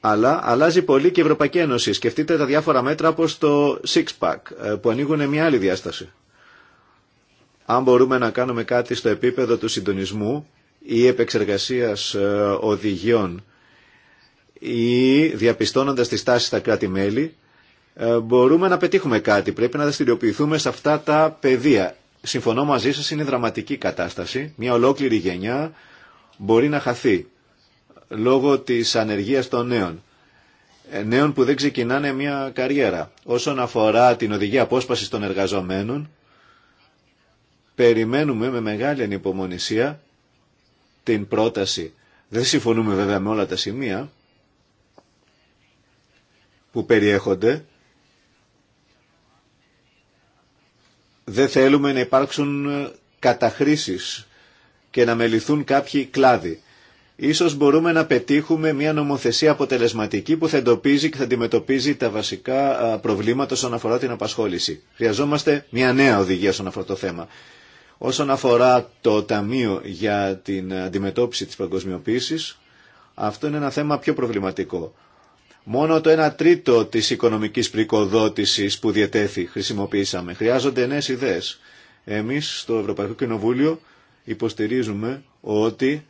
αλλά αλλάζει πολύ και η Ευρωπαϊκή Ένωση. Σκεφτείτε τα διάφορα μέτρα όπως το six-pack ε, που ανοίγουν μια άλλη διάσταση. Αν μπορούμε να κάνουμε κάτι στο επίπεδο του συντονισμού ή επεξεργασίας ε, οδηγιών ή διαπιστώνοντας τις τάσεις στα κράτη-μέλη, ε, μπορούμε να πετύχουμε κάτι. Πρέπει να δραστηριοποιηθούμε σε αυτά τα πεδία. Συμφωνώ μαζί σας, είναι δραματική κατάσταση. Μια ολόκληρη γενιά μπορεί να χαθεί λόγω της ανεργίας των νέων. Ε, νέων που δεν ξεκινάνε μια καριέρα. Όσον αφορά την οδηγία απόσπασης των εργαζομένων, περιμένουμε με μεγάλη ανυπομονησία την πρόταση. Δεν συμφωνούμε βέβαια με όλα τα σημεία που περιέχονται δεν θέλουμε να υπάρξουν ε, καταχρήσεις και να μεληθούν κάποιοι κλάδοι. Ίσως μπορούμε να πετύχουμε μια νομοθεσία αποτελεσματική που θα εντοπίζει και θα αντιμετωπίζει τα βασικά προβλήματα όσον αφορά την απασχόληση. Χρειαζόμαστε μια νέα οδηγία όσον αφορά το θέμα. Όσον αφορά το Ταμείο για την αντιμετώπιση της παγκοσμιοποίησης, αυτό είναι ένα θέμα πιο προβληματικό. Μόνο το 1 τρίτο της οικονομικής πρικοδότησης που διατέθη χρησιμοποιήσαμε. Χρειάζονται νέες ιδέες. Εμείς στο Ευρωπαϊκό Κοινοβούλιο υποστηρίζουμε ότι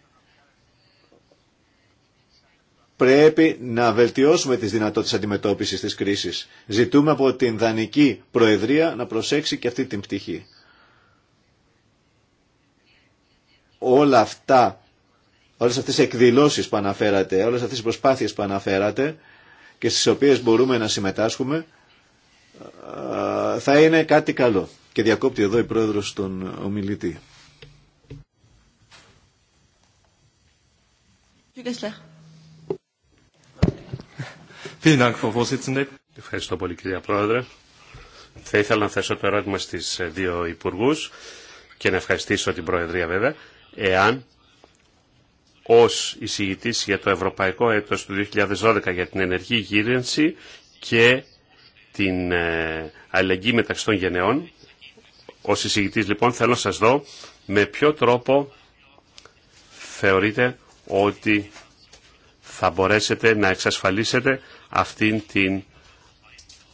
πρέπει να βελτιώσουμε τις δυνατότητες αντιμετώπισης της κρίσης. Ζητούμε από την Δανική Προεδρία να προσέξει και αυτή την πτυχή. Όλα αυτά, όλες αυτές οι εκδηλώσεις που αναφέρατε, όλες αυτές οι προσπάθειες που αναφέρατε, και στις οποίες μπορούμε να συμμετάσχουμε θα είναι κάτι καλό. Και διακόπτει εδώ η πρόεδρος τον ομιλητή. Ευχαριστώ πολύ κυρία Πρόεδρε. Θα ήθελα να θέσω το ερώτημα στις δύο υπουργούς και να ευχαριστήσω την Προεδρία βέβαια, εάν ως εισηγητής για το Ευρωπαϊκό Έτος του 2012 για την ενεργή γύρενση και την ε, αλληλεγγύη μεταξύ των γενεών. Ως εισηγητής λοιπόν θέλω να σας δω με ποιο τρόπο θεωρείτε ότι θα μπορέσετε να εξασφαλίσετε αυτήν την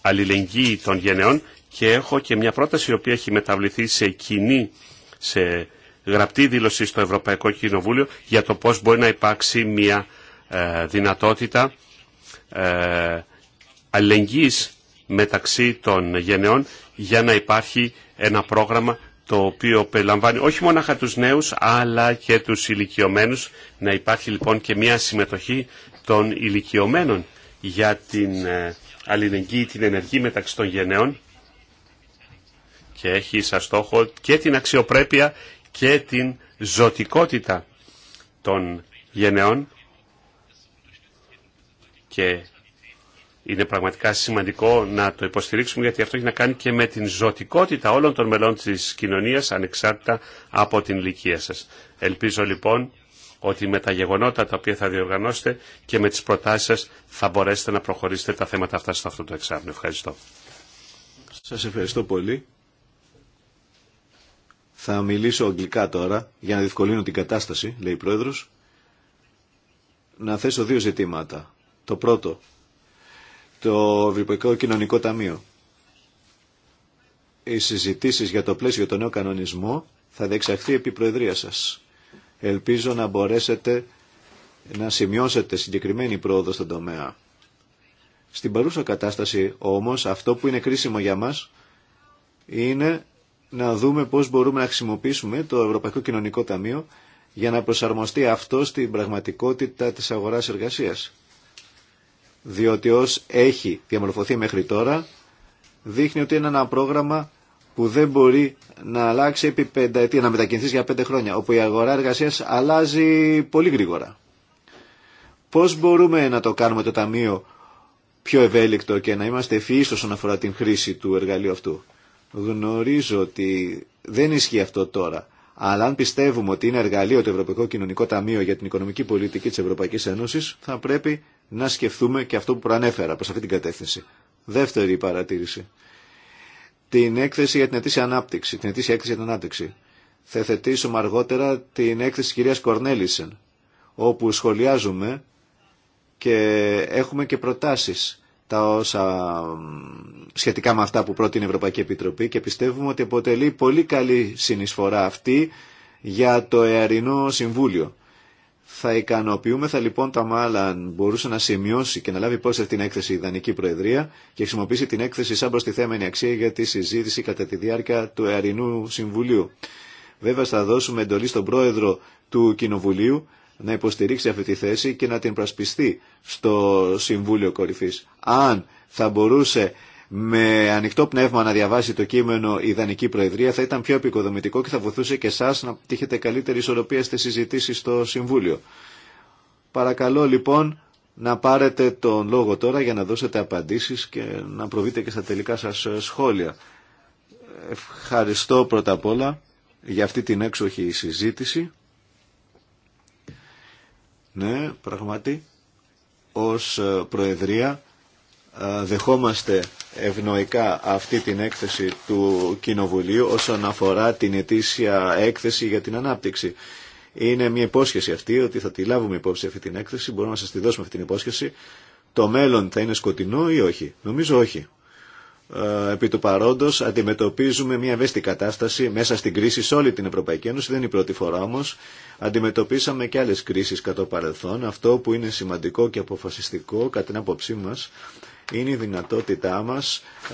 αλληλεγγύη των γενεών και έχω και μια πρόταση η οποία έχει μεταβληθεί σε κοινή, σε γραπτή δήλωση στο Ευρωπαϊκό Κοινοβούλιο για το πώς μπορεί να υπάρξει μια ε, δυνατότητα ε, αλληλεγγύης μεταξύ των γενεών για να υπάρχει ένα πρόγραμμα το οποίο περιλαμβάνει όχι μόνο τους νέους αλλά και τους ηλικιωμένου. Να υπάρχει λοιπόν και μια συμμετοχή των ηλικιωμένων για την ε, αλληλεγγύη, την ενεργή μεταξύ των γενναίων και έχει σαν στόχο και την αξιοπρέπεια και την ζωτικότητα των γενεών και είναι πραγματικά σημαντικό να το υποστηρίξουμε γιατί αυτό έχει να κάνει και με την ζωτικότητα όλων των μελών της κοινωνίας ανεξάρτητα από την ηλικία σας. Ελπίζω λοιπόν ότι με τα γεγονότα τα οποία θα διοργανώσετε και με τις προτάσεις σας θα μπορέσετε να προχωρήσετε τα θέματα αυτά σε αυτό το εξάμεινο. Ευχαριστώ. Σας ευχαριστώ πολύ. Θα μιλήσω αγγλικά τώρα για να διευκολύνω την κατάσταση, λέει η Πρόεδρος. Να θέσω δύο ζητήματα. Το πρώτο, το Ευρωπαϊκό Κοινωνικό Ταμείο. Οι συζητήσεις για το πλαίσιο το νέο κανονισμό θα δεξαχθεί επί Προεδρία σας. Ελπίζω να μπορέσετε να σημειώσετε συγκεκριμένη πρόοδο στον τομέα. Στην παρούσα κατάσταση όμως αυτό που είναι κρίσιμο για μας είναι να δούμε πώς μπορούμε να χρησιμοποιήσουμε το Ευρωπαϊκό Κοινωνικό Ταμείο για να προσαρμοστεί αυτό στην πραγματικότητα της αγοράς εργασίας. Διότι ως έχει διαμορφωθεί μέχρι τώρα, δείχνει ότι είναι ένα πρόγραμμα που δεν μπορεί να αλλάξει επί να μετακινηθεί για πέντε χρόνια, όπου η αγορά εργασίας αλλάζει πολύ γρήγορα. Πώς μπορούμε να το κάνουμε το Ταμείο πιο ευέλικτο και να είμαστε ευφυείς όσον αφορά την χρήση του εργαλείου αυτού. Γνωρίζω ότι δεν ισχύει αυτό τώρα. Αλλά αν πιστεύουμε ότι είναι εργαλείο το Ευρωπαϊκό Κοινωνικό Ταμείο για την οικονομική πολιτική τη Ευρωπαϊκή Ένωση, θα πρέπει να σκεφτούμε και αυτό που προανέφερα προς αυτή την κατεύθυνση. Δεύτερη παρατήρηση. Την έκθεση για την ετήσια ανάπτυξη. Την ετήσια έκθεση για την ανάπτυξη. Θα θετήσουμε αργότερα την έκθεση τη κυρίας Κορνέλισεν, όπου σχολιάζουμε και έχουμε και προτάσεις τα όσα σχετικά με αυτά που πρότεινε η Ευρωπαϊκή Επιτροπή και πιστεύουμε ότι αποτελεί πολύ καλή συνεισφορά αυτή για το Εαρινό Συμβούλιο. Θα ικανοποιούμε, θα λοιπόν τα μάλλον μπορούσε να σημειώσει και να λάβει υπόψη αυτή την έκθεση η Ιδανική Προεδρία και χρησιμοποιήσει την έκθεση σαν προστιθέμενη αξία για τη συζήτηση κατά τη διάρκεια του Εαρινού Συμβουλίου. Βέβαια θα δώσουμε εντολή στον Πρόεδρο του Κοινοβουλίου να υποστηρίξει αυτή τη θέση και να την πρασπιστεί στο Συμβούλιο Κορυφής. Αν θα μπορούσε με ανοιχτό πνεύμα να διαβάσει το κείμενο η Ιδανική Προεδρία θα ήταν πιο επικοδομητικό και θα βοηθούσε και εσά να τύχετε καλύτερη ισορροπία στις συζητήσεις στο Συμβούλιο. Παρακαλώ λοιπόν να πάρετε τον λόγο τώρα για να δώσετε απαντήσεις και να προβείτε και στα τελικά σας σχόλια. Ευχαριστώ πρώτα απ' όλα για αυτή την έξοχη συζήτηση. Ναι, πραγματι, ως ε, Προεδρία ε, δεχόμαστε ευνοϊκά αυτή την έκθεση του Κοινοβουλίου όσον αφορά την ετήσια έκθεση για την ανάπτυξη. Είναι μια υπόσχεση αυτή ότι θα τη λάβουμε υπόψη αυτή την έκθεση, μπορούμε να σας τη δώσουμε αυτή την υπόσχεση. Το μέλλον θα είναι σκοτεινό ή όχι. Νομίζω όχι. Ε, επί του παρόντος αντιμετωπίζουμε μια ευαίσθητη κατάσταση μέσα στην κρίση σε όλη την Ευρωπαϊκή Ένωση. Δεν είναι η πρώτη φορά όμω, Αντιμετωπίσαμε και άλλε κρίσει κατά το παρελθόν. Αυτό που είναι σημαντικό και αποφασιστικό κατά την άποψή μα είναι η δυνατότητά μα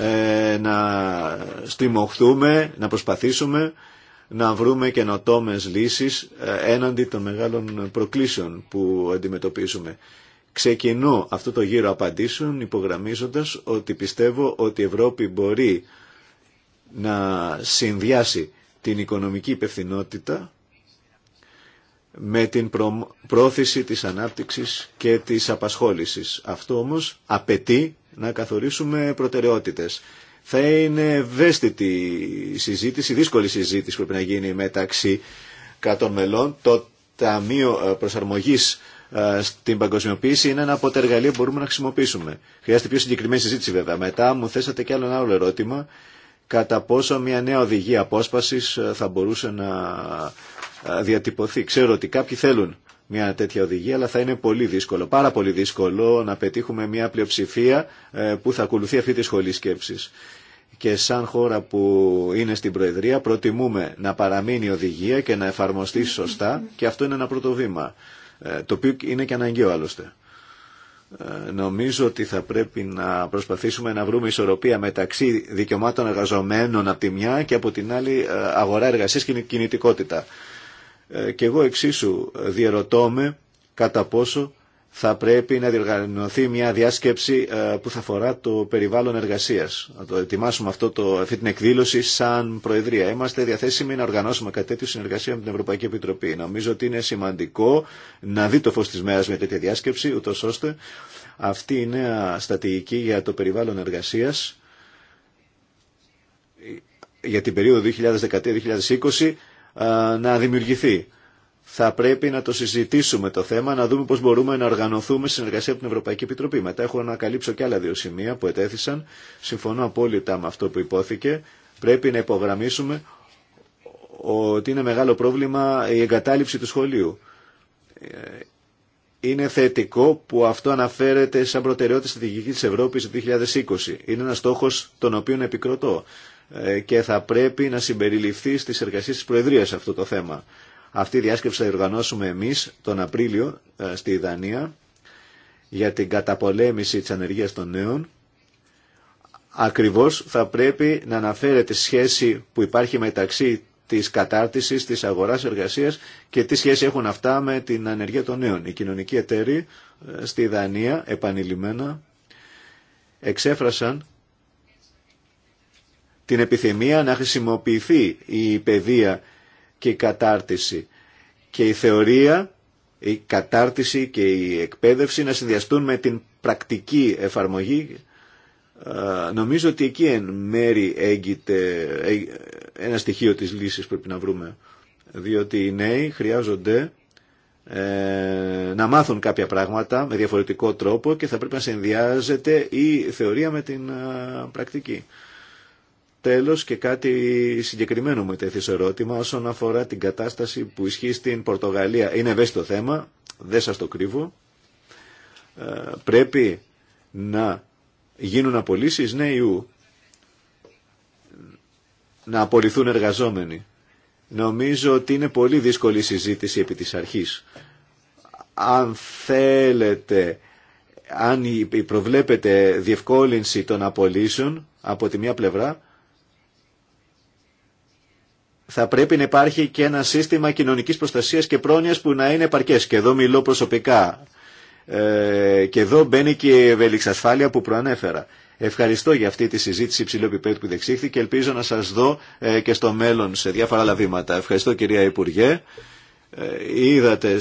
ε, να στριμωχθούμε, να προσπαθήσουμε να βρούμε καινοτόμε λύσει ε, έναντι των μεγάλων προκλήσεων που αντιμετωπίζουμε. Ξεκινώ αυτό το γύρο απαντήσεων υπογραμμίζοντας ότι πιστεύω ότι η Ευρώπη μπορεί να συνδυάσει την οικονομική υπευθυνότητα με την πρόθεση της ανάπτυξης και της απασχόλησης. Αυτό όμως απαιτεί να καθορίσουμε προτεραιότητες. Θα είναι ευαίσθητη η συζήτηση, δύσκολη συζήτηση που πρέπει να γίνει μεταξύ κρατών μελών. Το Ταμείο Προσαρμογής ε, στην παγκοσμιοποίηση είναι ένα από τα εργαλεία που μπορούμε να χρησιμοποιήσουμε. Χρειάζεται πιο συγκεκριμένη συζήτηση βέβαια. Μετά μου θέσατε και άλλο ένα άλλο ερώτημα κατά πόσο μια νέα οδηγία απόσπασης ε, θα μπορούσε να ε, διατυπωθεί. Ξέρω ότι κάποιοι θέλουν μια τέτοια οδηγία, αλλά θα είναι πολύ δύσκολο, πάρα πολύ δύσκολο να πετύχουμε μια πλειοψηφία που θα ακολουθεί αυτή τη σχολή σκέψη. Και σαν χώρα που είναι στην Προεδρία προτιμούμε να παραμείνει η οδηγία και να εφαρμοστεί σωστά και αυτό είναι ένα πρώτο βήμα. Ε, το οποίο είναι και αναγκαίο άλλωστε. Ε, νομίζω ότι θα πρέπει να προσπαθήσουμε να βρούμε ισορροπία μεταξύ δικαιωμάτων εργαζομένων από τη μια και από την άλλη ε, αγορά εργασίας και κινητικότητα. Και εγώ εξίσου διερωτώ με κατά πόσο θα πρέπει να διοργανωθεί μια διάσκεψη ε, που θα αφορά το περιβάλλον εργασίας. Να το ετοιμάσουμε αυτό το, αυτή την εκδήλωση σαν Προεδρία. Είμαστε διαθέσιμοι να οργανώσουμε κάτι τέτοιο συνεργασία με την Ευρωπαϊκή Επιτροπή. Νομίζω ότι είναι σημαντικό να δει το φως της μέρας με τέτοια διάσκεψη, ούτω ώστε αυτή η νέα στατηγική για το περιβάλλον εργασίας για την περίοδο 2013-2020 ε, να δημιουργηθεί θα πρέπει να το συζητήσουμε το θέμα, να δούμε πώς μπορούμε να οργανωθούμε συνεργασία από την Ευρωπαϊκή Επιτροπή. Μετά έχω να καλύψω και άλλα δύο σημεία που ετέθησαν. Συμφωνώ απόλυτα με αυτό που υπόθηκε. Πρέπει να υπογραμμίσουμε ότι είναι μεγάλο πρόβλημα η εγκατάλειψη του σχολείου. Ε, είναι θετικό που αυτό αναφέρεται σαν προτεραιότητα στη Δυτική της Ευρώπης 2020. Είναι ένα στόχος τον οποίο επικροτώ ε, και θα πρέπει να συμπεριληφθεί στις εργασίες της Προεδρίας αυτό το θέμα. Αυτή η διάσκεψη θα οργανώσουμε εμείς τον Απρίλιο ε, στη Δανία για την καταπολέμηση της ανεργίας των νέων. Ακριβώς θα πρέπει να αναφέρεται σχέση που υπάρχει μεταξύ της κατάρτισης, της αγοράς εργασίας και τι σχέση έχουν αυτά με την ανεργία των νέων. Οι κοινωνικοί εταίροι ε, στη Δανία επανειλημμένα εξέφρασαν την επιθυμία να χρησιμοποιηθεί η παιδεία και η κατάρτιση. Και η θεωρία, η κατάρτιση και η εκπαίδευση να συνδυαστούν με την πρακτική εφαρμογή. Ε, νομίζω ότι εκεί εν μέρη έγκυται ε, ένα στοιχείο της λύσης που πρέπει να βρούμε. Διότι οι νέοι χρειάζονται ε, να μάθουν κάποια πράγματα με διαφορετικό τρόπο και θα πρέπει να συνδυάζεται η θεωρία με την πρακτική. Τέλος και κάτι συγκεκριμένο μου τέθη σε ερώτημα όσον αφορά την κατάσταση που ισχύει στην Πορτογαλία. Είναι ευαίσθητο θέμα, δεν σας το κρύβω. Ε, πρέπει να γίνουν απόλυσει ναι ου Να απολυθούν εργαζόμενοι. Νομίζω ότι είναι πολύ δύσκολη η συζήτηση επί της αρχής. Αν θέλετε, αν προβλέπετε διευκόλυνση των απολύσεων από τη μία πλευρά, θα πρέπει να υπάρχει και ένα σύστημα κοινωνικής προστασίας και πρόνοιας που να είναι επαρκές. Και εδώ μιλώ προσωπικά. Ε, και εδώ μπαίνει και η ευελιξασφάλεια που προανέφερα. Ευχαριστώ για αυτή τη συζήτηση υψηλού επίπεδου που δεξήχθη και ελπίζω να σας δω ε, και στο μέλλον σε διάφορα άλλα βήματα. Ευχαριστώ κυρία Υπουργέ. Ε, είδατε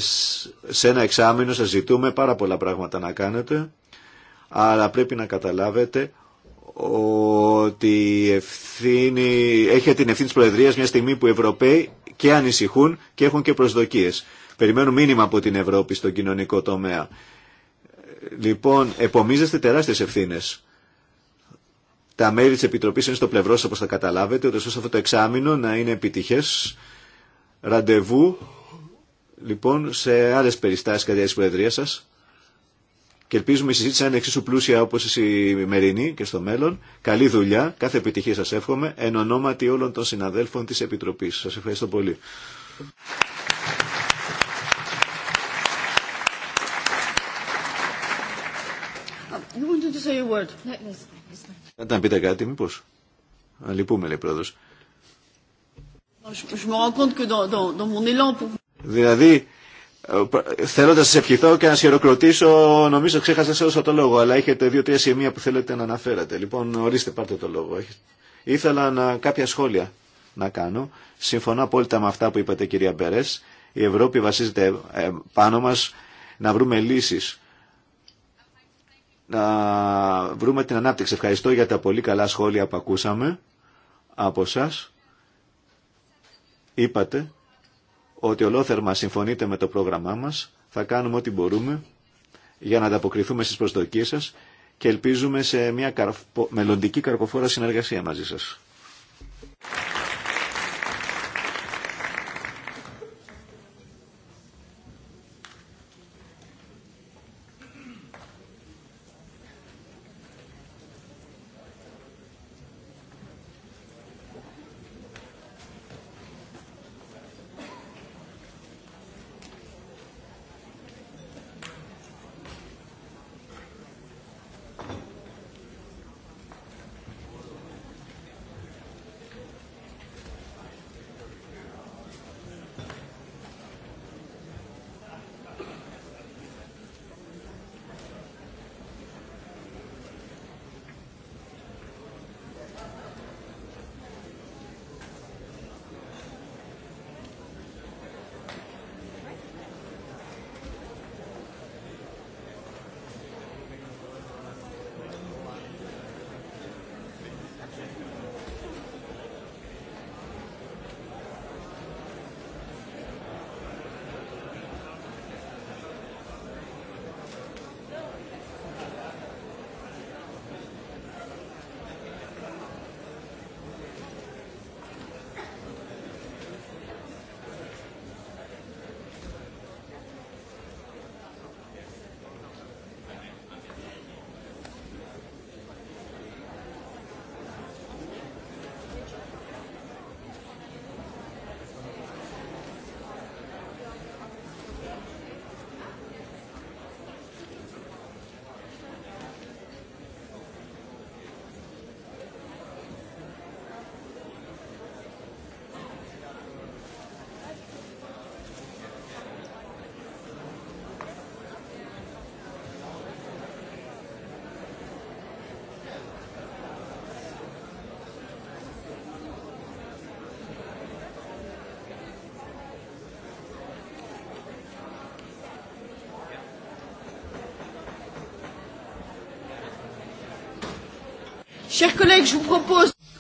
σε ένα εξάμεινο σας ζητούμε πάρα πολλά πράγματα να κάνετε αλλά πρέπει να καταλάβετε ότι ευθύνη, έχει την ευθύνη της Προεδρίας μια στιγμή που οι Ευρωπαίοι και ανησυχούν και έχουν και προσδοκίες. Περιμένουν μήνυμα από την Ευρώπη στον κοινωνικό τομέα. Λοιπόν, επομίζεστε τεράστιες ευθύνες. Τα μέλη της Επιτροπής είναι στο πλευρό σας όπως θα καταλάβετε, ούτως ώστε αυτό το εξάμεινο να είναι επιτυχές. Ραντεβού, λοιπόν, σε άλλες περιστάσεις κατά της Προεδρίας σας και ελπίζουμε η συζήτηση να είναι εξίσου πλούσια όπω η σημερινή και στο μέλλον. Καλή δουλειά, κάθε επιτυχία σα εύχομαι, εν ονόματι όλων των συναδέλφων τη Επιτροπή. Σα ευχαριστώ πολύ. Αν ναι, ναι, ναι, πείτε κάτι, μήπω. Λυπούμε, λέει Δηλαδή, Θέλω να σα ευχηθώ και να σα χειροκροτήσω. Νομίζω ξέχασα σε όσο το λόγο, αλλά έχετε δύο-τρία σημεία που θέλετε να αναφέρατε. Λοιπόν, ορίστε, πάρτε το λόγο. Ήθελα να, κάποια σχόλια να κάνω. Συμφωνώ απόλυτα με αυτά που είπατε, κυρία Μπερέ. Η Ευρώπη βασίζεται ε, πάνω μα να βρούμε λύσει. Να βρούμε την ανάπτυξη. Ευχαριστώ για τα πολύ καλά σχόλια που ακούσαμε από εσά. Είπατε ότι ολόθερμα συμφωνείτε με το πρόγραμμά μας, θα κάνουμε ό,τι μπορούμε για να ανταποκριθούμε στις προσδοκίες σας και ελπίζουμε σε μια μελλοντική καρποφόρα συνεργασία μαζί σας.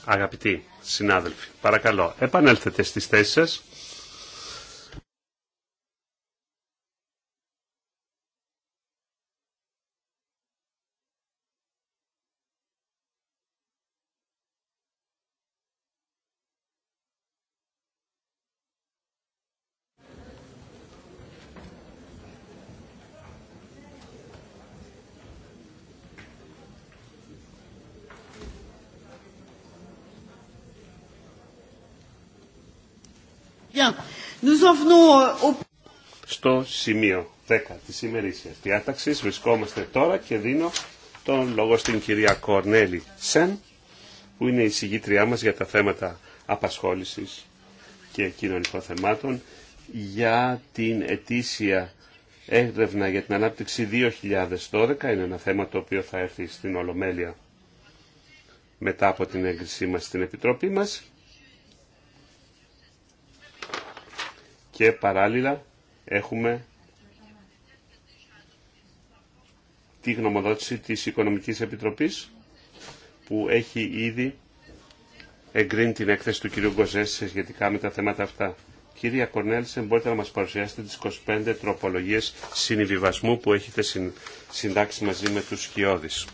Αγαπητοί συνάδελφοι, παρακαλώ, επανέλθετε στις θέσεις σας. Στο σημείο 10 της ημερήσιας διάταξης βρισκόμαστε τώρα και δίνω τον λόγο στην κυρία Κορνέλη Σεν που είναι η συγγήτριά μας για τα θέματα απασχόλησης και κοινωνικών θεμάτων για την ετήσια έρευνα για την ανάπτυξη 2012 είναι ένα θέμα το οποίο θα έρθει στην Ολομέλεια μετά από την έγκρισή μας στην Επιτροπή μας και παράλληλα έχουμε τη γνωμοδότηση της Οικονομικής Επιτροπής που έχει ήδη εγκρίνει την έκθεση του κυρίου Γκοζέση σχετικά με τα θέματα αυτά. Κύριε Κορνέλσεν, μπορείτε να μας παρουσιάσετε τις 25 τροπολογίες συνειβιβασμού που έχετε συντάξει μαζί με τους Σκιώδης.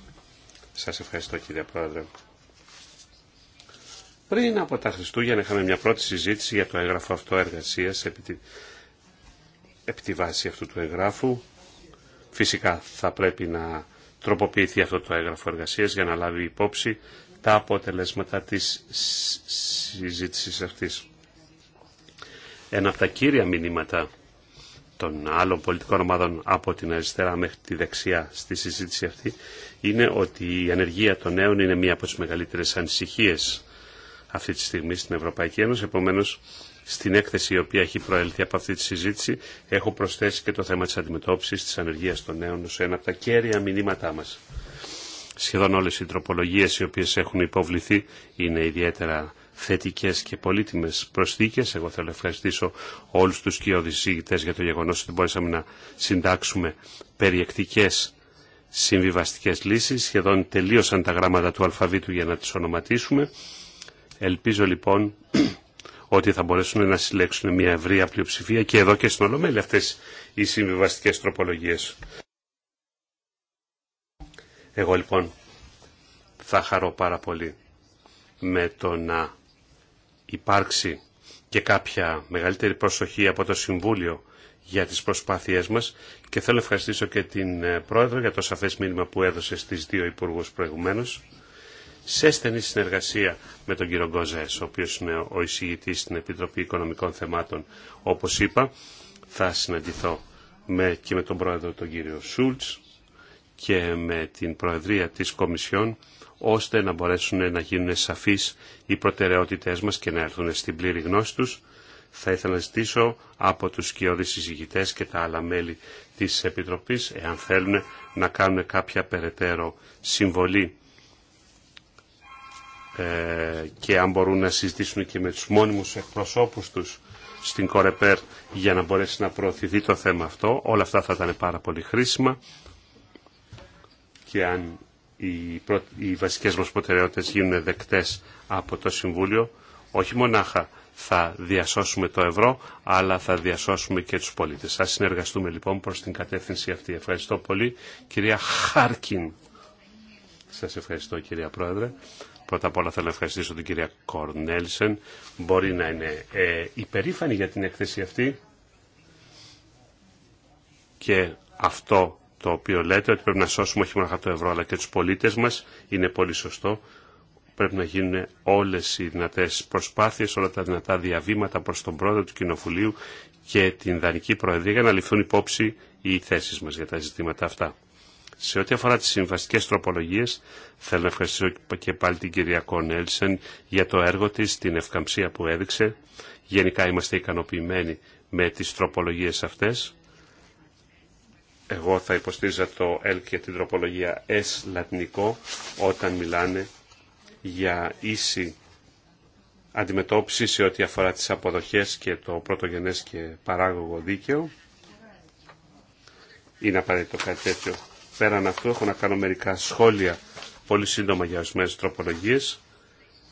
Σας ευχαριστώ κύριε Πρόεδρε. Πριν από τα Χριστούγεννα είχαμε μια πρώτη συζήτηση για το έγγραφο αυτό εργασία, επί τη, επί τη βάση αυτού του εγγράφου. Φυσικά θα πρέπει να τροποποιηθεί αυτό το έγγραφο εργασία για να λάβει υπόψη τα αποτελέσματα της συζήτησης αυτής. Ένα από τα κύρια μηνύματα των άλλων πολιτικών ομάδων από την αριστερά μέχρι τη δεξιά στη συζήτηση αυτή είναι ότι η ανεργία των νέων είναι μία από τις μεγαλύτερες ανησυχίες αυτή τη στιγμή στην Ευρωπαϊκή Ένωση. Επομένω, στην έκθεση η οποία έχει προέλθει από αυτή τη συζήτηση, έχω προσθέσει και το θέμα της αντιμετώπιση, της ανεργία των νέων σε ένα από τα κέρια μηνύματά μας. Σχεδόν όλες οι τροπολογίε οι οποίες έχουν υποβληθεί είναι ιδιαίτερα θετικές και πολύτιμέ προσθήκες. Εγώ θέλω να ευχαριστήσω όλους τους κοιόδης για το γεγονός ότι μπορέσαμε να συντάξουμε περιεκτικές συμβιβαστικές λύσεις. Σχεδόν τελείωσαν τα γράμματα του αλφαβήτου για να τις ονοματίσουμε. Ελπίζω λοιπόν ότι θα μπορέσουν να συλλέξουν μια ευρεία πλειοψηφία και εδώ και στην Ολομέλη αυτές οι συμβιβαστικές τροπολογίες. Εγώ λοιπόν θα χαρώ πάρα πολύ με το να υπάρξει και κάποια μεγαλύτερη προσοχή από το Συμβούλιο για τις προσπάθειές μας και θέλω να ευχαριστήσω και την ε, Πρόεδρο για το σαφές μήνυμα που έδωσε στις δύο Υπουργούς προηγουμένως σε στενή συνεργασία με τον κύριο Γκοζές, ο οποίος είναι ο εισηγητής στην Επιτροπή Οικονομικών Θεμάτων, όπως είπα. Θα συναντηθώ με, και με τον πρόεδρο τον κύριο Σούλτς και με την Προεδρία της Κομισιόν, ώστε να μπορέσουν να γίνουν σαφείς οι προτεραιότητές μας και να έρθουν στην πλήρη γνώση τους. Θα ήθελα να ζητήσω από τους σκιώδεις συζητητές και τα άλλα μέλη της Επιτροπής, εάν θέλουν να κάνουν κάποια περαιτέρω συμβολή ε, και αν μπορούν να συζητήσουν και με τους μόνιμους εκπροσώπους τους στην Κορεπέρ για να μπορέσει να προωθηθεί το θέμα αυτό. Όλα αυτά θα ήταν πάρα πολύ χρήσιμα και αν οι, βασικέ οι βασικές μας προτεραιότητες γίνουν δεκτές από το Συμβούλιο, όχι μονάχα θα διασώσουμε το ευρώ, αλλά θα διασώσουμε και τους πολίτες. Θα συνεργαστούμε λοιπόν προς την κατεύθυνση αυτή. Ευχαριστώ πολύ. Κυρία Χάρκιν. Σας ευχαριστώ κυρία Πρόεδρε. Πρώτα απ' όλα θέλω να ευχαριστήσω την κυρία Κορνέλσεν. Μπορεί να είναι ε, υπερήφανη για την έκθεση αυτή και αυτό το οποίο λέτε ότι πρέπει να σώσουμε όχι μόνο το ευρώ αλλά και τους πολίτες μας είναι πολύ σωστό. Πρέπει να γίνουν όλες οι δυνατές προσπάθειες, όλα τα δυνατά διαβήματα προς τον πρόεδρο του Κοινοβουλίου και την Δανική Προεδρία για να ληφθούν υπόψη οι θέσεις μας για τα ζητήματα αυτά. Σε ό,τι αφορά τις συμβαστικές τροπολογίες, θέλω να ευχαριστήσω και πάλι την κυρία Κονέλσεν για το έργο της, την ευκαμψία που έδειξε. Γενικά είμαστε ικανοποιημένοι με τις τροπολογίες αυτές. Εγώ θα υποστήριζα το L και την τροπολογία S λατινικό όταν μιλάνε για ίση αντιμετώπιση σε ό,τι αφορά τις αποδοχές και το πρωτογενές και παράγωγο δίκαιο. Είναι απαραίτητο κάτι τέτοιο Πέραν αυτού έχω να κάνω μερικά σχόλια πολύ σύντομα για ορισμένε τροπολογίε.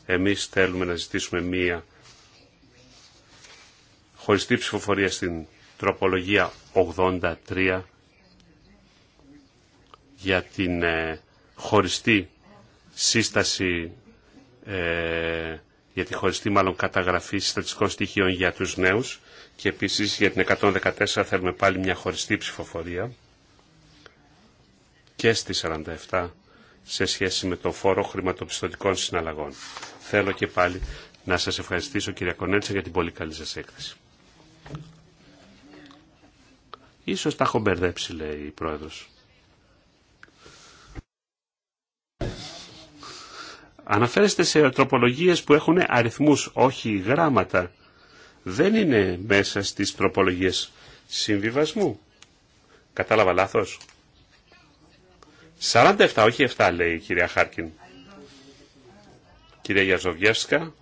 Εμείς θέλουμε να ζητήσουμε μία χωριστή ψηφοφορία στην τροπολογία 83 για την ε, χωριστή σύσταση ε, για τη χωριστή μάλλον καταγραφή συστατικών στοιχείων για τους νέους και επίσης για την 114 θέλουμε πάλι μια χωριστή ψηφοφορία και στη 47 σε σχέση με το φόρο χρηματοπιστωτικών συναλλαγών. Θέλω και πάλι να σας ευχαριστήσω κυρία Κονέτσα για την πολύ καλή σας έκθεση. Ίσως τα έχω μπερδέψει λέει η πρόεδρος. Αναφέρεστε σε τροπολογίες που έχουν αριθμούς, όχι γράμματα. Δεν είναι μέσα στις τροπολογίες συμβιβασμού. Κατάλαβα λάθος. 47, όχι 7 λέει η κυρία Χάρκιν. Κυρία Γιαζοβιεύσκα.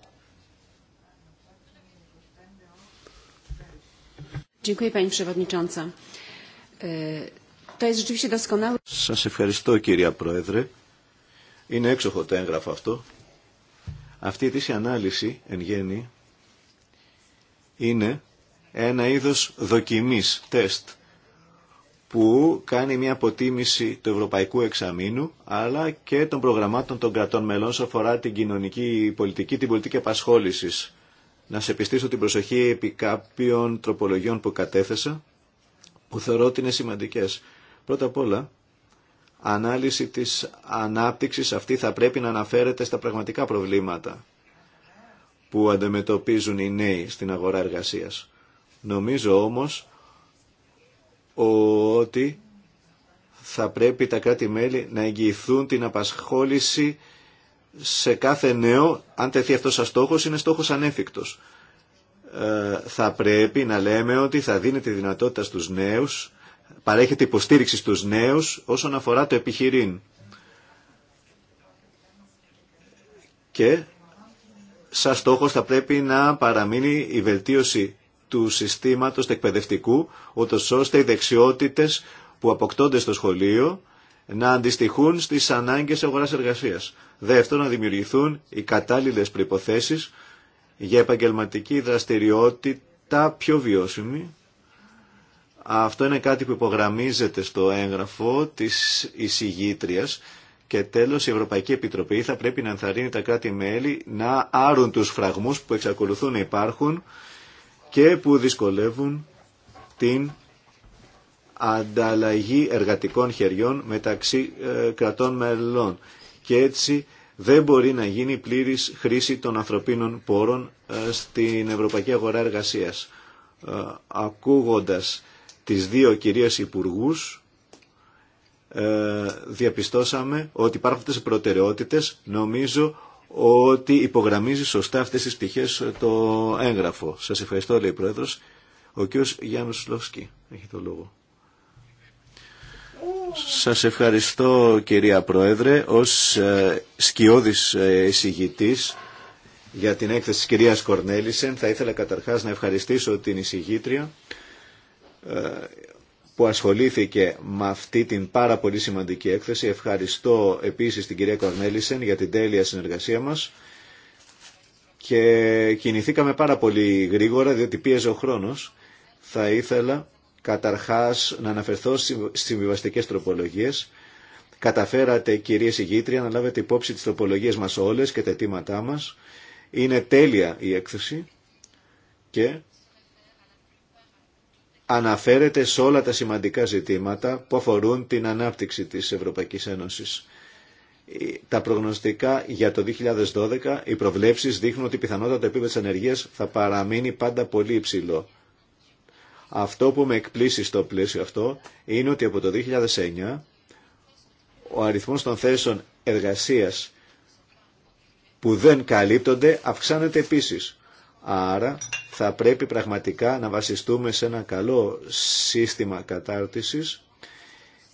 E, Σας ευχαριστώ κυρία Πρόεδρε. Είναι έξοχο το έγγραφο αυτό. Αυτή η τύση ανάλυση εν γέννη είναι ένα είδος δοκιμής, τεστ που κάνει μια αποτίμηση του Ευρωπαϊκού Εξαμήνου αλλά και των προγραμμάτων των κρατών μελών σε αφορά την κοινωνική πολιτική, την πολιτική απασχόληση. Να σε πιστήσω την προσοχή επί κάποιων τροπολογιών που κατέθεσα που θεωρώ ότι είναι σημαντικές. Πρώτα απ' όλα, ανάλυση της ανάπτυξης αυτή θα πρέπει να αναφέρεται στα πραγματικά προβλήματα που αντιμετωπίζουν οι νέοι στην αγορά εργασίας. Νομίζω όμως ότι θα πρέπει τα κράτη-μέλη να εγγυηθούν την απασχόληση σε κάθε νέο, αν τεθεί αυτός σαν στόχος, είναι στόχος ανέφικτος. Ε, θα πρέπει να λέμε ότι θα δίνεται δυνατότητα στους νέους, παρέχεται υποστήριξη στους νέους όσον αφορά το επιχειρήν. Και σαν στόχος θα πρέπει να παραμείνει η βελτίωση του συστήματος του εκπαιδευτικού, ώστε οι δεξιότητες που αποκτώνται στο σχολείο να αντιστοιχούν στις ανάγκες αγοράς εργασίας. Δεύτερον, να δημιουργηθούν οι κατάλληλες προϋποθέσεις για επαγγελματική δραστηριότητα πιο βιώσιμη. Αυτό είναι κάτι που υπογραμμίζεται στο έγγραφο της εισηγήτριας και τέλος η Ευρωπαϊκή Επιτροπή θα πρέπει να ενθαρρύνει τα κράτη-μέλη να άρουν τους φραγμούς που εξακολουθούν να υπάρχουν και που δυσκολεύουν την ανταλλαγή εργατικών χεριών μεταξύ ε, κρατών μελών. Και έτσι δεν μπορεί να γίνει πλήρης χρήση των ανθρωπίνων πόρων ε, στην Ευρωπαϊκή Αγορά Εργασίας. Ε, ακούγοντας τις δύο κυρίες υπουργούς, διαπιστώσαμε ότι υπάρχουν αυτές οι προτεραιότητες. Νομίζω ότι υπογραμμίζει σωστά αυτές τις πτυχές το έγγραφο. Σας ευχαριστώ, λέει η Πρόεδρος. Ο κ. Γιάννος Σλόφσκι έχει το λόγο. Σας ευχαριστώ κυρία Πρόεδρε ως ε, σκιώδης ε, εισηγητής για την έκθεση της κυρίας Κορνέλισεν. Θα ήθελα καταρχάς να ευχαριστήσω την εισηγήτρια ε, που ασχολήθηκε με αυτή την πάρα πολύ σημαντική έκθεση. Ευχαριστώ επίσης την κυρία Κορνέλισεν για την τέλεια συνεργασία μας και κινηθήκαμε πάρα πολύ γρήγορα διότι πίεζε ο χρόνος. Θα ήθελα καταρχάς να αναφερθώ στις συμβιβαστικές τροπολογίες. Καταφέρατε κυρίες ηγήτρια να λάβετε υπόψη τις τροπολογίες μας όλες και τα αιτήματά μας. Είναι τέλεια η έκθεση και αναφέρεται σε όλα τα σημαντικά ζητήματα που αφορούν την ανάπτυξη της Ευρωπαϊκής Ένωσης. Ε, τα προγνωστικά για το 2012, οι προβλέψεις δείχνουν ότι η πιθανότητα... το επίπεδο της ανεργίας θα παραμείνει πάντα πολύ υψηλό. Αυτό που με εκπλήσει στο πλαίσιο αυτό είναι ότι από το 2009 ο αριθμός των θέσεων εργασίας που δεν καλύπτονται αυξάνεται επίσης. Άρα θα πρέπει πραγματικά να βασιστούμε σε ένα καλό σύστημα κατάρτισης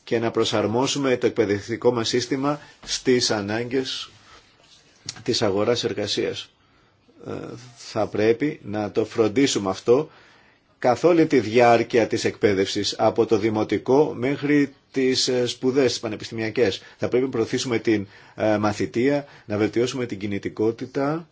και να προσαρμόσουμε το εκπαιδευτικό μας σύστημα στις ανάγκες της αγοράς εργασίας. Ε, θα πρέπει να το φροντίσουμε αυτό καθ' όλη τη διάρκεια της εκπαίδευσης, από το δημοτικό μέχρι τις ε, σπουδές τις πανεπιστημιακές. Θα πρέπει να προωθήσουμε την ε, μαθητεία, να βελτιώσουμε την κινητικότητα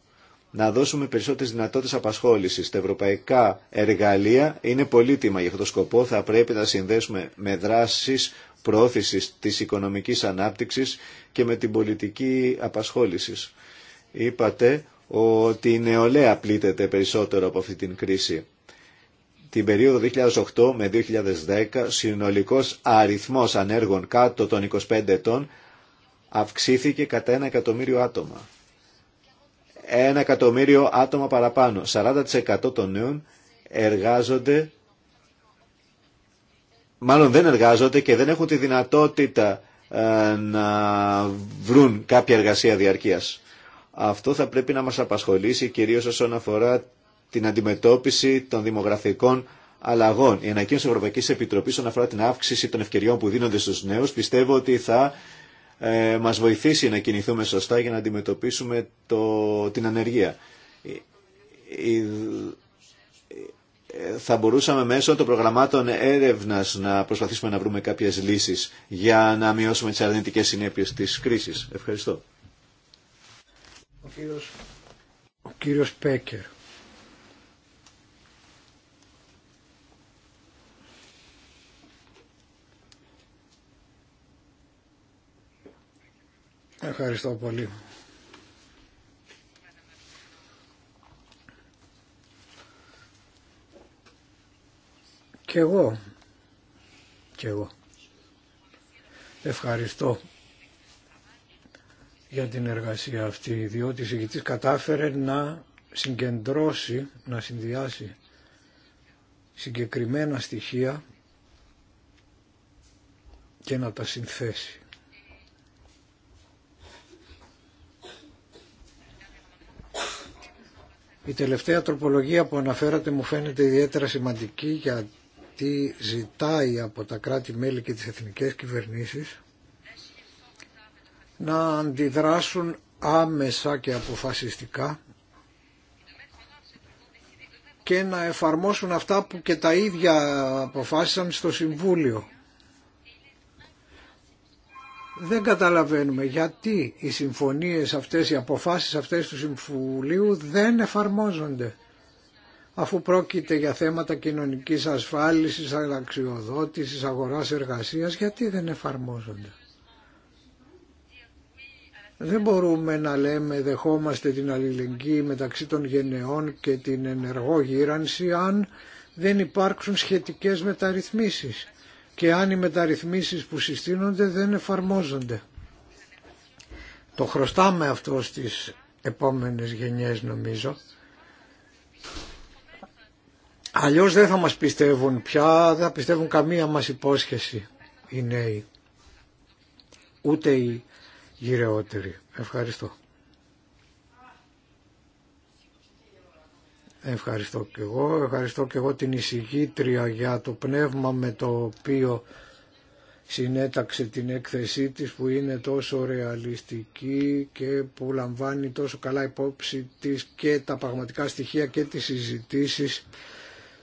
να δώσουμε περισσότερες δυνατότητες απασχόλησης. Τα ευρωπαϊκά εργαλεία είναι πολύτιμα. Για αυτόν τον σκοπό θα πρέπει να συνδέσουμε με δράσεις πρόθεσης της οικονομικής ανάπτυξης και με την πολιτική απασχόλησης. Είπατε ότι η νεολαία πλήττεται περισσότερο από αυτή την κρίση. Την περίοδο 2008 με 2010 συνολικός αριθμός ανέργων κάτω των 25 ετών αυξήθηκε κατά ένα εκατομμύριο άτομα ένα εκατομμύριο άτομα παραπάνω. 40% των νέων εργάζονται, μάλλον δεν εργάζονται και δεν έχουν τη δυνατότητα ε, να βρουν κάποια εργασία διαρκείας. Αυτό θα πρέπει να μας απασχολήσει κυρίως όσον αφορά την αντιμετώπιση των δημογραφικών αλλαγών. Η ανακοίνωση Ευρωπαϊκή Επιτροπή όσον αφορά την αύξηση των ευκαιριών που δίνονται στους νέους πιστεύω ότι θα ε, μας βοηθήσει να κινηθούμε σωστά για να αντιμετωπίσουμε το, την ανεργία. Ε, ε, ε, θα μπορούσαμε μέσω των προγραμμάτων έρευνας να προσπαθήσουμε να βρούμε κάποιες λύσεις για να μειώσουμε τις αρνητικές συνέπειες της κρίσης. Ευχαριστώ. Ο κύριος, ο κύριος Πέκερ. Ευχαριστώ πολύ. Και εγώ. Και εγώ. Ευχαριστώ για την εργασία αυτή, διότι η συγκεκριτής κατάφερε να συγκεντρώσει, να συνδυάσει συγκεκριμένα στοιχεία και να τα συνθέσει. Η τελευταία τροπολογία που αναφέρατε μου φαίνεται ιδιαίτερα σημαντική γιατί ζητάει από τα κράτη-μέλη και τις εθνικές κυβερνήσεις να αντιδράσουν άμεσα και αποφασιστικά και να εφαρμόσουν αυτά που και τα ίδια αποφάσισαν στο Συμβούλιο δεν καταλαβαίνουμε γιατί οι συμφωνίες αυτές, οι αποφάσεις αυτές του Συμφουλίου δεν εφαρμόζονται αφού πρόκειται για θέματα κοινωνικής ασφάλισης, αξιοδότησης, αγοράς εργασίας, γιατί δεν εφαρμόζονται. Δεν μπορούμε να λέμε δεχόμαστε την αλληλεγγύη μεταξύ των γενεών και την ενεργό γύρανση αν δεν υπάρξουν σχετικές μεταρρυθμίσεις και αν οι μεταρρυθμίσεις που συστήνονται δεν εφαρμόζονται. Το χρωστάμε αυτό στις επόμενες γενιές νομίζω. Αλλιώς δεν θα μας πιστεύουν πια, δεν θα πιστεύουν καμία μας υπόσχεση οι νέοι, ούτε οι γυρεότεροι. Ευχαριστώ. Ευχαριστώ και εγώ. Ευχαριστώ και εγώ την εισηγήτρια για το πνεύμα με το οποίο συνέταξε την έκθεσή της που είναι τόσο ρεαλιστική και που λαμβάνει τόσο καλά υπόψη της και τα πραγματικά στοιχεία και τις συζητήσει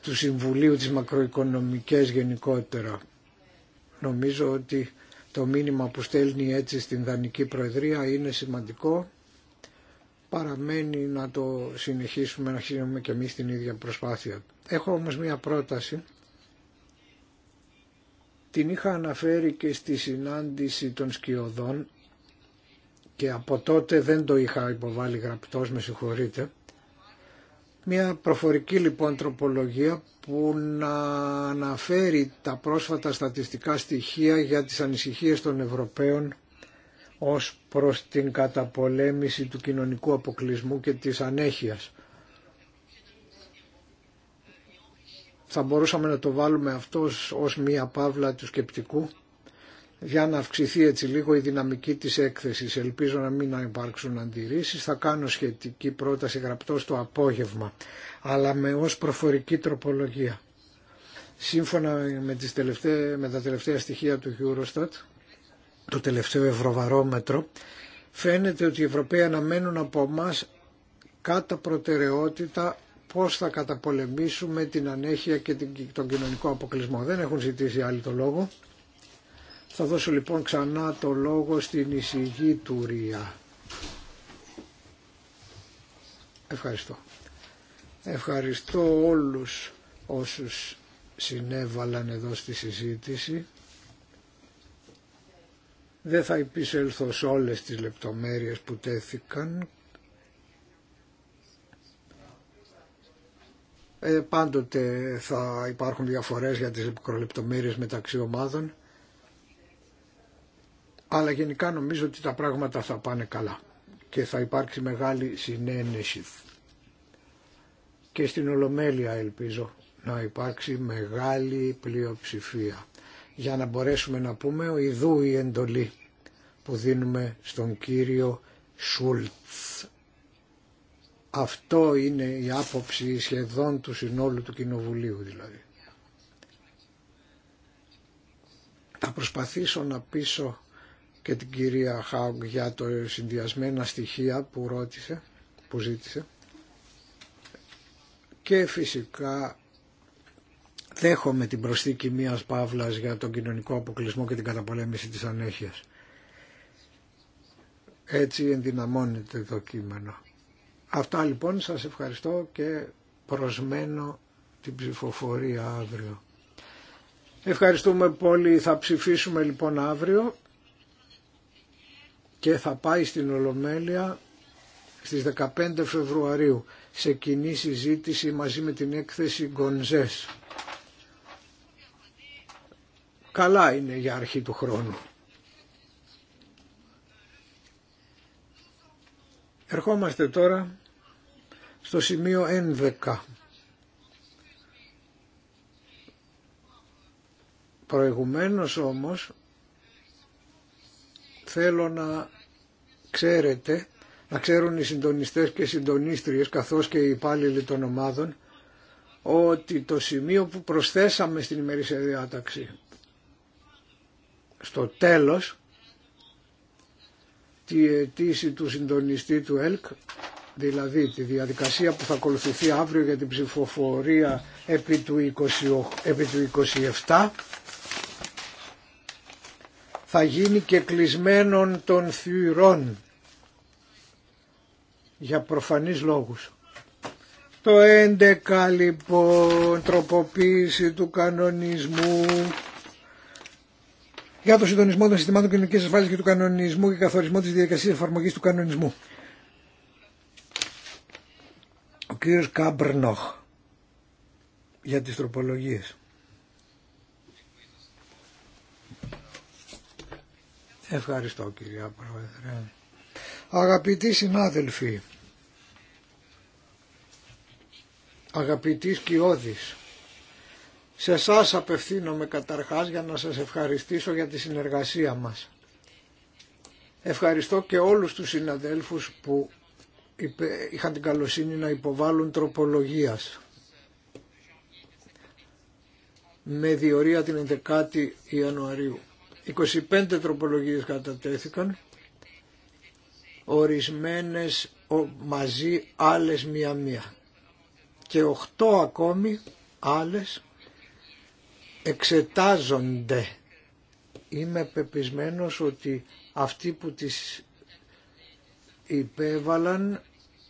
του Συμβουλίου της Μακροοικονομικές γενικότερα. Νομίζω ότι το μήνυμα που στέλνει έτσι στην Δανική Προεδρία είναι σημαντικό παραμένει να το συνεχίσουμε, να χρησιμοποιούμε και εμείς την ίδια προσπάθεια. Έχω όμως μία πρόταση. Την είχα αναφέρει και στη συνάντηση των σκιωδών και από τότε δεν το είχα υποβάλει γραπτός, με συγχωρείτε. Μια προφορική λοιπόν τροπολογία που να αναφέρει τα πρόσφατα στατιστικά στοιχεία για τις ανησυχίες των Ευρωπαίων ως προς την καταπολέμηση του κοινωνικού αποκλεισμού και της ανέχειας. Θα μπορούσαμε να το βάλουμε αυτό ως μία παύλα του σκεπτικού για να αυξηθεί έτσι λίγο η δυναμική της έκθεσης. Ελπίζω να μην υπάρξουν αντιρρήσεις. Θα κάνω σχετική πρόταση γραπτό το απόγευμα, αλλά με ως προφορική τροπολογία. Σύμφωνα με, τις με τα τελευταία στοιχεία του Eurostat, το τελευταίο ευρωβαρόμετρο, φαίνεται ότι οι Ευρωπαίοι αναμένουν από εμά κατά προτεραιότητα πώς θα καταπολεμήσουμε την ανέχεια και τον κοινωνικό αποκλεισμό. Δεν έχουν ζητήσει άλλοι το λόγο. Θα δώσω λοιπόν ξανά το λόγο στην εισηγή του Ρία. Ευχαριστώ. Ευχαριστώ όλους όσους συνέβαλαν εδώ στη συζήτηση. Δεν θα επισέλθω σε όλες τις λεπτομέρειες που τέθηκαν. Ε, πάντοτε θα υπάρχουν διαφορές για τις μικρολεπτομέρειες μεταξύ ομάδων. Αλλά γενικά νομίζω ότι τα πράγματα θα πάνε καλά και θα υπάρξει μεγάλη συνένεση. Και στην Ολομέλεια ελπίζω να υπάρξει μεγάλη πλειοψηφία για να μπορέσουμε να πούμε ιδού η εντολή που δίνουμε στον κύριο Σούλτς. Αυτό είναι η άποψη σχεδόν του συνόλου του Κοινοβουλίου δηλαδή. Θα προσπαθήσω να πείσω και την κυρία Χάουγκ για το συνδυασμένα στοιχεία που ρώτησε, που ζήτησε και φυσικά δέχομαι την προσθήκη μιας παύλας για τον κοινωνικό αποκλεισμό και την καταπολέμηση της ανέχειας. Έτσι ενδυναμώνεται το κείμενο. Αυτά λοιπόν σας ευχαριστώ και προσμένω την ψηφοφορία αύριο. Ευχαριστούμε πολύ. Θα ψηφίσουμε λοιπόν αύριο και θα πάει στην Ολομέλεια στις 15 Φεβρουαρίου σε κοινή συζήτηση μαζί με την έκθεση Γκονζές. Καλά είναι για αρχή του χρόνου. Ερχόμαστε τώρα στο σημείο 11. Προηγουμένως όμως θέλω να ξέρετε, να ξέρουν οι συντονιστές και συντονίστριες καθώς και οι υπάλληλοι των ομάδων ότι το σημείο που προσθέσαμε στην ημερήσια διάταξη στο τέλος τη αιτήση του συντονιστή του ΕΛΚ, δηλαδή τη διαδικασία που θα ακολουθηθεί αύριο για την ψηφοφορία επί του, 28, επί του 27, θα γίνει και κλεισμένον των θυρών για προφανείς λόγους. Το 11 λοιπόν τροποποίηση του κανονισμού για το συντονισμό των συστημάτων κοινωνική ασφάλεια και του κανονισμού και καθορισμό τη διαδικασία εφαρμογή του κανονισμού. Ο κύριο Κάμπρνοχ για τις τροπολογίες. Ευχαριστώ κυρία Πρόεδρε. Αγαπητοί συνάδελφοι, αγαπητοί σκιώδης, σε εσά απευθύνομαι καταρχάς για να σας ευχαριστήσω για τη συνεργασία μας. Ευχαριστώ και όλους τους συναδέλφους που είχαν την καλοσύνη να υποβάλουν τροπολογίας. Με διορία την 11η Ιανουαρίου. 25 τροπολογίες κατατέθηκαν, ορισμένες μαζί άλλες μία-μία και 8 ακόμη άλλες εξετάζονται. Είμαι πεπισμένος ότι αυτοί που τις υπέβαλαν,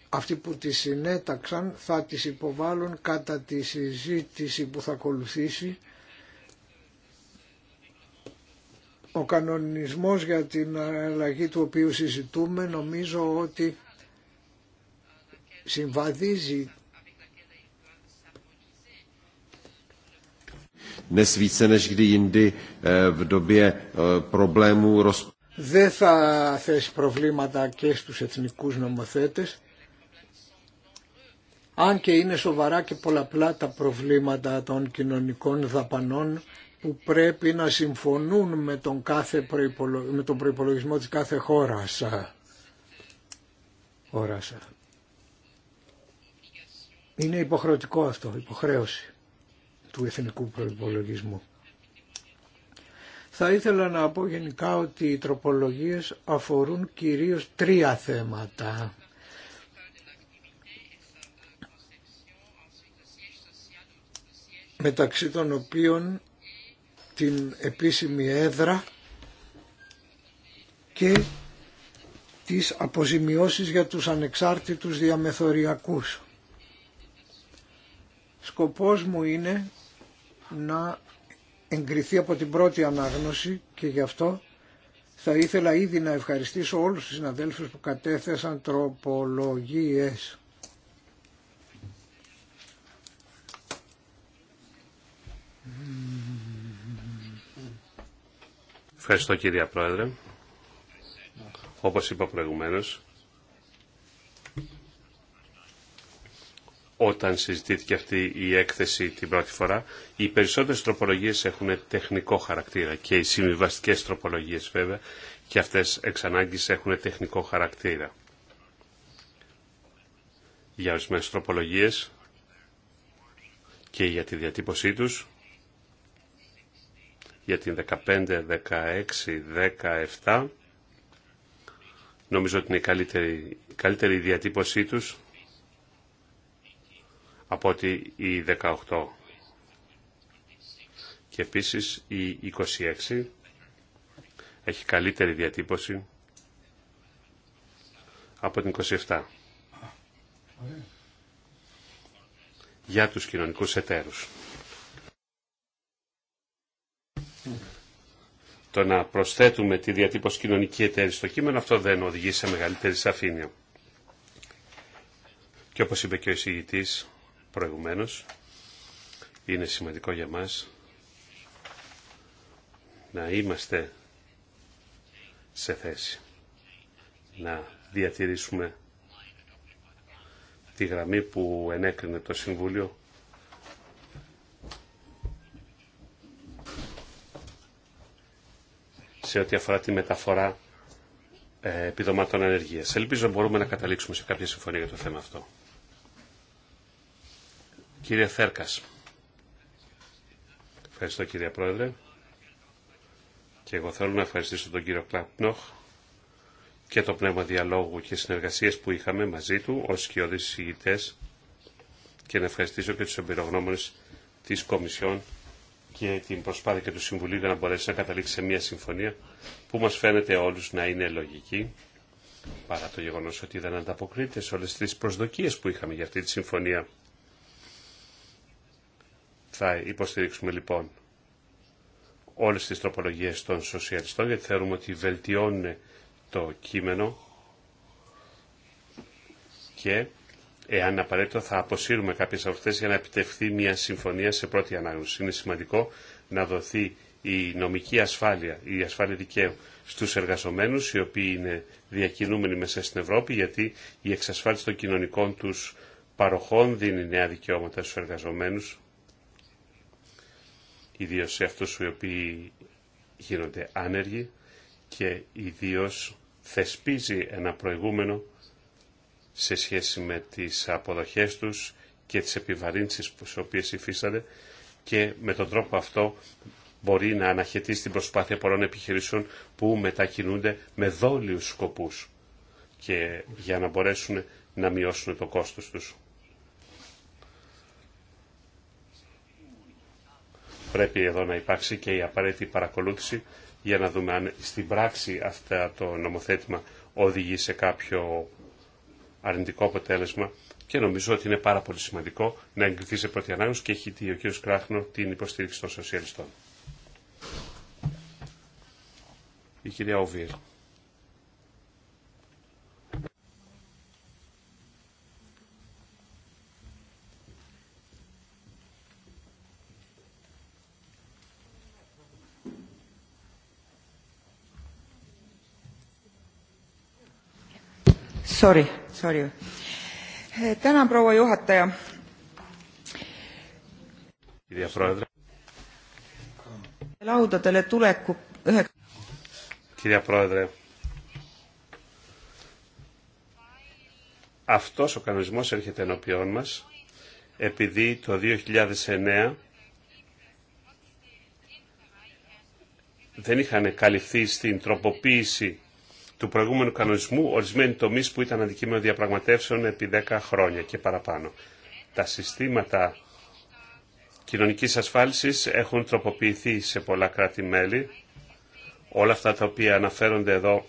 αυτοί που τις συνέταξαν θα τις υποβάλουν κατά τη συζήτηση που θα ακολουθήσει ο κανονισμός για την αλλαγή του οποίου συζητούμε νομίζω ότι συμβαδίζει Δεν θα θέσει προβλήματα και στους εθνικούς νομοθέτες, αν και είναι σοβαρά και πολλαπλά τα προβλήματα των κοινωνικών δαπανών που πρέπει να συμφωνούν με τον, κάθε προϋπολογισμό, τον της κάθε χώρας. Είναι υποχρεωτικό αυτό, υποχρέωση του εθνικού προϋπολογισμού. Θα ήθελα να πω γενικά ότι οι τροπολογίες αφορούν κυρίως τρία θέματα. μεταξύ των οποίων την επίσημη έδρα και τις αποζημιώσεις για τους ανεξάρτητους διαμεθοριακούς. Σκοπός μου είναι να εγκριθεί από την πρώτη ανάγνωση και γι' αυτό θα ήθελα ήδη να ευχαριστήσω όλους τους συναδέλφους που κατέθεσαν τροπολογίες. Ευχαριστώ κύριε Πρόεδρε. Όπως είπα προηγουμένως, όταν συζητήθηκε αυτή η έκθεση την πρώτη φορά. Οι περισσότερε τροπολογίες έχουν τεχνικό χαρακτήρα και οι συμβιβαστικέ τροπολογίες βέβαια και αυτές εξ ανάγκη έχουν τεχνικό χαρακτήρα. Για ορισμένε τροπολογίες και για τη διατύπωσή τους, για την 15, 16, 17, νομίζω ότι είναι η καλύτερη, διατύπωσή τους από ότι η 18. Και επίσης η 26 έχει καλύτερη διατύπωση από την 27 για τους κοινωνικούς εταίρους. Το να προσθέτουμε τη διατύπωση κοινωνική εταίρη στο κείμενο αυτό δεν οδηγεί σε μεγαλύτερη σαφήνεια. Και όπως είπε και ο εισηγητής, προηγουμένως. Είναι σημαντικό για μας να είμαστε σε θέση να διατηρήσουμε τη γραμμή που ενέκρινε το Συμβούλιο σε ό,τι αφορά τη μεταφορά ε, επιδομάτων ανεργίας. Ελπίζω μπορούμε να καταλήξουμε σε κάποια συμφωνία για το θέμα αυτό. Κύριε Θέρκας. Ευχαριστώ κύριε Πρόεδρε. Και εγώ θέλω να ευχαριστήσω τον κύριο Κλαπνόχ και το πνεύμα διαλόγου και συνεργασίες που είχαμε μαζί του ως σκιώδεις συγητές και να ευχαριστήσω και τους εμπειρογνώμονες της Κομισιόν και την προσπάθεια και του Συμβουλίου για να μπορέσει να καταλήξει σε μια συμφωνία που μας φαίνεται όλους να είναι λογική παρά το γεγονός ότι δεν ανταποκρίνεται σε όλες τις προσδοκίες που είχαμε για αυτή τη συμφωνία. Θα υποστηρίξουμε λοιπόν όλες τις τροπολογίες των σοσιαλιστών γιατί θεωρούμε ότι βελτιώνουν το κείμενο και εάν απαραίτητο θα αποσύρουμε κάποιες από αυτές για να επιτευχθεί μια συμφωνία σε πρώτη ανάγνωση. Είναι σημαντικό να δοθεί η νομική ασφάλεια, η ασφάλεια δικαίου στους εργαζομένους οι οποίοι είναι διακινούμενοι μέσα στην Ευρώπη γιατί η εξασφάλιση των κοινωνικών τους παροχών δίνει νέα δικαιώματα στους εργαζομένους Ιδίω σε αυτούς οι οποίοι γίνονται άνεργοι και ιδίω θεσπίζει ένα προηγούμενο σε σχέση με τις αποδοχές τους και τις επιβαρύνσεις που στις οποίες και με τον τρόπο αυτό μπορεί να αναχαιτήσει την προσπάθεια πολλών επιχειρήσεων που μετακινούνται με δόλιους σκοπούς και για να μπορέσουν να μειώσουν το κόστος τους. Πρέπει εδώ να υπάρξει και η απαραίτητη παρακολούθηση για να δούμε αν στην πράξη αυτό το νομοθέτημα οδηγεί σε κάποιο αρνητικό αποτέλεσμα και νομίζω ότι είναι πάρα πολύ σημαντικό να εγκριθεί σε πρώτη ανάγνωση και έχει ο κ. Κράχνο την υποστήριξη των σοσιαλιστών. Η κυρία Οβίερ. Ε, Κυρία Πρόεδρε. Laudadele Αυτός ο κανονισμός έρχεται ενώπιόν μας επειδή το 2009 δεν είχαν καλυφθεί στην τροποποίηση του προηγούμενου κανονισμού ορισμένοι τομείς που ήταν αντικείμενο διαπραγματεύσεων επί 10 χρόνια και παραπάνω. Τα συστήματα κοινωνικής ασφάλισης έχουν τροποποιηθεί σε πολλά κράτη-μέλη. Όλα αυτά τα οποία αναφέρονται εδώ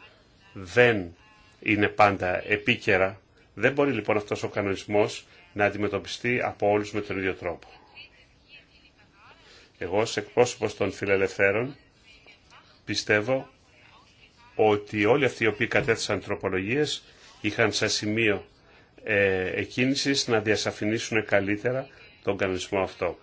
δεν είναι πάντα επίκαιρα. Δεν μπορεί λοιπόν αυτός ο κανονισμός να αντιμετωπιστεί από όλους με τον ίδιο τρόπο. Εγώ ως εκπρόσωπος των φιλελευθέρων πιστεύω ότι όλοι αυτοί οι οποίοι κατέθεσαν τροπολογίες είχαν σαν σημείο ε, εκκίνησης να διασαφηνίσουν καλύτερα τον κανονισμό αυτό.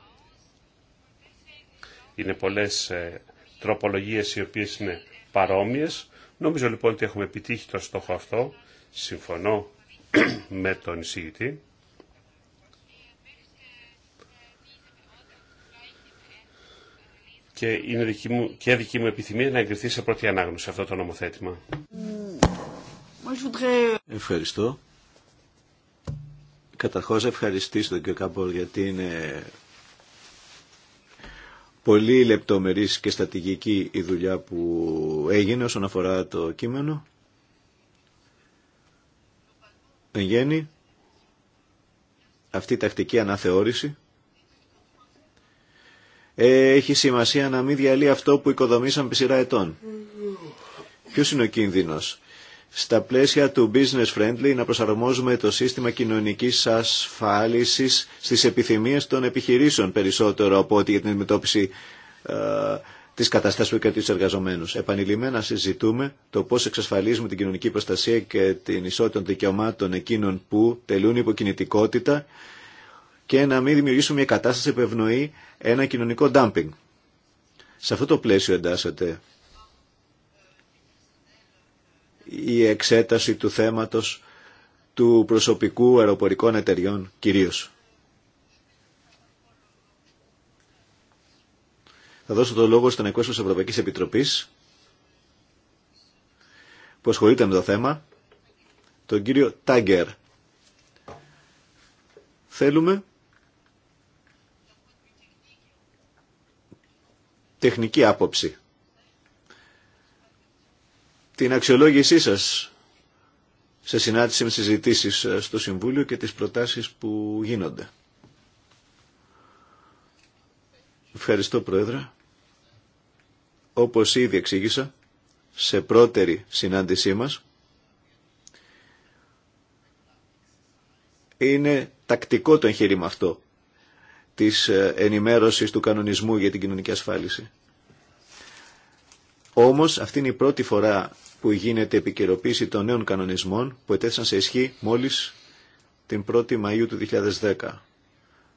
Είναι πολλές ε, τροπολογίες οι οποίες είναι παρόμοιες. Νομίζω λοιπόν ότι έχουμε επιτύχει το στόχο αυτό. Συμφωνώ με τον εισηγητή. και είναι δική μου, και δική μου επιθυμία να εγκριθεί σε πρώτη ανάγνωση αυτό το νομοθέτημα. Ευχαριστώ. Καταρχώς ευχαριστήσω τον κ. Καμπορ γιατί είναι πολύ λεπτομερής και στατηγική η δουλειά που έγινε όσον αφορά το κείμενο. Εν γέννη, αυτή η τακτική αναθεώρηση ε, έχει σημασία να μην διαλύει αυτό που οικοδομήσαμε επί σειρά ετών. Ποιος είναι ο κίνδυνος. Στα πλαίσια του business friendly να προσαρμόζουμε το σύστημα κοινωνικής ασφάλισης στις επιθυμίες των επιχειρήσεων περισσότερο από ότι για την αντιμετώπιση ε, της κατάστασης που και του εργαζομένους. Επανειλημμένα συζητούμε το πώς εξασφαλίζουμε την κοινωνική προστασία και την ισότητα των δικαιωμάτων εκείνων που τελούν υποκινητικότητα και να μην δημιουργήσουμε μια κατάσταση που ευνοεί ένα κοινωνικό ντάμπινγκ. Σε αυτό το πλαίσιο εντάσσεται η εξέταση του θέματος του προσωπικού αεροπορικών εταιριών κυρίως. Θα δώσω το λόγο στον εκπρόσωπο της Ευρωπαϊκής Επιτροπής που ασχολείται με το θέμα, τον κύριο Τάγκερ. Θέλουμε τεχνική άποψη. Την αξιολόγησή σας σε συνάντηση με συζητήσεις ε, στο Συμβούλιο και τις προτάσεις που γίνονται. Ευχαριστώ πρόεδρα, Όπως ήδη εξήγησα, σε πρώτερη συνάντησή μας, είναι τακτικό το εγχείρημα αυτό της ε, ενημέρωσης του κανονισμού για την κοινωνική ασφάλιση. Όμως αυτή είναι η πρώτη φορά που γίνεται επικαιροποίηση των νέων κανονισμών που ετέθησαν σε ισχύ μόλις την 1η Μαΐου του 2010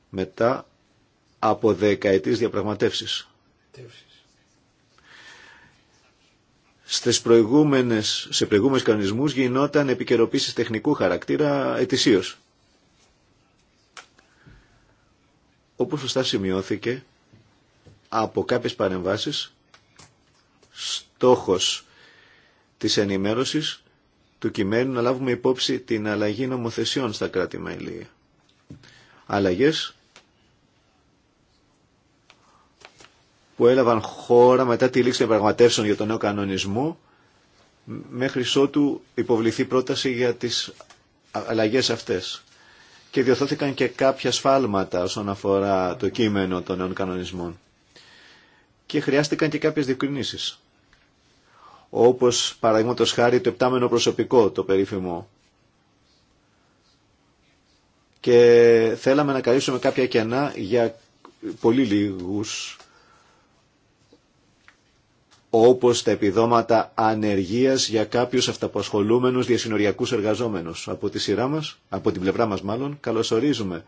μετά από δεκαετίες διαπραγματεύσεις. Στις προηγούμενες, σε προηγούμενες κανονισμούς γινόταν επικαιροποίηση τεχνικού χαρακτήρα ετησίως. όπως σωστά σημειώθηκε από κάποιες παρεμβάσεις, στόχος της ενημέρωσης του κειμένου να λάβουμε υπόψη την αλλαγή νομοθεσιών στα κράτη-μέλη. Αλλαγές που έλαβαν χώρα μετά τη λήξη των πραγματεύσεων για τον νέο κανονισμό μέχρι ότου υποβληθεί πρόταση για τις αλλαγές αυτές και διορθώθηκαν και κάποια σφάλματα όσον αφορά το κείμενο των νέων κανονισμών. Και χρειάστηκαν και κάποιες διευκρινήσεις. Όπως παραδείγματος χάρη το επτάμενο προσωπικό, το περίφημο. Και θέλαμε να καλύψουμε κάποια κενά για πολύ λίγους όπως τα επιδόματα ανεργίας για κάποιους αυταποσχολούμενους διασυνοριακούς εργαζόμενους. Από τη σειρά μας, από την πλευρά μας μάλλον, καλωσορίζουμε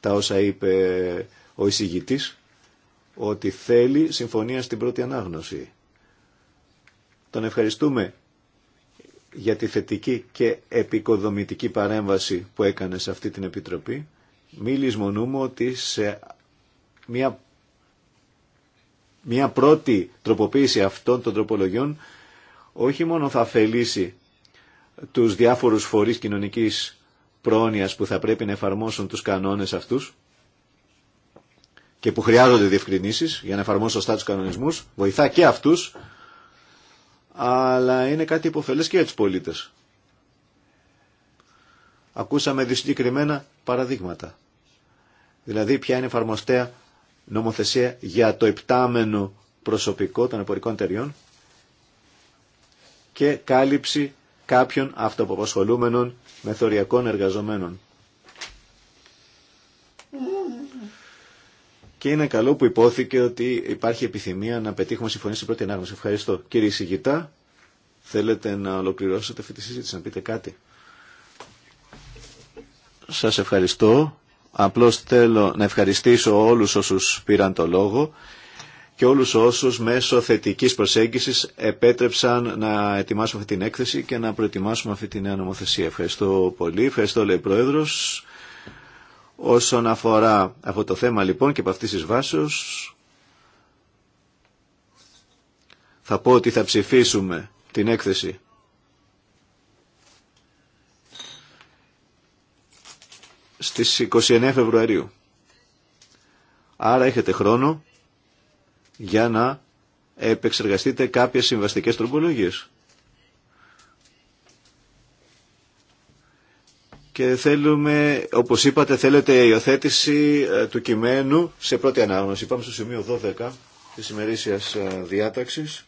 τα όσα είπε ο εισηγητής, ότι θέλει συμφωνία στην πρώτη ανάγνωση. Τον ευχαριστούμε για τη θετική και επικοδομητική παρέμβαση που έκανε σε αυτή την Επιτροπή. Μη λησμονούμε ότι σε μια μια πρώτη τροποποίηση αυτών των τροπολογιών όχι μόνο θα αφελήσει τους διάφορους φορείς κοινωνικής πρόνοιας που θα πρέπει να εφαρμόσουν τους κανόνες αυτούς και που χρειάζονται διευκρινήσεις για να εφαρμόσουν σωστά τους κανονισμούς, βοηθά και αυτούς, αλλά είναι κάτι υποφελές και για τους πολίτες. Ακούσαμε δύο παραδείγματα. Δηλαδή ποια είναι εφαρμοστέα νομοθεσία για το επτάμενο προσωπικό των εμπορικών εταιριών και κάλυψη κάποιων αυτοποπασχολούμενων μεθοριακών εργαζομένων. Και είναι καλό που υπόθηκε ότι υπάρχει επιθυμία να πετύχουμε συμφωνία στην πρώτη ανάγνωση. Ευχαριστώ. Κύριε Σιγητά, θέλετε να ολοκληρώσετε αυτή τη συζήτηση, να πείτε κάτι. Σας ευχαριστώ. Απλώς θέλω να ευχαριστήσω όλους όσους πήραν το λόγο και όλους όσους μέσω θετικής προσέγγισης επέτρεψαν να ετοιμάσουμε αυτή την έκθεση και να προετοιμάσουμε αυτή τη νέα νομοθεσία. Ευχαριστώ πολύ. Ευχαριστώ, λέει Πρόεδρος. Όσον αφορά αυτό το θέμα λοιπόν και από αυτής της θα πω ότι θα ψηφίσουμε την έκθεση στις 29 Φεβρουαρίου. Άρα έχετε χρόνο για να επεξεργαστείτε κάποιες συμβαστικές τροπολογίες. Και θέλουμε, όπως είπατε, θέλετε η υιοθέτηση ε, του κειμένου σε πρώτη ανάγνωση. Πάμε στο σημείο 12 της ημερήσιας ε, διάταξης.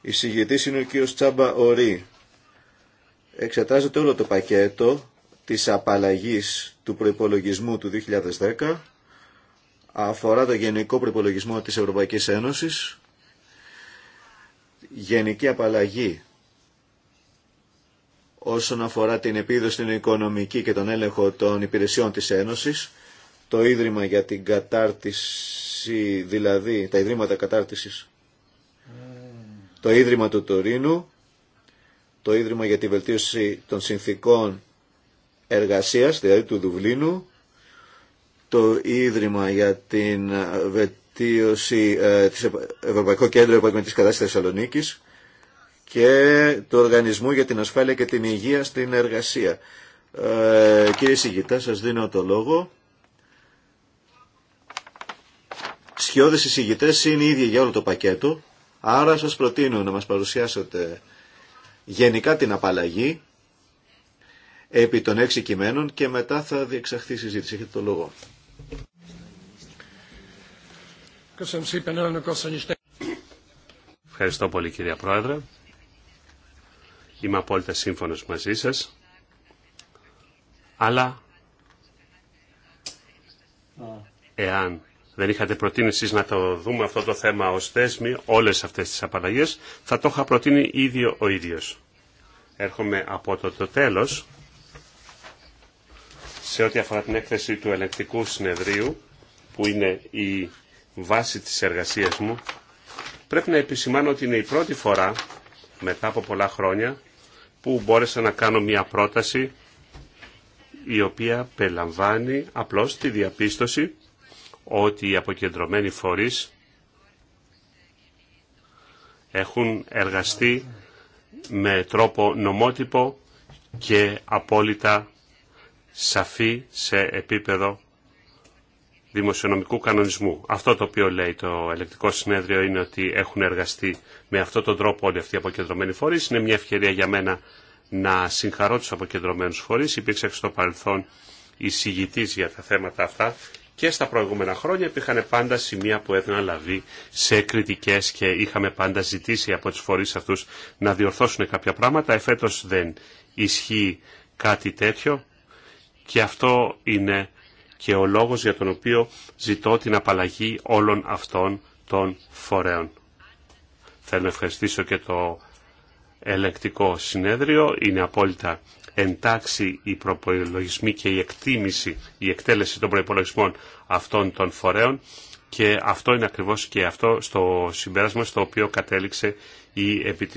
Η συγγετής είναι ο κ. Τσάμπα Ορή. Εξετάζεται όλο το πακέτο της απαλλαγής του προϋπολογισμού του 2010 αφορά το γενικό προϋπολογισμό της Ευρωπαϊκής Ένωσης, γενική απαλλαγή όσον αφορά την επίδοση την οικονομική και τον έλεγχο των υπηρεσιών της Ένωσης, το Ίδρυμα για την κατάρτιση, δηλαδή τα Ιδρύματα Κατάρτισης, το Ίδρυμα του Τωρίνου, το Ίδρυμα για τη Βελτίωση των Συνθήκων εργασίας, δηλαδή του Δουβλίνου, το Ίδρυμα για την βετίωση ε, της Ευρωπαϊκό Κέντρο Επαγγελματικής Κατάστασης Θεσσαλονίκης και του Οργανισμού για την Ασφάλεια και την Υγεία στην Εργασία. Ε, κύριε Σιγητά, σας δίνω το λόγο. Σχιώδες εισηγητές είναι οι ίδιοι για όλο το πακέτο, άρα σας προτείνω να μας παρουσιάσετε γενικά την απαλλαγή επί των έξι κειμένων και μετά θα διεξαχθεί η συζήτηση. Έχετε το λόγο. Ευχαριστώ πολύ κυρία Πρόεδρε. Είμαι απόλυτα σύμφωνος μαζί σας. Αλλά εάν δεν είχατε προτείνει εσείς να το δούμε αυτό το θέμα ως θέσμη, όλες αυτές τις απαλλαγές, θα το είχα προτείνει ίδιο ο ίδιος. Έρχομαι από το, το τέλος σε ό,τι αφορά την έκθεση του ελεκτικού συνεδρίου, που είναι η βάση της εργασίας μου, πρέπει να επισημάνω ότι είναι η πρώτη φορά, μετά από πολλά χρόνια, που μπόρεσα να κάνω μια πρόταση η οποία περιλαμβάνει απλώς τη διαπίστωση ότι οι αποκεντρωμένοι φορείς έχουν εργαστεί με τρόπο νομότυπο και απόλυτα σαφή σε επίπεδο δημοσιονομικού κανονισμού. Αυτό το οποίο λέει το ελεκτικό συνέδριο είναι ότι έχουν εργαστεί με αυτόν τον τρόπο όλοι αυτοί οι αποκεντρωμένοι φορείς. Είναι μια ευκαιρία για μένα να συγχαρώ τους αποκεντρωμένους φορείς. Υπήρξε στο παρελθόν εισηγητή για τα θέματα αυτά και στα προηγούμενα χρόνια υπήρχαν πάντα σημεία που έδιναν λαβή σε κριτικέ και είχαμε πάντα ζητήσει από του φορείς αυτού να διορθώσουν κάποια πράγματα. Εφέτο δεν ισχύει κάτι τέτοιο και αυτό είναι και ο λόγος για τον οποίο ζητώ την απαλλαγή όλων αυτών των φορέων. Θέλω να ευχαριστήσω και το ελεκτικό συνέδριο. Είναι απόλυτα εντάξει η προπολογισμή και η εκτίμηση, η εκτέλεση των προπολογισμών αυτών των φορέων και αυτό είναι ακριβώς και αυτό στο συμπέρασμα στο οποίο κατέληξε η επί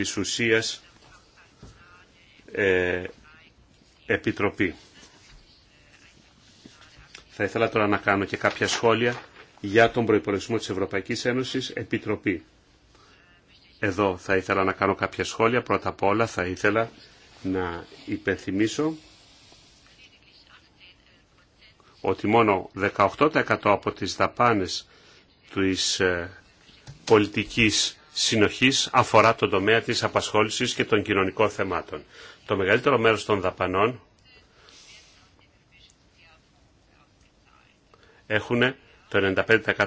ε, Επιτροπή. Θα ήθελα τώρα να κάνω και κάποια σχόλια για τον προϋπολογισμό της Ευρωπαϊκής Ένωσης Επιτροπή. Εδώ θα ήθελα να κάνω κάποια σχόλια. Πρώτα απ' όλα θα ήθελα να υπενθυμίσω ότι μόνο 18% από τις δαπάνες της ε, πολιτικής συνοχής αφορά τον τομέα της απασχόλησης και των κοινωνικών θεμάτων. Το μεγαλύτερο μέρος των δαπανών έχουν το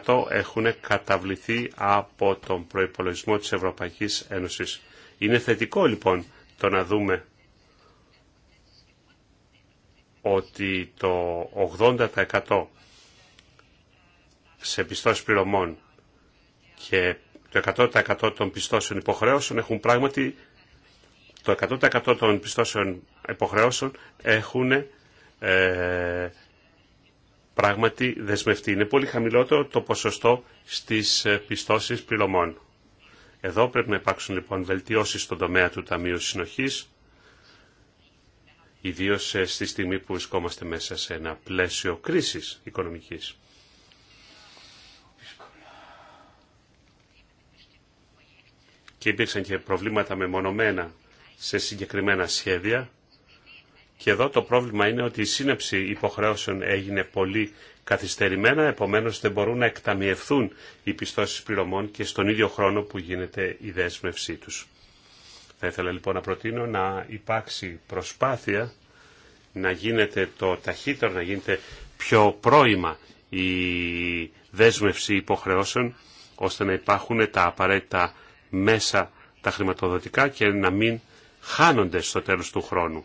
95% έχουν καταβληθεί από τον προϋπολογισμό της Ευρωπαϊκής Ένωσης. Είναι θετικό λοιπόν το να δούμε ότι το 80% σε πιστώσεις πληρωμών και το 100% των πιστώσεων υποχρεώσεων έχουν πράγματι το 100% των πιστώσεων υποχρεώσεων έχουν ε, πράγματι δεσμευτεί. Είναι πολύ χαμηλότερο το ποσοστό στις ε, πιστώσεις πληρωμών. Εδώ πρέπει να υπάρξουν λοιπόν βελτιώσεις στον τομέα του Ταμείου Συνοχής, ιδίως ε, στη στιγμή που βρισκόμαστε μέσα σε ένα πλαίσιο κρίσης οικονομικής. Και υπήρξαν και προβλήματα μεμονωμένα σε συγκεκριμένα σχέδια και εδώ το πρόβλημα είναι ότι η σύνεψη υποχρέωσεων έγινε πολύ καθυστερημένα, επομένως δεν μπορούν να εκταμιευθούν οι πιστώσεις πληρωμών και στον ίδιο χρόνο που γίνεται η δέσμευσή τους. Θα ήθελα λοιπόν να προτείνω να υπάρξει προσπάθεια να γίνεται το ταχύτερο, να γίνεται πιο πρόημα η δέσμευση υποχρεώσεων, ώστε να υπάρχουν τα απαραίτητα μέσα τα χρηματοδοτικά και να μην χάνονται στο τέλος του χρόνου.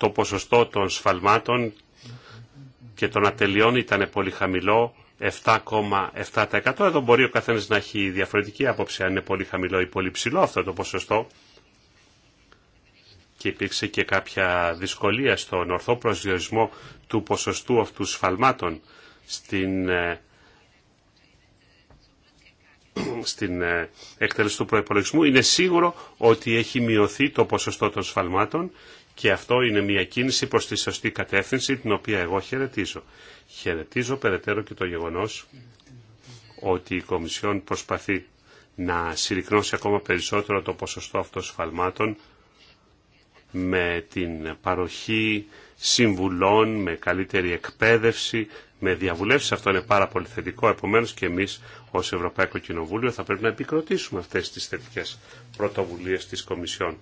το ποσοστό των σφαλμάτων και των ατελειών ήταν πολύ χαμηλό, 7,7%. Εδώ μπορεί ο καθένας να έχει διαφορετική άποψη αν είναι πολύ χαμηλό ή πολύ ψηλό αυτό το ποσοστό. Και υπήρξε και κάποια δυσκολία στον ορθό προσδιορισμό του ποσοστού αυτού σφαλμάτων στην, ε, στην ε, εκτέλεση του προϋπολογισμού. Είναι σίγουρο ότι έχει μειωθεί το ποσοστό των σφαλμάτων και αυτό είναι μια κίνηση προς τη σωστή κατεύθυνση, την οποία εγώ χαιρετίζω. Χαιρετίζω περαιτέρω και το γεγονός ότι η Κομισιόν προσπαθεί να συρρυκνώσει ακόμα περισσότερο το ποσοστό αυτών σφαλμάτων με την παροχή συμβουλών, με καλύτερη εκπαίδευση, με διαβουλεύσεις. Αυτό είναι πάρα πολύ θετικό. Επομένως και εμείς ως Ευρωπαϊκό Κοινοβούλιο θα πρέπει να επικροτήσουμε αυτές τις θετικές πρωτοβουλίες της Κομισιόν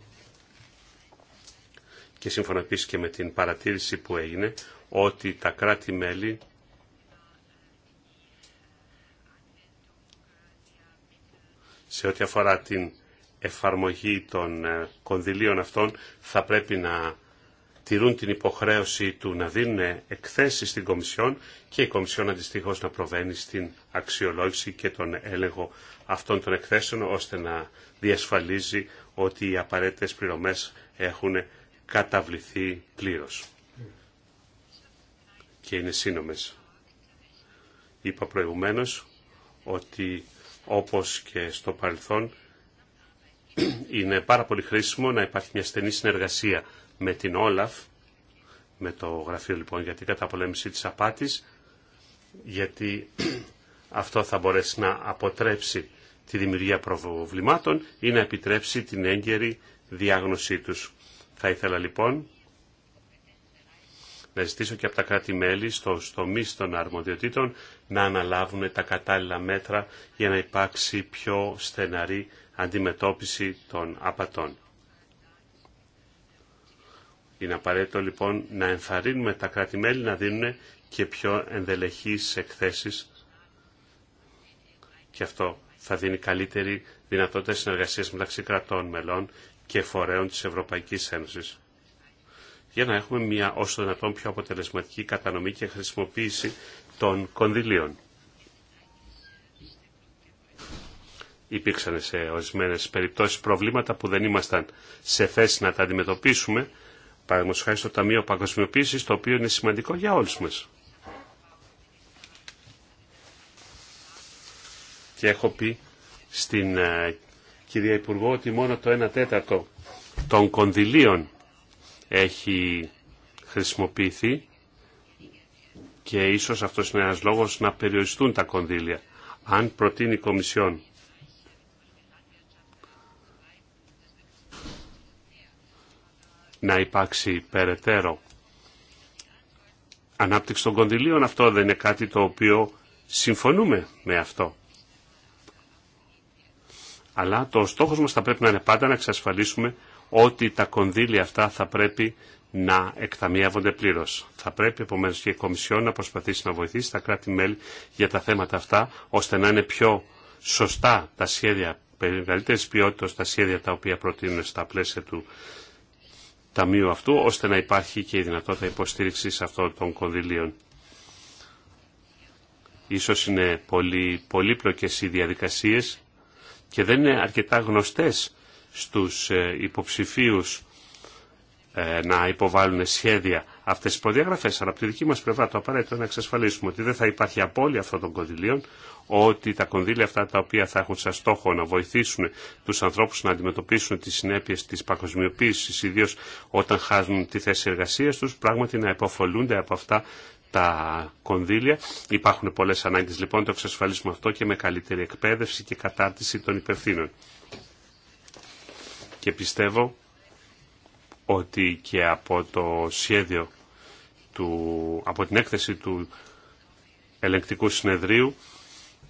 και σύμφωνα επίση και με την παρατήρηση που έγινε ότι τα κράτη-μέλη σε ό,τι αφορά την εφαρμογή των ε, κονδυλίων αυτών θα πρέπει να τηρούν την υποχρέωση του να δίνουν εκθέσεις στην Κομισιόν και η Κομισιόν αντιστοίχω να προβαίνει στην αξιολόγηση και τον έλεγχο αυτών των εκθέσεων ώστε να διασφαλίζει ότι οι απαραίτητες πληρωμές έχουν καταβληθεί πλήρως. Και είναι σύνομες. Είπα προηγουμένως ότι όπως και στο παρελθόν είναι πάρα πολύ χρήσιμο να υπάρχει μια στενή συνεργασία με την Όλαφ, με το γραφείο λοιπόν για την καταπολέμηση της απάτης, γιατί αυτό θα μπορέσει να αποτρέψει τη δημιουργία προβλημάτων ή να επιτρέψει την έγκαιρη διάγνωσή τους. Θα ήθελα λοιπόν να ζητήσω και από τα κράτη-μέλη στο τομεί των αρμοδιοτήτων να αναλάβουν τα κατάλληλα μέτρα για να υπάρξει πιο στεναρή αντιμετώπιση των απατών. Είναι απαραίτητο λοιπόν να ενθαρρύνουμε τα κράτη-μέλη να δίνουν και πιο ενδελεχείς εκθέσεις και αυτό θα δίνει καλύτερη δυνατότητα συνεργασίας μεταξύ κρατών μελών και φορέων της Ευρωπαϊκής Ένωσης για να έχουμε μια όσο το δυνατόν πιο αποτελεσματική κατανομή και χρησιμοποίηση των κονδυλίων. Υπήρξαν σε ορισμένε περιπτώσεις προβλήματα που δεν ήμασταν σε θέση να τα αντιμετωπίσουμε, παραδείγματος χάρη στο Ταμείο Παγκοσμιοποίησης, το οποίο είναι σημαντικό για όλους μας. Και έχω πει στην ε, κυρία Υπουργό, ότι μόνο το 1 τέταρτο των κονδυλίων έχει χρησιμοποιηθεί και ίσως αυτό είναι ένας λόγος να περιοριστούν τα κονδύλια. Αν προτείνει η Κομισιόν να υπάρξει περαιτέρω ανάπτυξη των κονδυλίων, αυτό δεν είναι κάτι το οποίο συμφωνούμε με αυτό. Αλλά το στόχο μα θα πρέπει να είναι πάντα να εξασφαλίσουμε ότι τα κονδύλια αυτά θα πρέπει να εκταμιεύονται πλήρω. Θα πρέπει επομένω και η Κομισιόν να προσπαθήσει να βοηθήσει τα κράτη-μέλη για τα θέματα αυτά, ώστε να είναι πιο σωστά τα σχέδια, μεγαλύτερη ποιότητα τα σχέδια τα οποία προτείνουν στα πλαίσια του ταμείου αυτού, ώστε να υπάρχει και η δυνατότητα υποστήριξη αυτών των κονδυλίων. Ίσως είναι πολύ, πολύπλοκες οι διαδικασίες και δεν είναι αρκετά γνωστές στους ε, υποψηφίους ε, να υποβάλουν σχέδια αυτές τις προδιαγραφές. Αλλά από τη δική μας πλευρά το απαραίτητο να εξασφαλίσουμε ότι δεν θα υπάρχει απώλεια αυτών των κονδυλίων, ότι τα κονδύλια αυτά τα οποία θα έχουν σαν στόχο να βοηθήσουν τους ανθρώπους να αντιμετωπίσουν τις συνέπειες της παγκοσμιοποίησης, ιδίως όταν χάσουν τη θέση εργασίας τους, πράγματι να υποφολούνται από αυτά τα κονδύλια. Υπάρχουν πολλέ ανάγκε λοιπόν, το εξασφαλίσουμε αυτό και με καλύτερη εκπαίδευση και κατάρτιση των υπευθύνων. Και πιστεύω ότι και από το σχέδιο του, από την έκθεση του ελεγκτικού συνεδρίου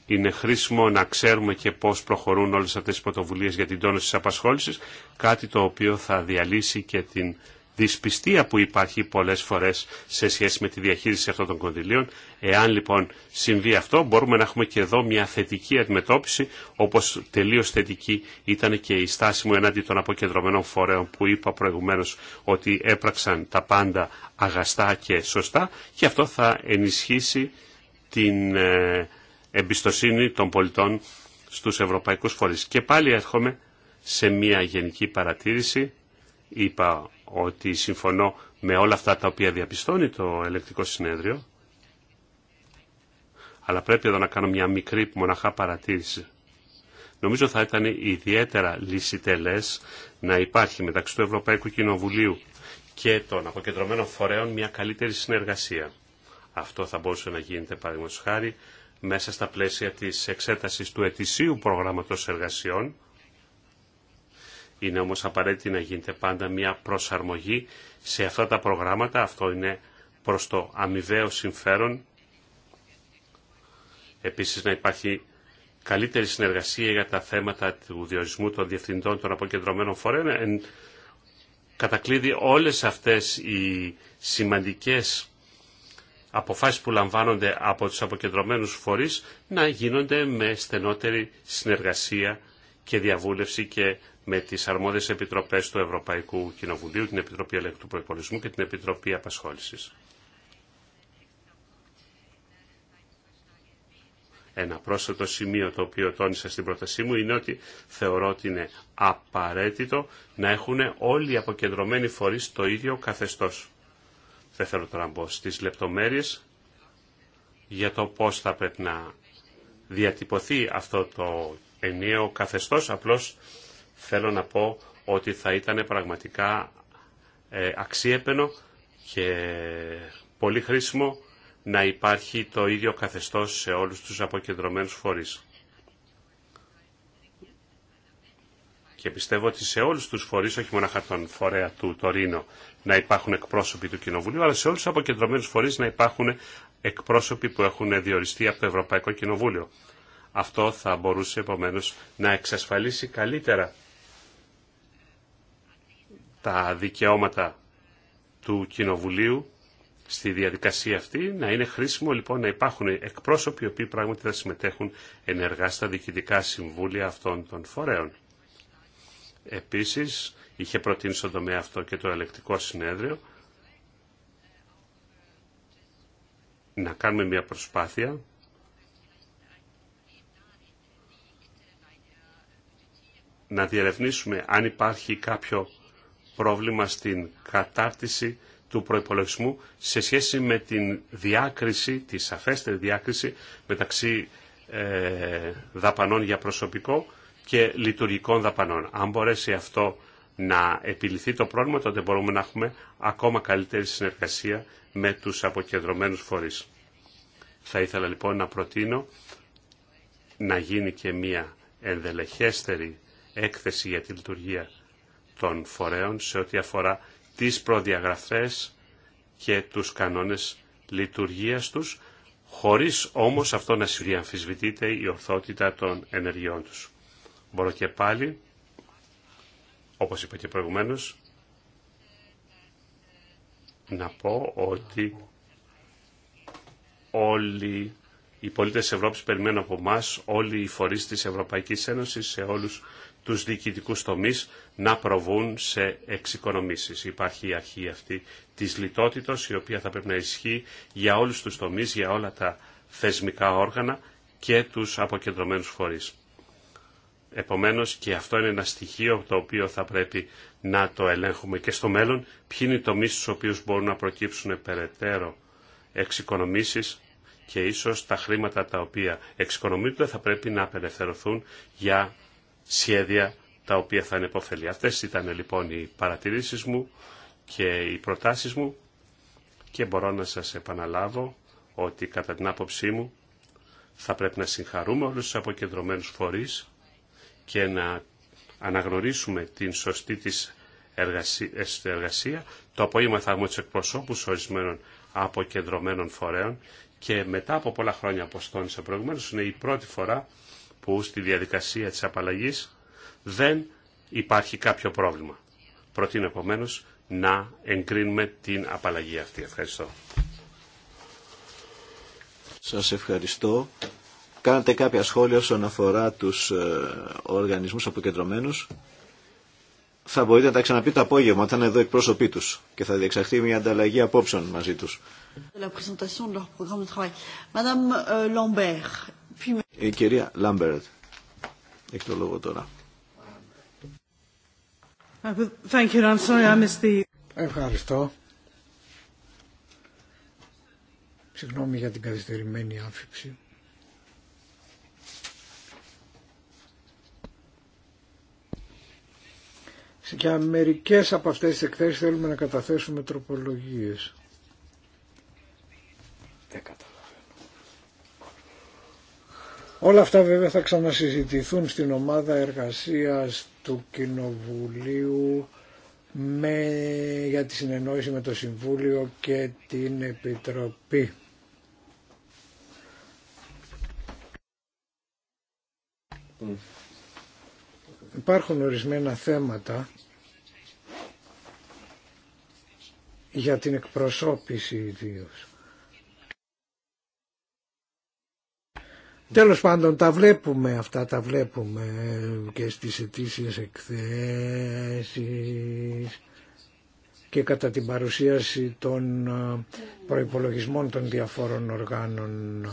είναι χρήσιμο να ξέρουμε και πώς προχωρούν όλες αυτές οι πρωτοβουλίες για την τόνωση της απασχόλησης, κάτι το οποίο θα διαλύσει και την δυσπιστία που υπάρχει πολλές φορές σε σχέση με τη διαχείριση αυτών των κονδυλίων. Εάν λοιπόν συμβεί αυτό μπορούμε να έχουμε και εδώ μια θετική αντιμετώπιση όπως τελείως θετική ήταν και η στάση μου εναντί των αποκεντρωμένων φορέων που είπα προηγουμένως ότι έπραξαν τα πάντα αγαστά και σωστά και αυτό θα ενισχύσει την ε, εμπιστοσύνη των πολιτών στους ευρωπαϊκούς φορείς. Και πάλι έρχομαι σε μια γενική παρατήρηση. Είπα ότι συμφωνώ με όλα αυτά τα οποία διαπιστώνει το ελεκτικό συνέδριο, αλλά πρέπει εδώ να κάνω μια μικρή μοναχά παρατήρηση. Νομίζω θα ήταν ιδιαίτερα λυσιτελές να υπάρχει μεταξύ του Ευρωπαϊκού Κοινοβουλίου και των αποκεντρωμένων φορέων μια καλύτερη συνεργασία. Αυτό θα μπορούσε να γίνεται παραδείγματος χάρη μέσα στα πλαίσια της εξέτασης του ετησίου προγράμματος εργασιών είναι όμως απαραίτητη να γίνεται πάντα μια προσαρμογή σε αυτά τα προγράμματα. Αυτό είναι προς το αμοιβαίο συμφέρον. Επίσης να υπάρχει καλύτερη συνεργασία για τα θέματα του διορισμού των διευθυντών των αποκεντρωμένων φορέων. Κατακλείδει όλες αυτές οι σημαντικές αποφάσεις που λαμβάνονται από τους αποκεντρωμένους φορείς να γίνονται με στενότερη συνεργασία και διαβούλευση και με τις αρμόδιες επιτροπές του Ευρωπαϊκού Κοινοβουλίου, την Επιτροπή Ελέγχου του και την Επιτροπή Απασχόλησης. Ένα πρόσθετο σημείο το οποίο τόνισα στην πρότασή μου είναι ότι θεωρώ ότι είναι απαραίτητο να έχουν όλοι οι αποκεντρωμένοι φορείς το ίδιο καθεστώς. Δεν θέλω τώρα να μπω στις λεπτομέρειες για το πώς θα πρέπει να διατυπωθεί αυτό το ενιαίο καθεστώς, απλώς θέλω να πω ότι θα ήταν πραγματικά ε, αξιέπαινο και πολύ χρήσιμο να υπάρχει το ίδιο καθεστώς σε όλους τους αποκεντρωμένους φορείς. Και πιστεύω ότι σε όλους τους φορείς, όχι μόνο τον φορέα του Τωρίνο, να υπάρχουν εκπρόσωποι του Κοινοβουλίου, αλλά σε όλους τους αποκεντρωμένους φορείς να υπάρχουν εκπρόσωποι που έχουν διοριστεί από το Ευρωπαϊκό Κοινοβούλιο. Αυτό θα μπορούσε επομένως να εξασφαλίσει καλύτερα τα δικαιώματα του Κοινοβουλίου στη διαδικασία αυτή. Να είναι χρήσιμο λοιπόν να υπάρχουν εκπρόσωποι οι οποίοι πράγματι θα συμμετέχουν ενεργά στα διοικητικά συμβούλια αυτών των φορέων. Επίσης, είχε προτείνει στον τομέα αυτό και το ελεκτικό συνέδριο να κάνουμε μια προσπάθεια να διερευνήσουμε αν υπάρχει κάποιο πρόβλημα στην κατάρτιση του προϋπολογισμού σε σχέση με την διάκριση, τη σαφέστερη διάκριση μεταξύ ε, δαπανών για προσωπικό και λειτουργικών δαπανών. Αν μπορέσει αυτό να επιληθεί το πρόβλημα, τότε μπορούμε να έχουμε ακόμα καλύτερη συνεργασία με τους αποκεντρωμένους φορείς. Θα ήθελα λοιπόν να προτείνω να γίνει και μία ενδελεχέστερη έκθεση για τη λειτουργία των φορέων σε ό,τι αφορά τις προδιαγραφές και τους κανόνες λειτουργίας τους, χωρίς όμως αυτό να συμφισβητείται η ορθότητα των ενεργειών τους. Μπορώ και πάλι, όπως είπα και προηγουμένως, να πω ότι όλοι οι πολίτες της Ευρώπης περιμένουν από εμά, όλοι οι φορείς της Ευρωπαϊκής Ένωσης, σε όλους τους διοικητικούς τομείς να προβούν σε εξοικονομήσεις. Υπάρχει η αρχή αυτή της λιτότητος, η οποία θα πρέπει να ισχύει για όλους τους τομείς, για όλα τα θεσμικά όργανα και τους αποκεντρωμένους φορείς. Επομένως και αυτό είναι ένα στοιχείο το οποίο θα πρέπει να το ελέγχουμε και στο μέλλον. Ποιοι είναι οι τομείς στους οποίους μπορούν να προκύψουν περαιτέρω εξοικονομήσεις και ίσως τα χρήματα τα οποία εξοικονομούνται θα πρέπει να απελευθερωθούν για σχέδια τα οποία θα είναι υποφελή. Αυτές ήταν λοιπόν οι παρατηρήσεις μου και οι προτάσεις μου και μπορώ να σας επαναλάβω ότι κατά την άποψή μου θα πρέπει να συγχαρούμε όλους τους αποκεντρωμένους φορείς και να αναγνωρίσουμε την σωστή της εργασία. Το απόγευμα θα έχουμε τους εκπροσώπους ορισμένων αποκεντρωμένων φορέων και μετά από πολλά χρόνια αποστόνισε προηγουμένως είναι η πρώτη φορά που στη διαδικασία της απαλλαγής δεν υπάρχει κάποιο πρόβλημα. Προτείνω επομένω να εγκρίνουμε την απαλλαγή αυτή. Ευχαριστώ. Σας ευχαριστώ. Κάνετε κάποια σχόλια όσον αφορά τους ε, οργανισμούς αποκεντρωμένους. Θα μπορείτε να τα ξαναπεί το απόγευμα θα είναι εδώ εκπρόσωποι του και θα διεξαχθεί μια ανταλλαγή απόψεων μαζί του. Η κυρία Λάμπερτ. Έχει το λόγο τώρα. Ευχαριστώ. Συγγνώμη για την καθυστερημένη άφηξη. Για μερικές από αυτές τις εκθέσεις θέλουμε να καταθέσουμε τροπολογίες. Όλα αυτά βέβαια θα ξανασυζητηθούν στην ομάδα εργασίας του Κοινοβουλίου με, για τη συνεννόηση με το Συμβούλιο και την Επιτροπή. Υπάρχουν ορισμένα θέματα για την εκπροσώπηση ιδίως. Τέλος πάντων τα βλέπουμε αυτά, τα βλέπουμε και στις ετήσιες εκθέσεις και κατά την παρουσίαση των ε, προϋπολογισμών των διαφόρων οργάνων.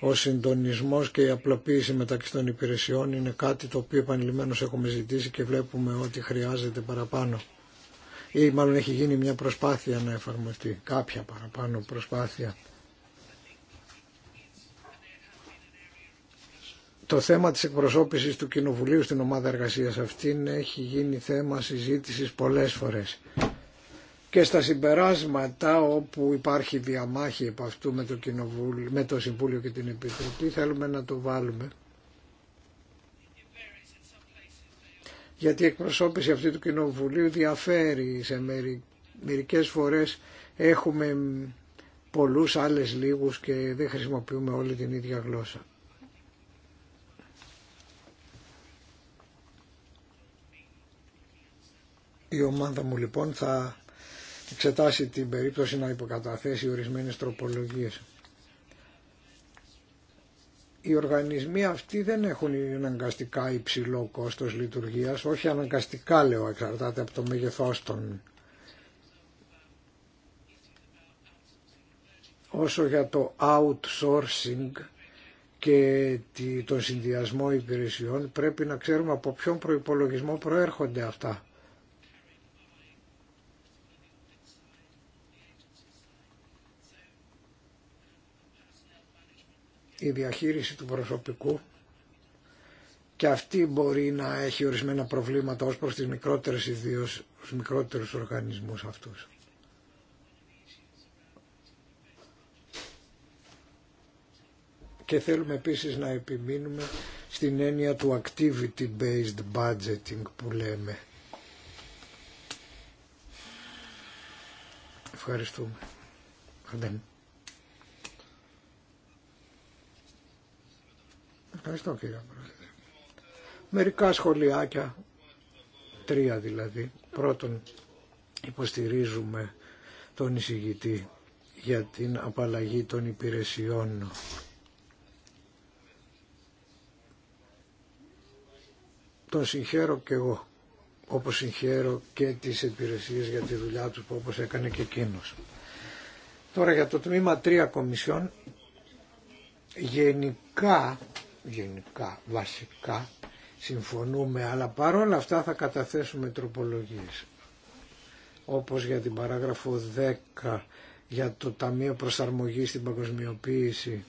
Ο συντονισμός και η απλοποίηση μεταξύ των υπηρεσιών είναι κάτι το οποίο επανειλημμένως έχουμε ζητήσει και βλέπουμε ότι χρειάζεται παραπάνω ή μάλλον έχει γίνει μια προσπάθεια να εφαρμοστεί, κάποια παραπάνω προσπάθεια. Το θέμα της εκπροσώπησης του Κοινοβουλίου στην ομάδα εργασίας αυτήν έχει γίνει θέμα συζήτησης πολλές φορές. Και στα συμπεράσματα όπου υπάρχει διαμάχη από αυτού με το, με το Συμβούλιο και την Επιτροπή θέλουμε να το βάλουμε γιατί η εκπροσώπηση αυτή του Κοινοβουλίου διαφέρει σε μερι, Μερικές φορές έχουμε πολλούς άλλες λίγους και δεν χρησιμοποιούμε όλη την ίδια γλώσσα. Η ομάδα μου λοιπόν θα εξετάσει την περίπτωση να υποκαταθέσει ορισμένες τροπολογίες οι οργανισμοί αυτοί δεν έχουν αναγκαστικά υψηλό κόστος λειτουργίας, όχι αναγκαστικά λέω εξαρτάται από το μέγεθός των. Όσο για το outsourcing και τον συνδυασμό υπηρεσιών πρέπει να ξέρουμε από ποιον προϋπολογισμό προέρχονται αυτά. η διαχείριση του προσωπικού και αυτή μπορεί να έχει ορισμένα προβλήματα ως προς τις μικρότερες ιδίως, τους μικρότερους οργανισμούς αυτούς. Και θέλουμε επίσης να επιμείνουμε στην έννοια του activity-based budgeting που λέμε. Ευχαριστούμε. Ευχαριστώ κύριε Πρόεδρε. Μερικά σχολιάκια, τρία δηλαδή. Πρώτον, υποστηρίζουμε τον εισηγητή για την απαλλαγή των υπηρεσιών. Τον συγχαίρω και εγώ, όπως συγχαίρω και τις υπηρεσίες για τη δουλειά τους που όπως έκανε και εκείνο. Τώρα για το τμήμα τρία κομισιών, γενικά γενικά, βασικά, συμφωνούμε, αλλά παρόλα αυτά θα καταθέσουμε τροπολογίες. Όπως για την παράγραφο 10 για το Ταμείο Προσαρμογής στην Παγκοσμιοποίηση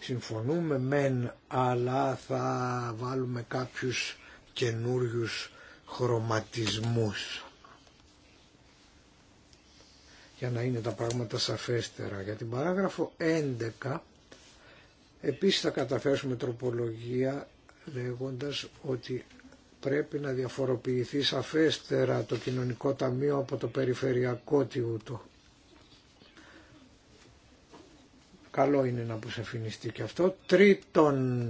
συμφωνούμε μεν, αλλά θα βάλουμε κάποιους καινούριου χρωματισμούς για να είναι τα πράγματα σαφέστερα. Για την παράγραφο 11 Επίσης θα καταφέρσουμε τροπολογία λέγοντας ότι πρέπει να διαφοροποιηθεί σαφέστερα το κοινωνικό ταμείο από το περιφερειακό του. Καλό είναι να αποσεφινιστεί και αυτό. Τρίτον,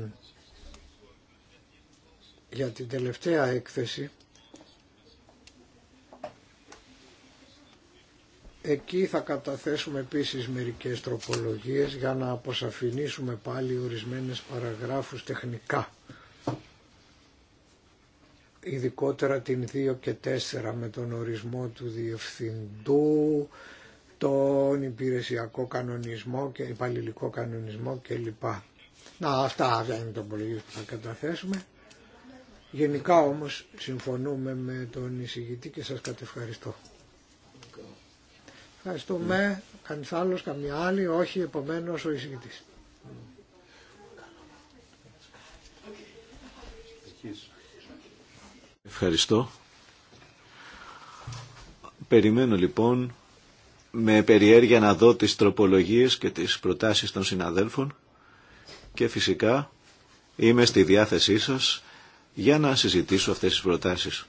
για την τελευταία έκθεση Εκεί θα καταθέσουμε επίσης μερικές τροπολογίες για να αποσαφηνίσουμε πάλι ορισμένες παραγράφους τεχνικά. Ειδικότερα την 2 και 4 με τον ορισμό του διευθυντού, τον υπηρεσιακό κανονισμό και υπαλληλικό κανονισμό κλπ. Να, αυτά είναι το που θα καταθέσουμε. Γενικά όμως συμφωνούμε με τον εισηγητή και σας κατευχαριστώ. Ευχαριστούμε. Κανεί άλλο, καμία άλλη. Όχι, επομένω ο εισηγητή. Ευχαριστώ. Περιμένω λοιπόν με περιέργεια να δω τις τροπολογίες και τις προτάσεις των συναδέλφων και φυσικά είμαι στη διάθεσή σας για να συζητήσω αυτές τις προτάσεις.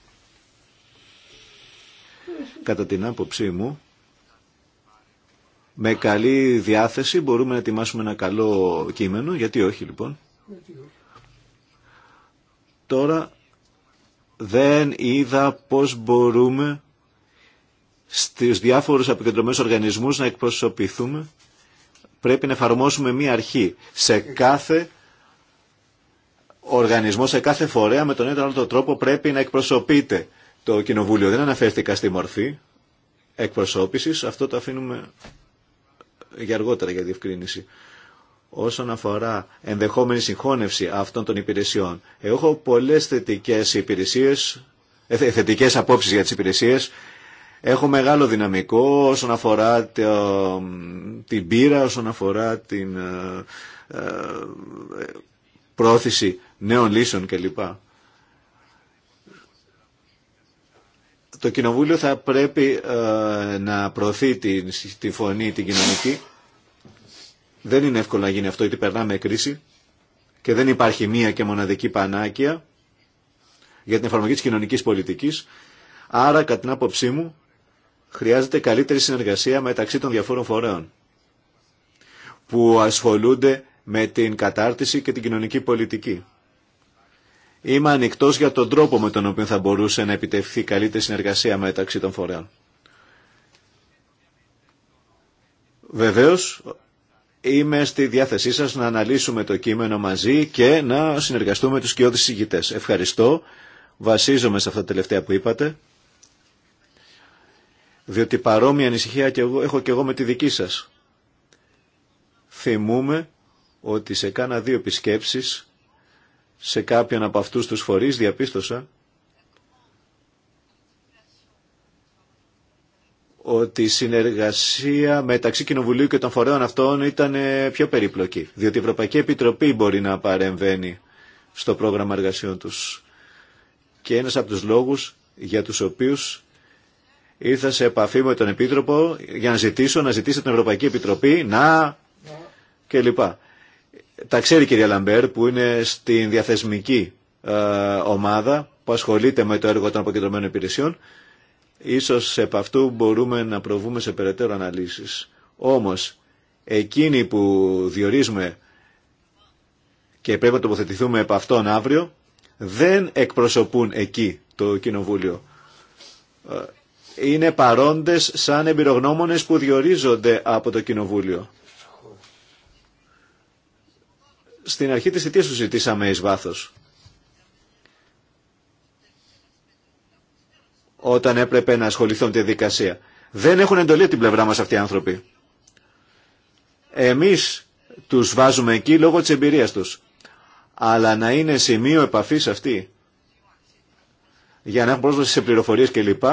Κατά την άποψή μου, με καλή διάθεση μπορούμε να ετοιμάσουμε ένα καλό κείμενο. Γιατί όχι λοιπόν. Τώρα δεν είδα πώς μπορούμε στις διάφορους επικεντρωμένους οργανισμούς να εκπροσωπηθούμε. Πρέπει να εφαρμόσουμε μία αρχή σε κάθε οργανισμό, σε κάθε φορέα με τον ένα άλλο τρόπο πρέπει να εκπροσωπείται το κοινοβούλιο. Δεν αναφέρθηκα στη μορφή εκπροσώπησης, αυτό το αφήνουμε για αργότερα για διευκρίνηση. Όσον αφορά ενδεχόμενη συγχώνευση αυτών των υπηρεσιών, έχω πολλές θετικές υπηρεσίες, ε, θετικές απόψεις για τις υπηρεσίες. Έχω μεγάλο δυναμικό όσον αφορά την πείρα, όσον αφορά την ε, ε, πρόθεση νέων λύσεων κλπ. το Κοινοβούλιο θα πρέπει ε, να προωθεί τη, φωνή την κοινωνική. Δεν είναι εύκολο να γίνει αυτό, γιατί περνάμε κρίση και δεν υπάρχει μία και μοναδική πανάκια για την εφαρμογή της κοινωνικής πολιτικής. Άρα, κατά την άποψή μου, χρειάζεται καλύτερη συνεργασία μεταξύ των διαφόρων φορέων που ασχολούνται με την κατάρτιση και την κοινωνική πολιτική. Είμαι ανοιχτό για τον τρόπο με τον οποίο θα μπορούσε να επιτευχθεί καλύτερη συνεργασία μεταξύ των φορέων. Βεβαίω είμαι στη διάθεσή σας να αναλύσουμε το κείμενο μαζί και να συνεργαστούμε τους κοιόδης συγγητέ. Ευχαριστώ. Βασίζομαι σε αυτά τα τελευταία που είπατε. Διότι παρόμοια ανησυχία και εγώ, έχω και εγώ με τη δική σας. Θυμούμε ότι σε κάνα δύο επισκέψεις σε κάποιον από αυτούς τους φορείς διαπίστωσα ότι η συνεργασία μεταξύ Κοινοβουλίου και των φορέων αυτών ήταν ε, πιο περίπλοκη, διότι η Ευρωπαϊκή Επιτροπή μπορεί να παρεμβαίνει στο πρόγραμμα εργασιών τους. Και ένας από τους λόγους για τους οποίους ήρθα σε επαφή με τον Επίτροπο για να ζητήσω, να ζητήσω την Ευρωπαϊκή Επιτροπή, να και λοιπά. Τα ξέρει η κυρία Λαμπέρ που είναι στην διαθεσμική ε, ομάδα που ασχολείται με το έργο των αποκεντρωμένων υπηρεσιών. Ίσως επ' αυτού μπορούμε να προβούμε σε περαιτέρω αναλύσεις. Όμως, εκείνοι που διορίζουμε και πρέπει να τοποθετηθούμε επ' αυτόν αύριο, δεν εκπροσωπούν εκεί το Κοινοβούλιο. Ε, είναι παρόντες σαν εμπειρογνώμονες που διορίζονται από το Κοινοβούλιο. Στην αρχή της θητείας του ζητήσαμε εις βάθος. Όταν έπρεπε να ασχοληθώ τη δικασία. Δεν έχουν εντολή την πλευρά μας αυτοί οι άνθρωποι. Εμείς τους βάζουμε εκεί λόγω της εμπειρίας τους. Αλλά να είναι σημείο επαφής αυτή για να έχουν πρόσβαση σε πληροφορίες κλπ.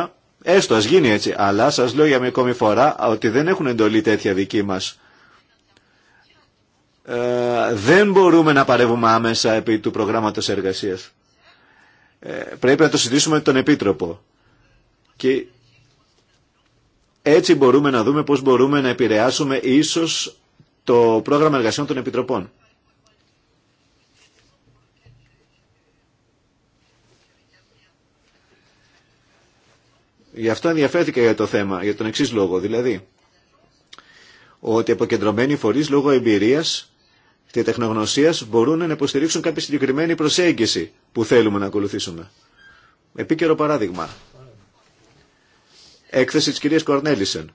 Έστω, ας γίνει έτσι. Αλλά σας λέω για μια ακόμη φορά ότι δεν έχουν εντολή τέτοια δική μας. Ε, δεν μπορούμε να παρεύουμε άμεσα επί του προγράμματος εργασίας. Ε, πρέπει να το συζητήσουμε με τον Επίτροπο. Και έτσι μπορούμε να δούμε πώς μπορούμε να επηρεάσουμε ίσως το πρόγραμμα εργασιών των Επιτροπών. Γι' αυτό ενδιαφέρθηκα για το θέμα, για τον εξή λόγο. Δηλαδή, ότι αποκεντρωμένοι φορείς, λόγω εμπειρίας και τεχνογνωσία μπορούν να υποστηρίξουν κάποια συγκεκριμένη προσέγγιση που θέλουμε να ακολουθήσουμε. Επίκαιρο παράδειγμα. Έκθεση της κυρίας Κορνέλισεν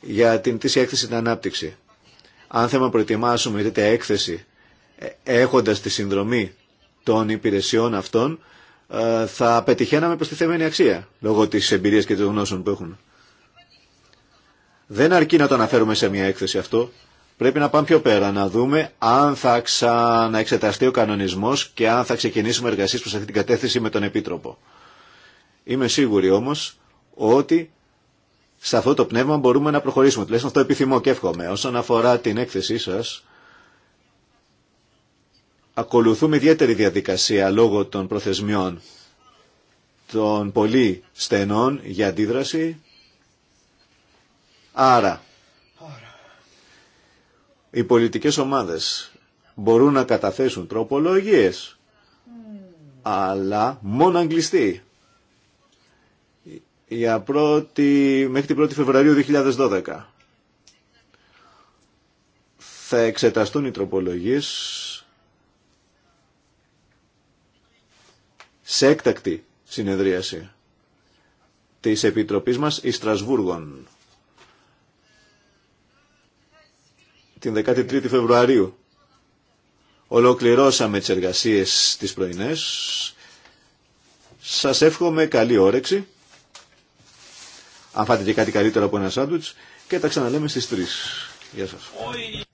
για την τύση έκθεση στην ανάπτυξη. Αν θέλουμε να προετοιμάσουμε τέτοια έκθεση ε, έχοντας τη συνδρομή των υπηρεσιών αυτών ε, θα πετυχαίναμε προστιθέμενη αξία λόγω της εμπειρίας και των γνώσεων που έχουν. Δεν αρκεί να το αναφέρουμε σε μια έκθεση αυτό. Πρέπει να πάμε πιο πέρα, να δούμε αν θα ξαναεξεταστεί ο κανονισμός και αν θα ξεκινήσουμε εργασίες προς αυτή την κατεύθυνση με τον Επίτροπο. Είμαι σίγουρη όμως ότι σε αυτό το πνεύμα μπορούμε να προχωρήσουμε. Τουλάχιστον αυτό επιθυμώ και εύχομαι. Όσον αφορά την έκθεσή σας, ακολουθούμε ιδιαίτερη διαδικασία λόγω των προθεσμιών των πολύ στενών για αντίδραση. Άρα, οι πολιτικές ομάδες μπορούν να καταθέσουν τροπολογίες, αλλά μόνο αγγλιστή. Για πρώτη, μέχρι την 1η Φεβρουαρίου 2012 θα εξεταστούν οι τροπολογίες σε έκτακτη συνεδρίαση της Επιτροπής μας Ιστρασβούργων. την 13η Φεβρουαρίου. Ολοκληρώσαμε τις εργασίες τις πρωινές. Σας εύχομαι καλή όρεξη. Αν φάτε και κάτι καλύτερο από ένα σάντουιτς. Και τα ξαναλέμε στις 3. Γεια σας.